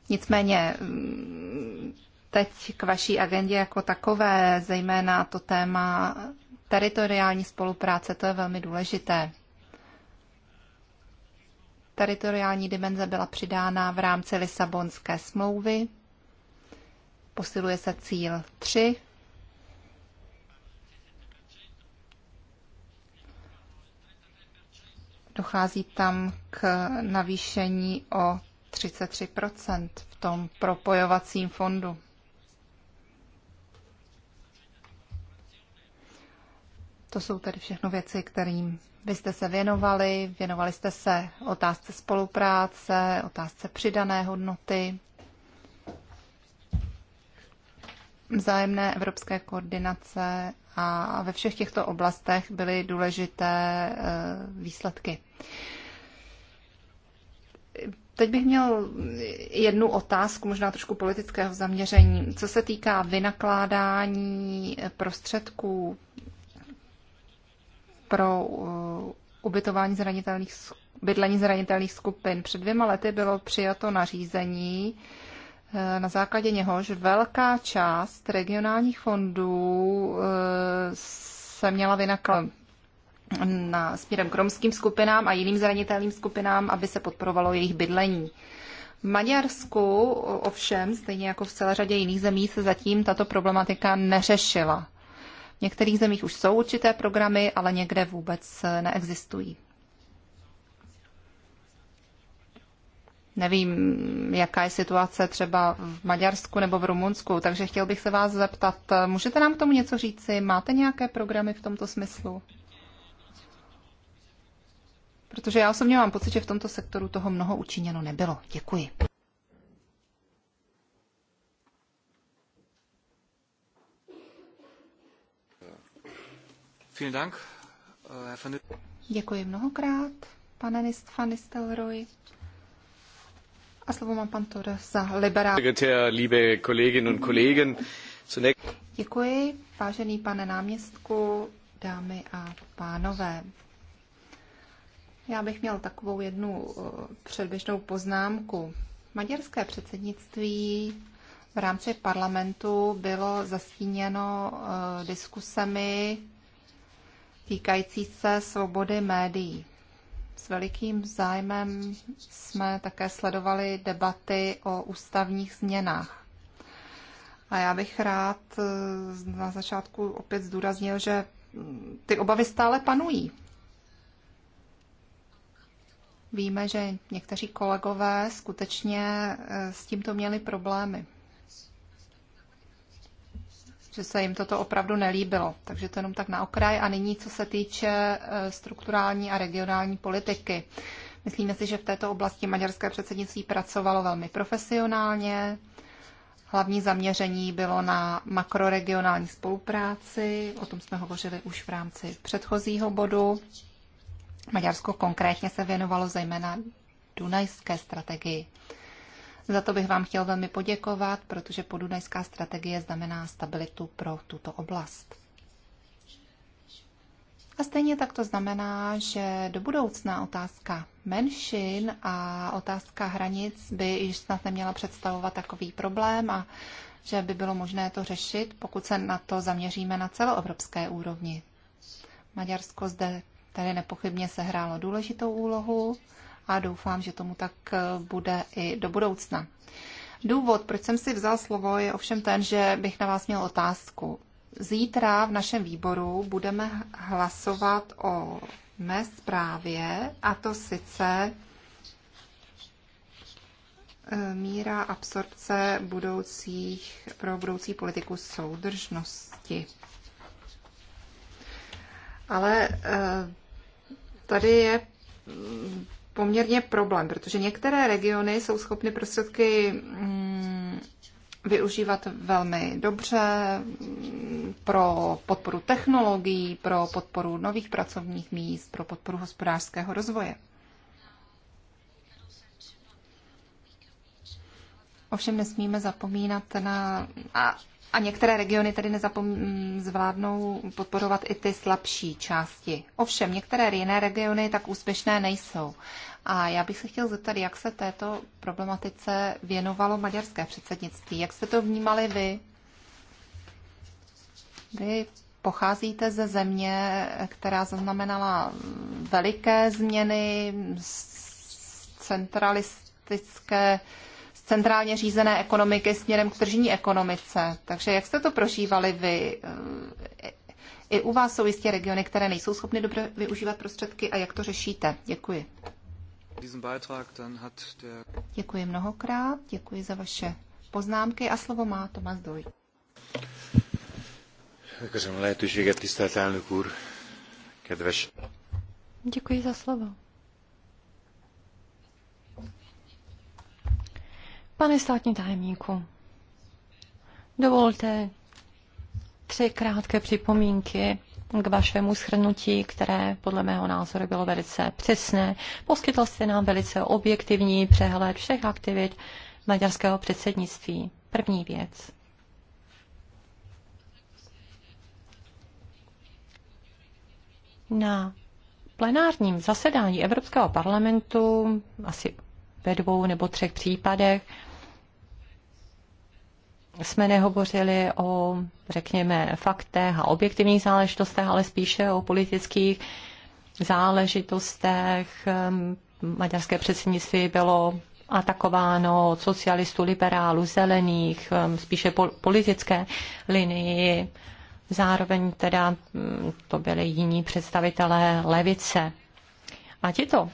Nicméně mm, teď k vaší agendě jako takové, zejména to téma teritoriální spolupráce, to je velmi důležité. Teritoriální dimenze byla přidána v rámci Lisabonské smlouvy. Posiluje se cíl 3. Dochází tam k navýšení o 33 v tom propojovacím fondu. To jsou tedy všechno věci, kterým vy jste se věnovali, věnovali jste se otázce spolupráce, otázce přidané hodnoty, vzájemné evropské koordinace a ve všech těchto oblastech byly důležité eh, výsledky. Teď bych měl jednu otázku, možná trošku politického zaměření. Co se týká vynakládání prostředků pro uh, ubytování zranitelných, bydlení zranitelných skupin. Před dvěma lety bylo přijato nařízení, eh, na základě něhož velká část regionálních fondů eh, se měla vynakládat na směrem k romským skupinám a jiným zranitelným skupinám, aby se podporovalo jejich bydlení. V Maďarsku ovšem, stejně jako v celé řadě jiných zemí, se zatím tato problematika neřešila. V některých zemích už jsou určité programy, ale někde vůbec eh, neexistují. Nevím, jaká je situace třeba v Maďarsku nebo v Rumunsku, takže chtěl bych se vás zeptat, eh, můžete nám k tomu něco říci? Máte nějaké programy v tomto smyslu? Protože já osobně mám pocit, že v tomto sektoru toho mnoho učiněno nebylo. Děkuji. Äh, Děkuji mnohokrát, pane Van Nistelrooy. A slovo má pan Tor za liberální. Děkuji, vážený pane náměstku, dámy a pánové. Já bych měl takovou jednu eh, předběžnou poznámku. Maďarské předsednictví v rámci parlamentu bylo zastíněno eh, diskusemi týkající se svobody médií. S velikým zájmem jsme také sledovali debaty o ústavních změnách. A já bych rád eh, na začátku opět zdůraznil, že ty obavy stále panují. Víme, že někteří kolegové skutečně eh, s tímto měli problémy že se jim toto opravdu nelíbilo. Takže to jenom tak na okraj. A nyní, co se týče e, strukturální a regionální politiky. Myslíme si, že v této oblasti maďarské předsednictví pracovalo velmi profesionálně. Hlavní zaměření bylo na makroregionální spolupráci, o tom jsme hovořili už v rámci předchozího bodu. Maďarsko konkrétně se věnovalo zejména Dunajské strategii. Za to bych vám chtěl velmi poděkovat, protože podunajská strategie znamená stabilitu pro tuto oblast. A stejně tak to znamená, že do budoucna otázka menšin a otázka hranic by již snad neměla představovat takový problém a že by bylo možné to řešit, pokud se na to zaměříme na celoevropské úrovni. Maďarsko zde tady nepochybně sehrálo důležitou úlohu a doufám, že tomu tak eh, bude i do budoucna. Důvod, proč jsem si vzal slovo, je ovšem ten, že bych na vás měl otázku. Zítra v našem výboru budeme hlasovat o mé zprávě, a to sice eh, míra absorpce budoucích, pro budoucí politiku soudržnosti. Ale eh, tady je poměrně problém, protože některé regiony jsou schopny prostředky mm, využívat velmi dobře mm, pro podporu technologií, pro podporu nových pracovních míst, pro podporu hospodářského rozvoje. Ovšem nesmíme zapomínat na a a některé regiony tedy nezapom... zvládnou podporovat i ty slabší části. Ovšem, některé jiné regiony tak úspěšné nejsou. A já bych se chtěl zeptat, jak se této problematice věnovalo maďarské předsednictví. Jak jste to vnímali vy? Vy pocházíte ze země, která zaznamenala veliké změny, centralistické centrálně řízené ekonomiky směrem k tržní ekonomice. Takže jak jste to prožívali vy? Eh, I u vás jsou jistě regiony, které nejsou schopny dobře využívat prostředky a jak to řešíte? Děkuji. Děkuji mnohokrát, děkuji za vaše poznámky a slovo má Tomas Doj. Děkuji za slovo. Pane státní tajemníku, dovolte tři krátké připomínky k vašemu shrnutí, které podle mého názoru bylo velice přesné. Poskytl jste nám velice objektivní přehled všech aktivit maďarského předsednictví. První věc. Na plenárním zasedání Evropského parlamentu asi ve dvou nebo třech případech jsme nehovořili o, řekněme, faktech a objektivních záležitostech, ale spíše o politických záležitostech. Ehm, maďarské předsednictví bylo atakováno od socialistů, liberálů, zelených, ehm, spíše politické linii. Zároveň teda mm, to byly jiní představitelé levice. A tito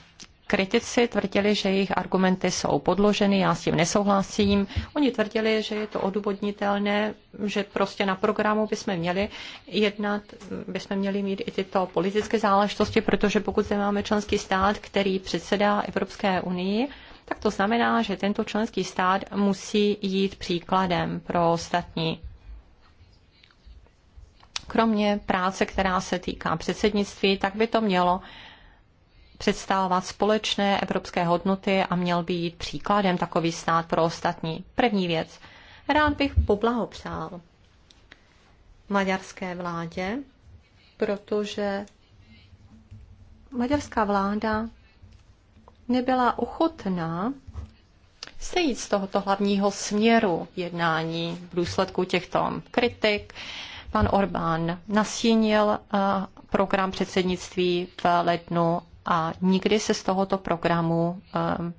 kritici tvrdili, že jejich argumenty jsou podloženy, já s tím nesouhlasím. Oni tvrdili, že je to odůvodnitelné, že prostě na programu bychom měli jednat, bychom měli mít i tyto politické záležitosti, protože pokud zde máme členský stát, který předsedá Evropské unii, tak to znamená, že tento členský stát musí jít příkladem pro ostatní kromě práce, která se týká předsednictví, tak by to mělo představovat společné evropské hodnoty a měl být příkladem takový stát pro ostatní. První věc. Rád bych poblahopřál maďarské vládě, protože maďarská vláda nebyla ochotná sejít z tohoto hlavního směru jednání v důsledku těchto kritik. Pan Orbán nasínil eh, program předsednictví v lednu a nikdy se z tohoto programu ehm,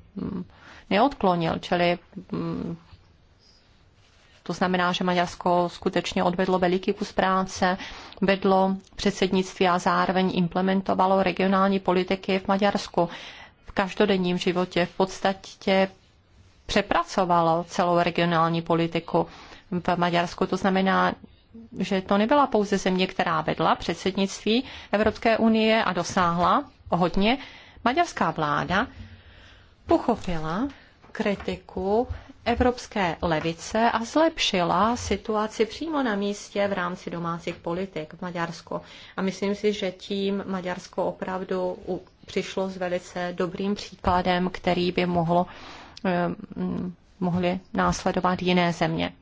neodklonil, čili mm, to znamená, že Maďarsko skutečně odvedlo veliký kus práce, vedlo předsednictví a zároveň implementovalo regionální politiky v Maďarsku. V každodenním životě v podstatě přepracovalo celou regionální politiku v Maďarsku. To znamená, že to nebyla pouze země, která vedla předsednictví Evropské unie a dosáhla hodně, maďarská vláda pochopila kritiku evropské levice a zlepšila situaci přímo na místě v rámci domácích politik v Maďarsku. A myslím si, že tím Maďarsko opravdu přišlo s velice dobrým příkladem, který by mohlo, eh, mohly následovat jiné země.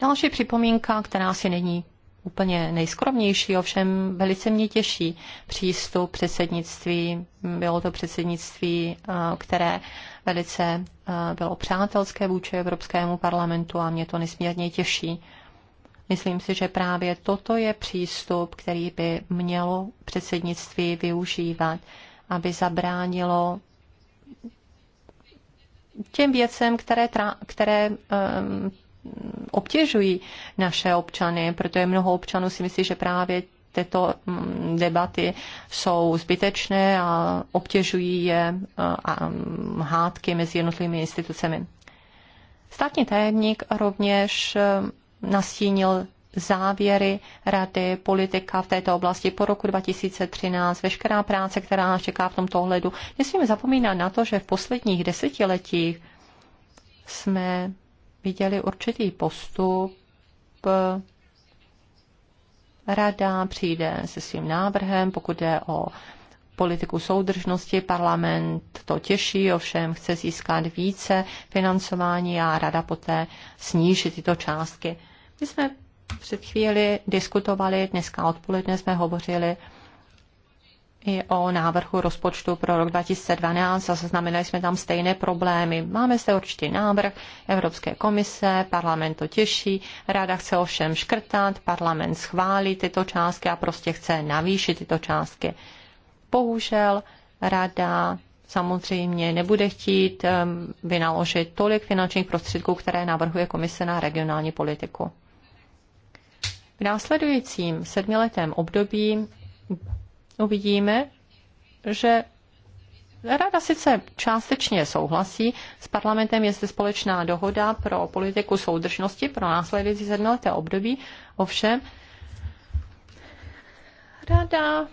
Další připomínka, která si není úplně nejskromnější, ovšem velice mě těší přístup předsednictví. Bylo to předsednictví, eh, které velice eh, bylo přátelské vůči Evropskému parlamentu a mě to nesmírně těší. Myslím si, že právě toto je přístup, který by mělo předsednictví využívat, aby zabránilo těm věcem, které, tra, které um, obtěžují naše občany, protože mnoho občanů si myslí, že právě tyto mm, debaty jsou zbytečné a obtěžují je a mm, hádky mezi jednotlivými institucemi. Státní tajemník rovněž mm, nastínil závěry rady politika v této oblasti po roku 2013, veškerá práce, která nás čeká v tomto ohledu. Nesmíme zapomínat na to, že v posledních desetiletích jsme viděli určitý postup. Rada přijde se svým návrhem, pokud je o politiku soudržnosti. Parlament to těší, ovšem chce získat více financování a rada poté snížit tyto částky. My jsme před chvíli diskutovali, dneska odpoledne jsme hovořili i o návrhu rozpočtu pro rok 2012 a zaznamenali jsme tam stejné problémy. Máme se určitý návrh Evropské komise, parlament to těší, ráda chce ovšem škrtat, parlament schválí tyto částky a prostě chce navýšit tyto částky. Bohužel rada samozřejmě nebude chtít vynaložit tolik finančních prostředků, které navrhuje komise na regionální politiku. V následujícím sedmiletém období uvidíme, že Rada sice částečně souhlasí, s parlamentem je zde společná dohoda pro politiku soudržnosti pro následující sedmileté období, ovšem rada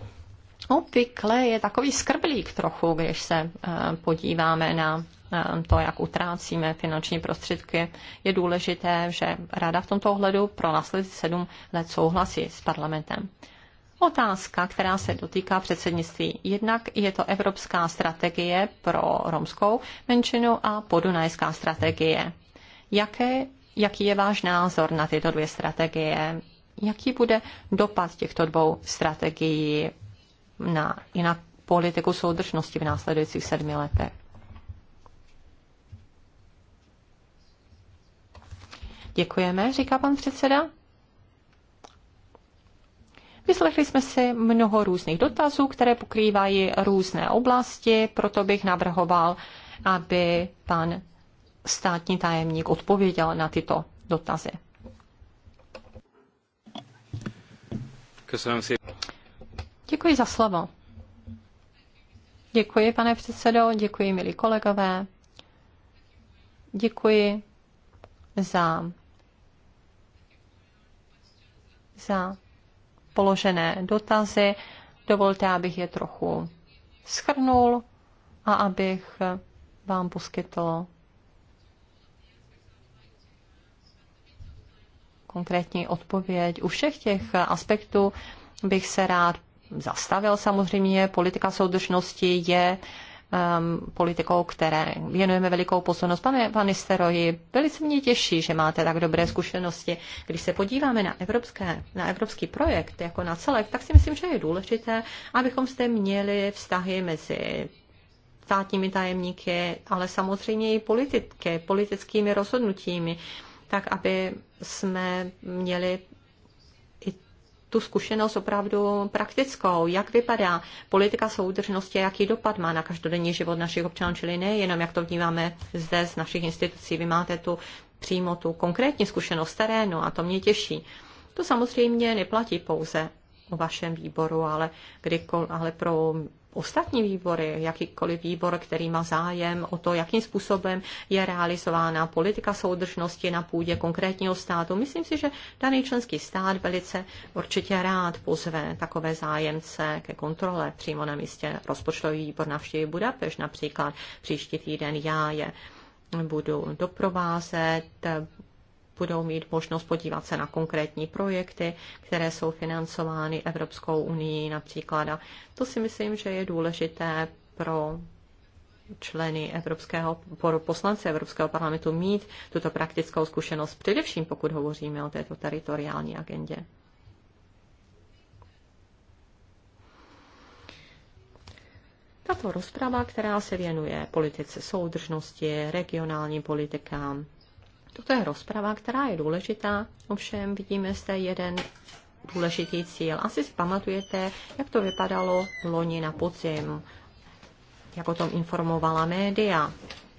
obvykle je takový skrblík trochu, když se eh, podíváme na eh, to, jak utrácíme finanční prostředky. Je důležité, že rada v tomto ohledu pro následující sedm let souhlasí s parlamentem. Otázka, která se dotýká předsednictví. Jednak je to Evropská strategie pro romskou menšinu a podunajská strategie. Jaké, jaký je váš názor na tyto dvě strategie? Jaký bude dopad těchto dvou strategií na, i na politiku soudržnosti v následujících sedmi letech? Děkujeme, říká pan předseda. Vyslechli jsme si mnoho různých dotazů, které pokrývají různé oblasti, proto bych navrhoval, aby pan státní tajemník odpověděl na tyto dotazy. Děkuji za slovo. Děkuji, pane předsedo, děkuji, milí kolegové. Děkuji za, za položené dotazy. Dovolte, abych je trochu schrnul a abych vám poskytl konkrétní odpověď. U všech těch aspektů bych se rád zastavil samozřejmě. Politika soudržnosti je uh, um, politikou, které věnujeme velikou pozornost. Pane Vanisteroji, velice mě těší, že máte tak dobré zkušenosti. Když se podíváme na, evropské, na evropský projekt jako na celek, tak si myslím, že je důležité, abychom zde měli vztahy mezi státními tajemníky, ale samozřejmě i politiky, politickými rozhodnutími, tak aby jsme měli tu zkušenost opravdu praktickou, jak vypadá politika soudržnosti a jaký dopad má na každodenní život našich občanů, čili nejenom jak to vnímáme zde z našich institucí. Vy máte tu přímo tu konkrétní zkušenost terénu a to mě těší. To samozřejmě neplatí pouze o vašem výboru, ale, kdykoliv, ale pro ostatní výbory, jakýkoliv výbor, který má zájem o to, jakým způsobem je realizována politika soudržnosti na půdě konkrétního státu. Myslím si, že daný členský stát velice určitě rád pozve takové zájemce ke kontrole přímo na místě. Rozpočtový výbor navštíví Budapešť například příští týden. Já je budu doprovázet, budou mít možnost podívat se na konkrétní projekty, které jsou financovány Evropskou unii například. A to si myslím, že je důležité pro členy Evropského, poslance Evropského parlamentu mít tuto praktickou zkušenost, především pokud hovoříme o této teritoriální agendě. Tato rozprava, která se věnuje politice soudržnosti, regionálním politikám, Toto je rozprava, která je důležitá, ovšem vidíme zde jeden důležitý cíl. Asi si pamatujete, jak to vypadalo loni na podzim, jak o tom informovala média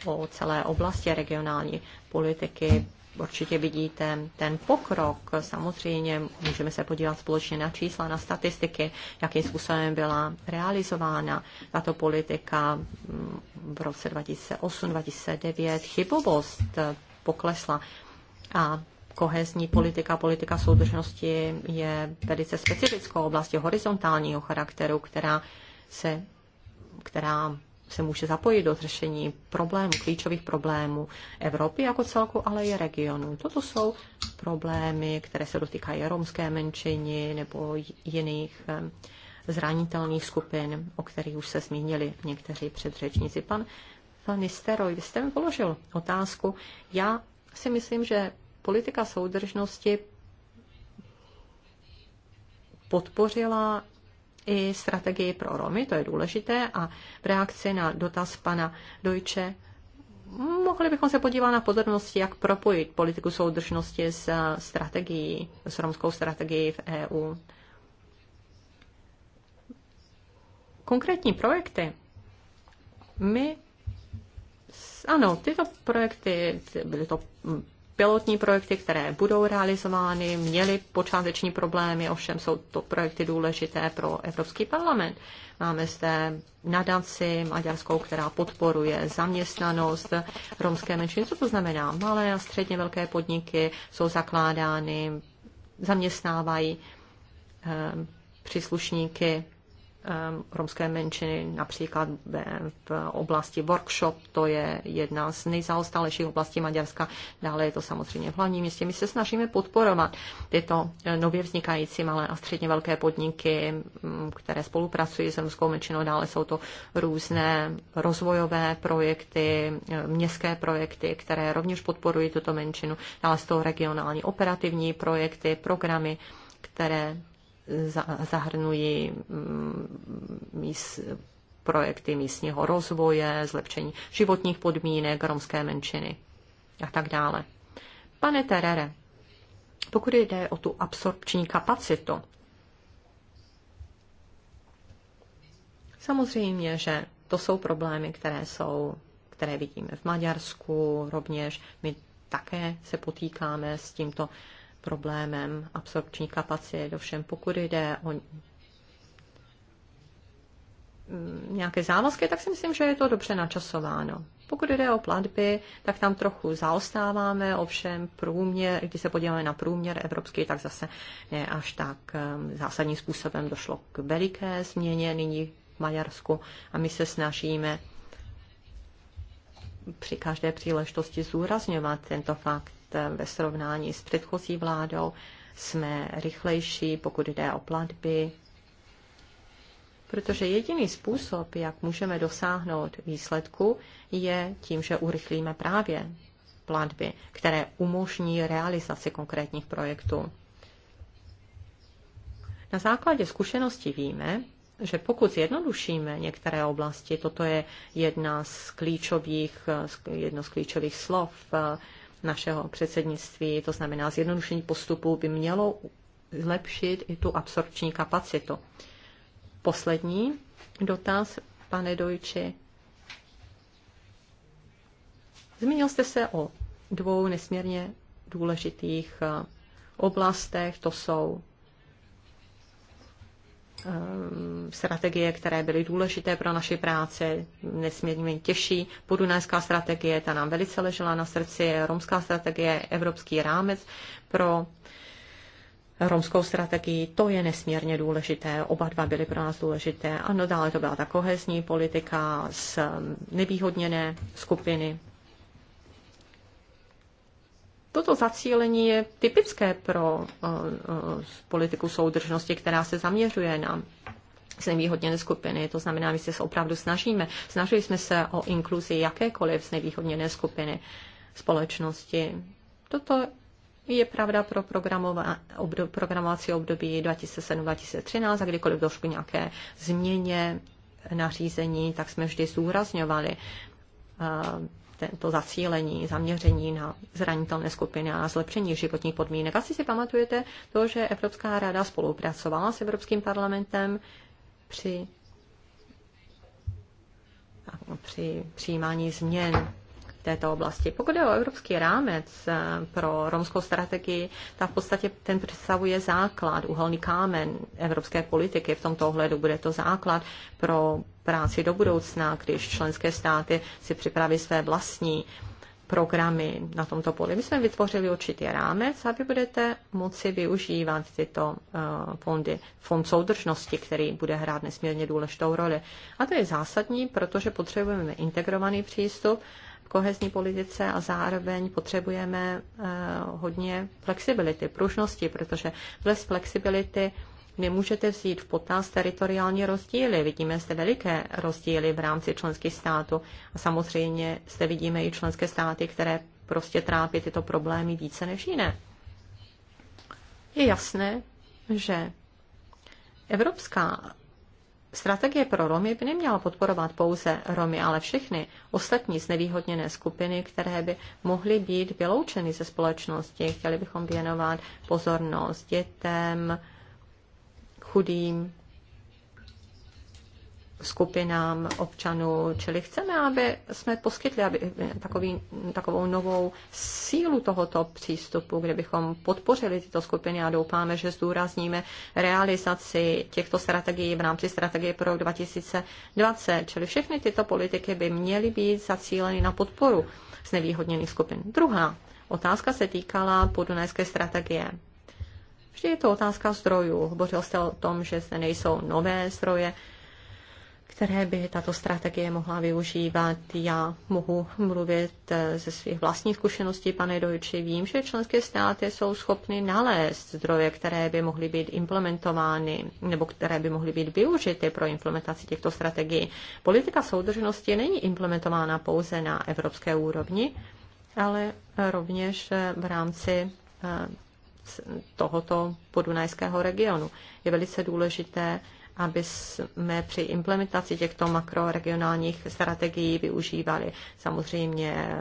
o celé oblasti regionální politiky. Určitě vidíte ten pokrok. Samozřejmě můžeme se podívat společně na čísla, na statistiky, jakým způsobem byla realizována tato politika v roce 2008-2009. Chybovost poklesla. A kohezní politika, politika soudržnosti je velice specifickou oblastí horizontálního charakteru, která se, která se může zapojit do řešení problémů, klíčových problémů Evropy jako celku, ale i regionu. Toto jsou problémy, které se dotýkají romské menšiny nebo jiných eh, zranitelných skupin, o kterých už se zmínili někteří předřečníci. Pan Pan Nistelrooy, vy jste mi položil otázku. Já si myslím, že politika soudržnosti podpořila i strategii pro Romy, to je důležité, a v reakci na dotaz pana Dojče mohli bychom se podívat na podrobnosti, jak propojit politiku soudržnosti s strategií, s romskou strategií v EU. Konkrétní projekty. My ano, tyto projekty, byly to mm, pilotní projekty, které budou realizovány, měly počáteční problémy, ovšem jsou to projekty důležité pro Evropský parlament. Máme zde nadaci maďarskou, která podporuje zaměstnanost romské menšiny. Co to znamená? Malé a středně velké podniky jsou zakládány, zaměstnávají eh, příslušníky Ehm, romské menšiny, například v oblasti workshop, to je jedna z nejzaostalejších oblastí Maďarska, dále je to samozřejmě v hlavním městě. My se snažíme podporovat tyto eh, nově vznikající malé a středně velké podniky, mm, které spolupracují s romskou menšinou, dále jsou to různé rozvojové projekty, eh, městské projekty, které rovněž podporují tuto menšinu, dále jsou regionální operativní projekty, programy, které zahrnují mm, míst, projekty místního rozvoje, zlepšení životních podmínek romské menšiny a tak dále. Pane Terere, pokud jde o tu absorpční kapacitu, samozřejmě, že to jsou problémy, které jsou, které vidíme v Maďarsku rovněž. My také se potýkáme s tímto uh, problémem absorpční kapacity. Dovšem, pokud jde o nějaké závazky, tak si myslím, že je to dobře načasováno. Pokud jde o platby, tak tam trochu zaostáváme, ovšem průměr, když se podíváme na průměr evropský, tak zase ne až tak um, zásadním způsobem došlo k veliké změně nyní v Maďarsku a my se snažíme při každé příležitosti zúrazňovat tento fakt ve srovnání s předchozí vládou. Jsme rychlejší, pokud jde o platby, protože jediný způsob, jak můžeme dosáhnout výsledku, je tím, že urychlíme právě platby, které umožní realizaci konkrétních projektů. Na základě zkušenosti víme, že pokud zjednodušíme některé oblasti, toto je jedna z klíčových, jedno z klíčových slov našeho předsednictví, to znamená zjednodušení postupu, by mělo zlepšit i tu absorpční kapacitu. Poslední dotaz, pane Dojči. Zmínil jste se o dvou nesmírně důležitých eh, oblastech, to jsou Ehm, strategie, které byly důležité pro naši práci. Nesmírně těžší podunajská strategie, ta nám velice ležela na srdci, romská strategie, evropský rámec pro romskou strategii, to je nesmírně důležité. Oba dva byly pro nás důležité. Ano, dále to byla ta kohezní politika z nevýhodněné skupiny Toto zacílení je typické pro eh, eh, politiku soudržnosti, která se zaměřuje na znevýhodněné skupiny. To znamená, my se opravdu snažíme. Snažili jsme se o inkluzi jakékoliv znevýhodněné skupiny společnosti. Toto je pravda pro programova, obdob, programovací období 2007-2013 a kdykoliv došlo k nějaké změně nařízení, tak jsme vždy zúrazňovali eh, to zacílení, zaměření na zranitelné skupiny a zlepšení životních podmínek. Asi si pamatujete to, že Evropská rada spolupracovala s Evropským parlamentem při, no, při přijímání změn této oblasti. Pokud je o evropský rámec eh, pro romskou strategii, tak v podstatě ten představuje základ, uhelný kámen evropské politiky. V tomto ohledu bude to základ pro práci do budoucna, když členské státy si připraví své vlastní programy na tomto poli. My jsme vytvořili určitý rámec a vy budete moci využívat tyto eh, fondy. Fond soudržnosti, který bude hrát nesmírně důležitou roli. A to je zásadní, protože potřebujeme integrovaný přístup kohezní politice a zároveň potřebujeme eh, hodně flexibility, pružnosti, protože bez flexibility nemůžete vzít v potaz teritoriální rozdíly. Vidíme zde veliké rozdíly v rámci členských států a samozřejmě zde vidíme i členské státy, které prostě trápí tyto problémy více než jiné. Je jasné, že evropská Strategie pro Romy by neměla podporovat pouze Romy, ale všechny ostatní znevýhodněné skupiny, které by mohly být vyloučeny ze společnosti. Chtěli bychom věnovat pozornost dětem, chudým, skupinám občanů. Čili chceme, aby jsme poskytli aby takový, takovou novou sílu tohoto přístupu, kde bychom podpořili tyto skupiny a doufáme, že zdůrazníme realizaci těchto strategií v rámci strategie pro rok 2020. Čili všechny tyto politiky by měly být zacíleny na podporu znevýhodněných skupin. Druhá otázka se týkala podunajské strategie. Vždy je to otázka zdrojů. Hovořil jste o tom, že zde nejsou nové zdroje které by tato strategie mohla využívat. Já mohu mluvit eh, ze svých vlastních zkušeností, pane Dojči. Vím, že členské státy jsou schopny nalézt zdroje, které by mohly být implementovány nebo které by mohly být využity pro implementaci těchto strategií. Politika soudržnosti není implementována pouze na evropské úrovni, ale rovněž eh, v rámci eh, tohoto podunajského regionu. Je velice důležité aby jsme při implementaci těchto makroregionálních strategií využívali samozřejmě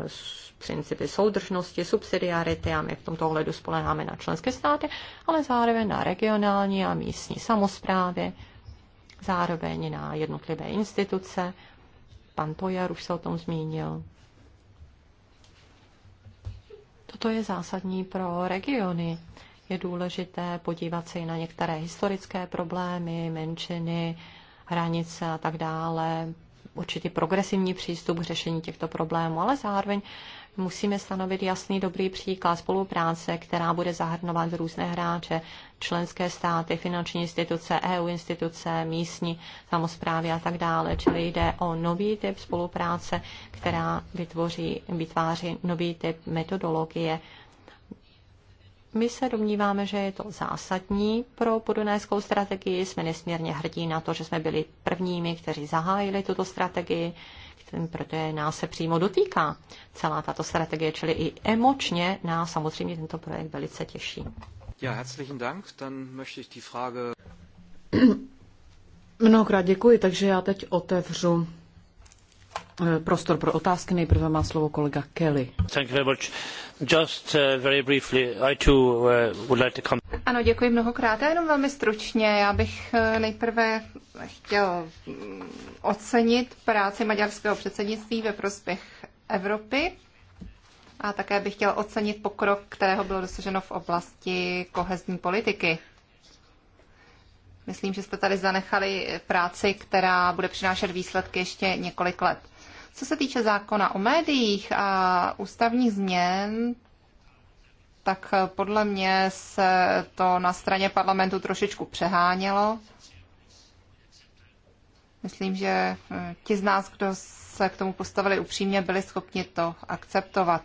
principy soudržnosti, subsidiarity a my v tomto ohledu spoleháme na členské státy, ale zároveň na regionální a místní samozprávy, zároveň na jednotlivé instituce. Pan Tojar už se o tom zmínil. Toto je zásadní pro regiony je důležité podívat se i na některé historické problémy, menšiny, hranice a tak dále, určitý progresivní přístup k řešení těchto problémů, ale zároveň musíme stanovit jasný dobrý příklad spolupráce, která bude zahrnovat různé hráče, členské státy, finanční instituce, EU instituce, místní samozprávy a tak dále. Čili jde o nový typ spolupráce, která vytvoří, vytváří nový typ metodologie my se domníváme, že je to zásadní pro podunajskou strategii. Jsme nesmírně hrdí na to, že jsme byli prvními, kteří zahájili tuto strategii, protože nás se přímo dotýká celá tato strategie, čili i emočně nás samozřejmě tento projekt velice těší. Ja, herzlichen Dank. Dann möchte ich die Frage... Mnohokrát děkuji, takže já teď otevřu Eh, prostor pro otázky. Nejprve má slovo kolega Kelly. Just, uh, very briefly, I too, eh, would like to come... Ano, děkuji mnohokrát. Já jenom velmi stručně. Já bych nejprve chtěl mm, ocenit práci maďarského předsednictví ve prospěch Evropy. A také bych chtěl ocenit pokrok, kterého bylo dosaženo v oblasti kohezní politiky. Myslím, že jste tady zanechali práci, která bude přinášet výsledky ještě několik let. Co se týče zákona o médiích a ústavních změn, tak podle mě se to na straně parlamentu trošičku přehánělo. Myslím, že eh, ti z nás, kdo se k tomu postavili upřímně, byli schopni to akceptovat.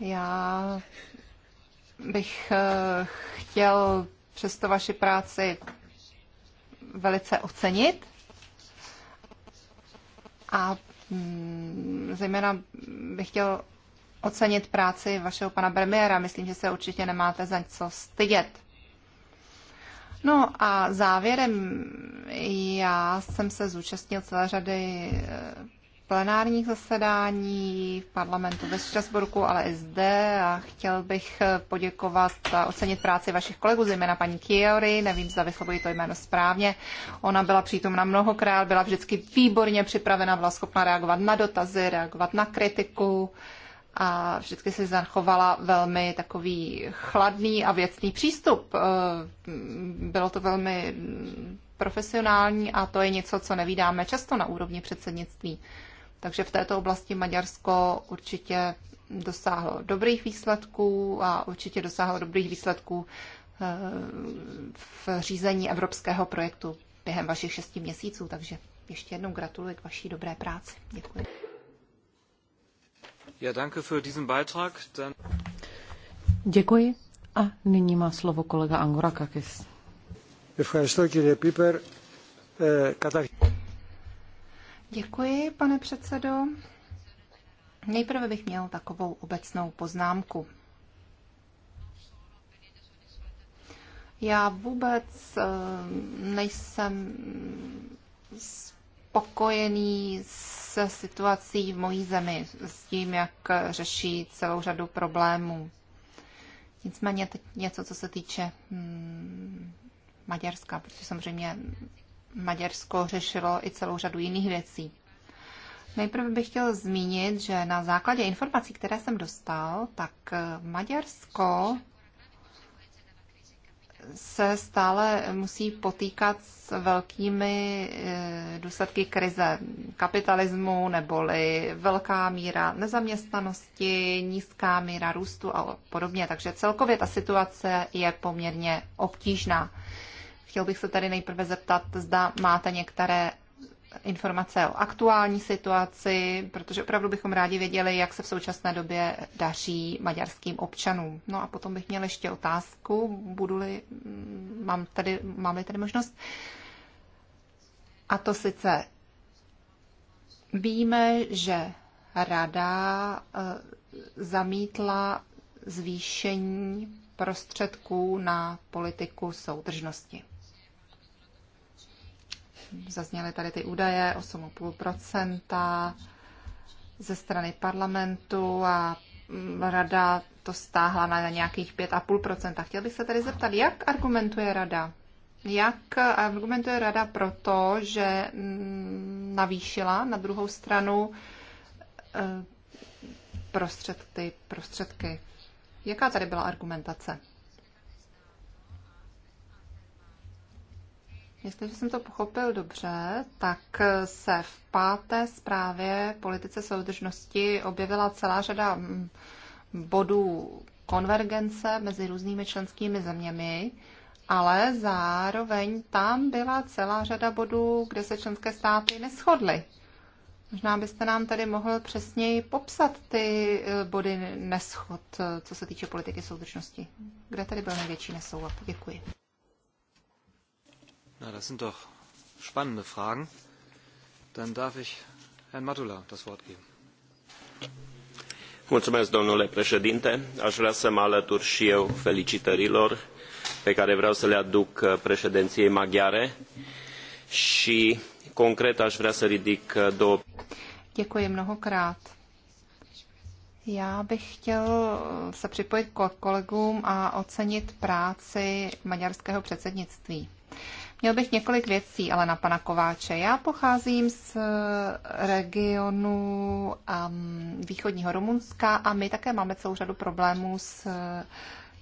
Já bych eh, chtěl přesto vaši práci velice ocenit a mm, zejména bych chtěl ocenit práci vašeho pana premiéra. Myslím, že se určitě nemáte za co stydět. No a závěrem, já jsem se zúčastnil celé řady eh, plenárních zasedání v parlamentu ve Štrasburku, ale i zde a chtěl bych poděkovat a ocenit práci vašich kolegů, zejména paní Kiori, nevím, zda vyslovuji to jméno správně. Ona byla přítomna mnohokrát, byla vždycky výborně připravena, byla schopna reagovat na dotazy, reagovat na kritiku a vždycky si zachovala velmi takový chladný a věcný přístup. Eh, bylo to velmi profesionální a to je něco, co nevídáme často na úrovni předsednictví. Takže v této oblasti Maďarsko určitě dosáhlo dobrých výsledků a určitě dosáhlo dobrých výsledků eh, v řízení evropského projektu během vašich šesti měsíců. Takže ještě jednou gratuluji k vaší dobré práci. Děkuji. Ja, danke für diesen Beitrag. Dann... Děkuji. A nyní má slovo kolega Angorakakis. Děkuji, Děkuji, pane předsedo. Nejprve bych měl takovou obecnou poznámku. Já vůbec eh, nejsem spokojený se situací v mojí zemi, s tím, jak řeší celou řadu problémů. Nicméně teď něco, co se týče hm, Maďarska, protože samozřejmě Maďarsko řešilo i celou řadu jiných věcí. Nejprve bych chtěl zmínit, že na základě informací, které jsem dostal, tak eh, Maďarsko se stále musí potýkat s velkými eh, důsledky krize kapitalismu neboli velká míra nezaměstnanosti, nízká míra růstu a podobně. Takže celkově ta situace je poměrně obtížná. Chtěl bych se tady nejprve zeptat, zda máte některé informace o aktuální situaci, protože opravdu bychom rádi věděli, jak se v současné době daří maďarským občanům. No a potom bych měl ještě otázku, budu-li, mm, mám tady, mám-li tady možnost. A to sice víme, že rada e, zamítla zvýšení prostředků na politiku soudržnosti. Zazněly tady ty údaje 8,5% ze strany parlamentu a mm, rada to stáhla na nějakých 5,5%. Chtěl bych se tady zeptat, jak argumentuje rada? Jak argumentuje rada proto, že mm, navýšila na druhou stranu e, prostředky, prostředky? Jaká tady byla argumentace? Jestliže jsem to pochopil dobře, tak se v páté zprávě politice soudržnosti objevila celá řada mm, bodů konvergence mezi různými členskými zeměmi, ale zároveň tam byla celá řada bodů, kde se členské státy neschodly. Možná byste nám tady mohl přesněji popsat ty eh, body neschod, eh, co se týče politiky soudržnosti. Kde tady byl největší nesoulad? Děkuji. Na, das sind doch spannende Fragen. Dann darf ich Herrn Matula das Wort geben. Mulțumesc, domnule președinte. Aș vrea să mă alătur și eu felicitărilor pe care vreau să le aduc uh, președinției maghiare și concret aș vrea să ridic uh, două. Děkuji mnohokrát. Já bych chtěl uh, se připojit k kolegům a ocenit práci maďarského předsednictví. Měl bych několik věcí, ale na pana Kováče. Já pocházím z eh, regionu um, východního Rumunska a my také máme celou řadu problémů s eh,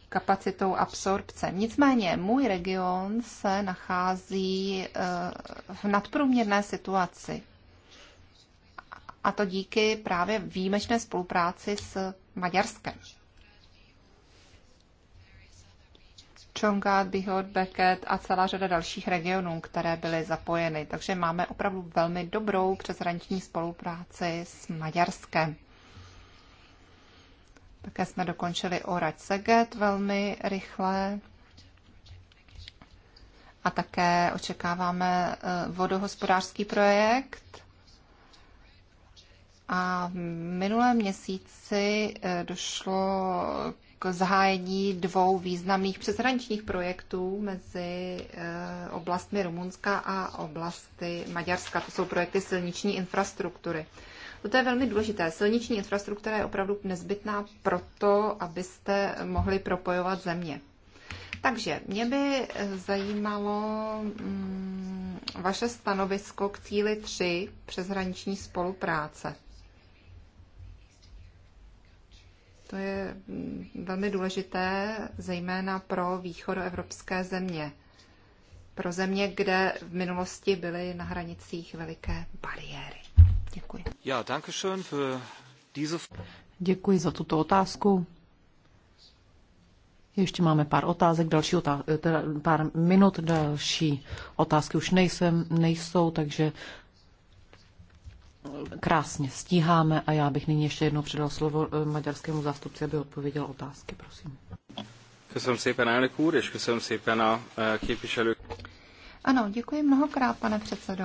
kapacitou absorpce. Nicméně můj region se nachází eh, v nadprůměrné situaci. A to díky právě výjimečné spolupráci s Maďarskem. Čongát, Bihod, Beket a celá řada dalších regionů, které byly zapojeny. Takže máme opravdu velmi dobrou přeshraniční spolupráci s Maďarskem. Také jsme dokončili Orať Seget velmi rychle. A také očekáváme eh, vodohospodářský projekt. A v minulém měsíci eh, došlo zahájení dvou významných přeshraničních projektů mezi eh, oblastmi Rumunska a oblasti Maďarska. To jsou projekty silniční infrastruktury. To je velmi důležité. Silniční infrastruktura je opravdu nezbytná proto, abyste mohli propojovat země. Takže mě by eh, zajímalo mm, vaše stanovisko k cíli 3 přeshraniční spolupráce. To je mm, velmi důležité, zejména pro východoevropské země. Pro země, kde v minulosti byly na hranicích veliké bariéry. Děkuji. Ja, danke schön für diese... Děkuji za tuto otázku. Ještě máme pár otázek, další otáz- eh, teda pár minut, další otázky už nejsem, nejsou, takže krásně stíháme a já bych nyní ještě jednou předal slovo eh, maďarskému zástupci, aby odpověděl otázky, prosím. Köszönöm szépen, elnök úr, és köszönöm szépen a eh, képviselő. Ano, děkuji mnohokrát, pane předsedo.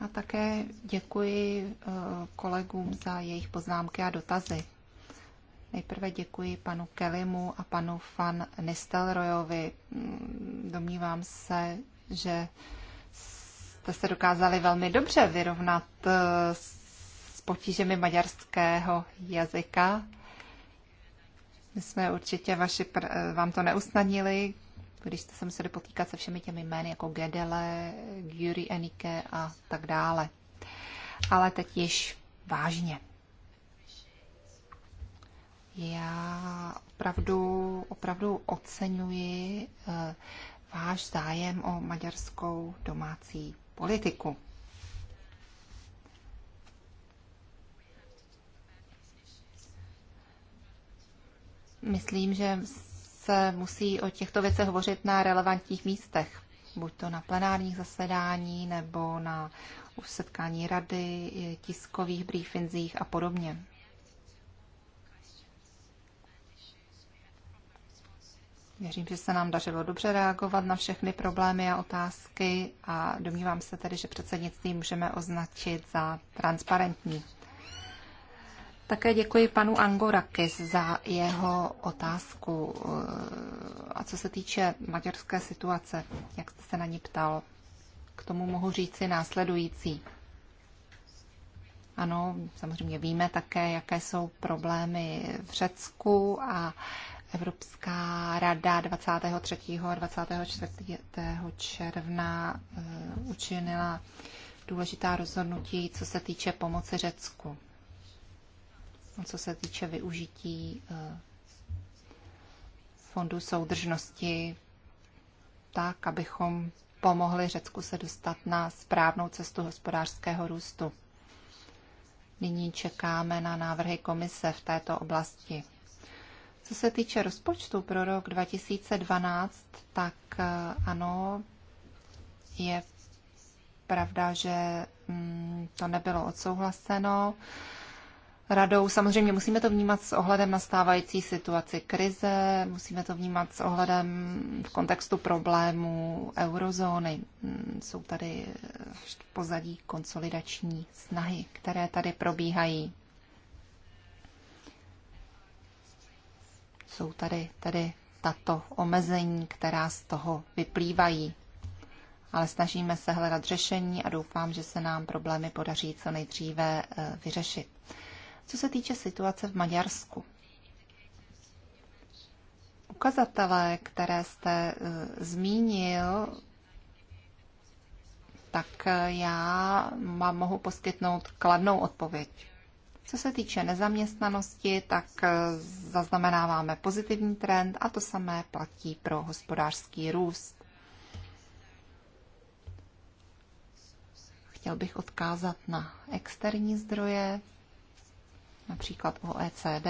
A také děkuji eh, kolegům za jejich poznámky a dotazy. Nejprve děkuji panu Kelimu a panu Fan Nistelrojovi. Mm, domnívám se, že jste se dokázali velmi dobře vyrovnat eh, s potížemi maďarského jazyka. My jsme určitě vaši, eh, vám to neusnadnili, když jste se museli potýkat se všemi těmi jmény jako Gedele, Gyuri Enike a tak dále. Ale teď již vážně. Já opravdu, opravdu oceňuji eh, váš zájem o maďarskou domácí politiku. Myslím, že se musí o těchto věcech hovořit na relevantních místech, buď to na plenárních zasedání nebo na setkání rady, tiskových briefinzích a podobně. Věřím, že se nám dařilo dobře reagovat na všechny problémy a otázky a domnívám se tedy, že předsednictví můžeme označit za transparentní. Také děkuji panu Angorakis za jeho otázku. Eh, a co se týče maďarské situace, jak jste se na ní ptal, k tomu mohu říci následující. Ano, samozřejmě víme také, jaké jsou problémy v Řecku a Evropská rada 23. a 24. června eh, učinila důležitá rozhodnutí, co se týče pomoci Řecku, co se týče využití eh, fondu soudržnosti, tak, abychom pomohli Řecku se dostat na správnou cestu hospodářského růstu. Nyní čekáme na návrhy komise v této oblasti. Co se týče rozpočtu pro rok 2012, tak eh, ano, je pravda, že mm, to nebylo odsouhlaseno radou. Samozřejmě musíme to vnímat s ohledem na stávající situaci krize, musíme to vnímat s ohledem v kontextu problémů eurozóny. Mm, jsou tady v pozadí konsolidační snahy, které tady probíhají. Jsou tady tedy tato omezení, která z toho vyplývají. Ale snažíme se hledat řešení a doufám, že se nám problémy podaří co nejdříve eh, vyřešit. Co se týče situace v Maďarsku, ukazatele, které jste eh, zmínil, tak eh, já vám mohu poskytnout kladnou odpověď. Co se týče nezaměstnanosti, tak eh, zaznamenáváme pozitivní trend a to samé platí pro hospodářský růst. Chtěl bych odkázat na externí zdroje, například OECD,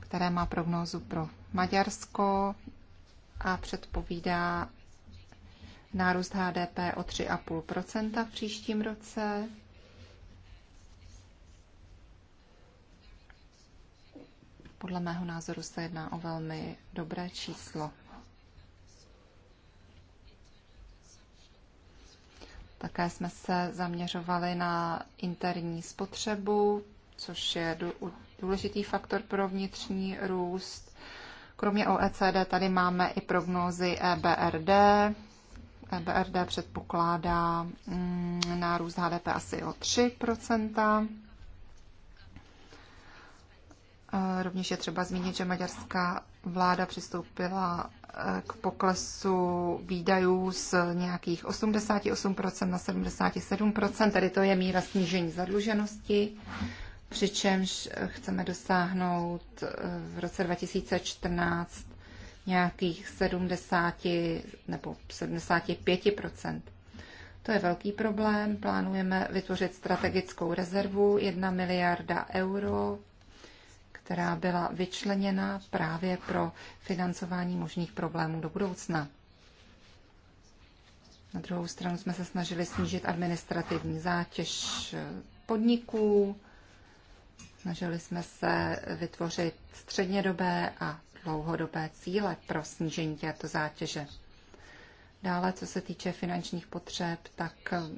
které má prognózu pro Maďarsko a předpovídá nárůst HDP o 3,5 v příštím roce. Podle mého názoru se jedná o velmi dobré číslo. Také jsme se zaměřovali na interní spotřebu, což je důležitý faktor pro vnitřní růst. Kromě OECD tady máme i prognózy EBRD. EBRD předpokládá mm, nárůst HDP asi o 3 Rovněž je třeba zmínit, že maďarská vláda přistoupila eh, k poklesu výdajů z nějakých 88% na 77%, tedy to je míra snížení zadluženosti, přičemž eh, chceme dosáhnout eh, v roce 2014 nějakých 70 nebo 75%. To je velký problém. Plánujeme vytvořit strategickou rezervu 1 miliarda euro která byla vyčleněna právě pro financování možných problémů do budoucna. Na druhou stranu jsme se snažili snížit administrativní zátěž podniků, snažili jsme se vytvořit střednědobé a dlouhodobé cíle pro snížení této zátěže. Dále, co se týče finančních potřeb, tak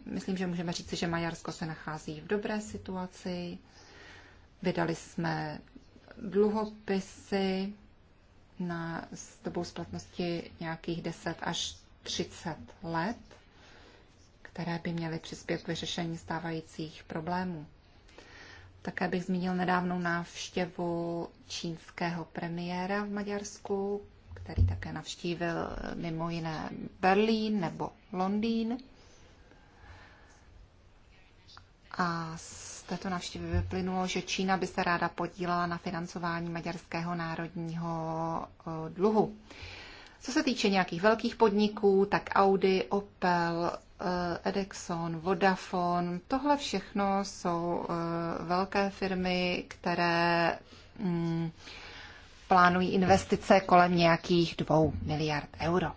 myslím, že můžeme říci, že Maďarsko se nachází v dobré situaci. Vydali jsme dluhopisy na, s dobou splatnosti nějakých 10 až 30 let, které by měly přispět k vyřešení stávajících problémů. Také bych zmínil nedávnou návštěvu čínského premiéra v Maďarsku, který také navštívil mimo jiné Berlín nebo Londýn. A z této návštěvy vyplynulo, že Čína by se ráda podílela na financování maďarského národního eh, dluhu. Co se týče nějakých velkých podniků, tak Audi, Opel, eh, Edexon, Vodafone, tohle všechno jsou eh, velké firmy, které mm, plánují investice kolem nějakých dvou miliard euro.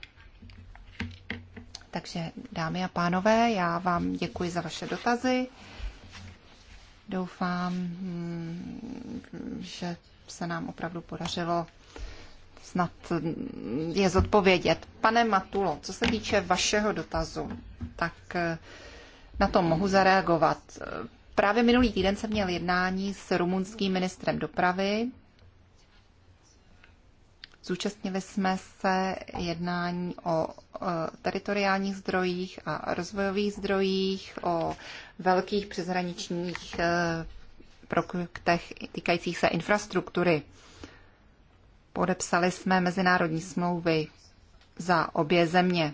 Takže dámy a pánové, já vám děkuji za vaše dotazy. Doufám, hm, že se nám opravdu podařilo snad hm, je zodpovědět. Pane Matulo, co se týče vašeho dotazu, tak eh, na to mohu zareagovat. Právě minulý týden jsem měl jednání s rumunským ministrem dopravy, Zúčastnili jsme se jednání o teritoriálních zdrojích a rozvojových zdrojích, o velkých přeshraničních e, projektech týkajících se infrastruktury. Podepsali jsme mezinárodní smlouvy za obě země.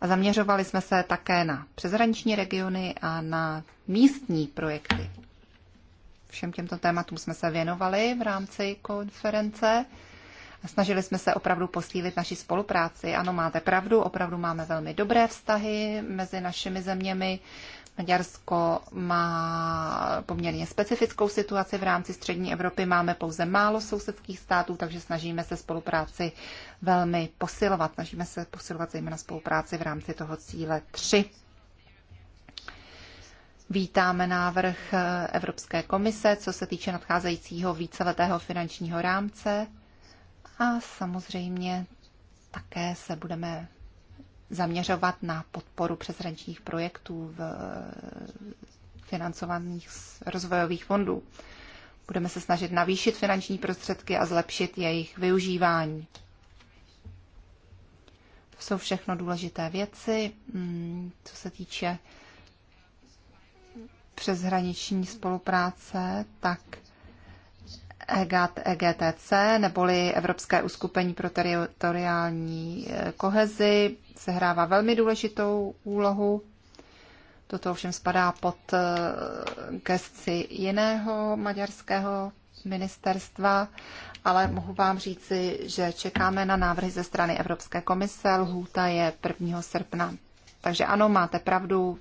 A zaměřovali jsme se také na přeshraniční regiony a na místní projekty. Všem těmto tématům jsme se věnovali v rámci konference. Snažili jsme se opravdu posílit naši spolupráci. Ano, máte pravdu, opravdu máme velmi dobré vztahy mezi našimi zeměmi. Maďarsko má poměrně specifickou situaci v rámci střední Evropy. Máme pouze málo sousedských států, takže snažíme se spolupráci velmi posilovat. Snažíme se posilovat zejména spolupráci v rámci toho cíle 3. Vítáme návrh Evropské komise, co se týče nadcházejícího víceletého finančního rámce. A samozřejmě také se budeme zaměřovat na podporu přeshraničních projektů v eh, financovaných z rozvojových fondů. Budeme se snažit navýšit finanční prostředky a zlepšit jejich využívání. To jsou všechno důležité věci, mm, co se týče přeshraniční spolupráce, tak EGTC, e neboli Evropské uskupení pro teritoriální e, kohezi, sehrává velmi důležitou úlohu. Toto ovšem spadá pod e, gesci jiného maďarského ministerstva, ale mohu vám říci, že čekáme na návrhy ze strany Evropské komise. Lhůta je 1. srpna takže ano, máte pravdu,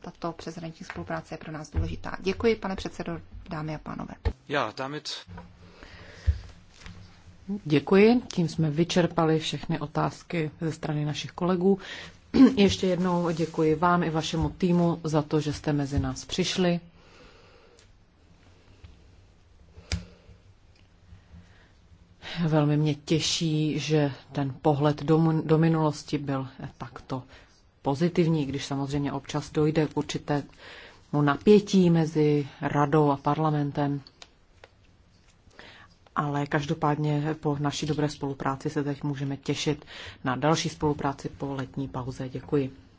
tato přeshraniční spolupráce je pro nás důležitá. Děkuji, pane předsedo, dámy a pánové. Já, dámy. Děkuji, tím jsme vyčerpali všechny otázky ze strany našich kolegů. [CLEARS THROAT] Ještě jednou děkuji vám i vašemu týmu za to, že jste mezi nás přišli. Velmi mě těší, že ten pohled do, do minulosti byl takto pozitivní, když samozřejmě občas dojde k určitému napětí mezi radou a parlamentem. Ale každopádně po naší dobré spolupráci se teď můžeme těšit na další spolupráci po letní pauze. Děkuji.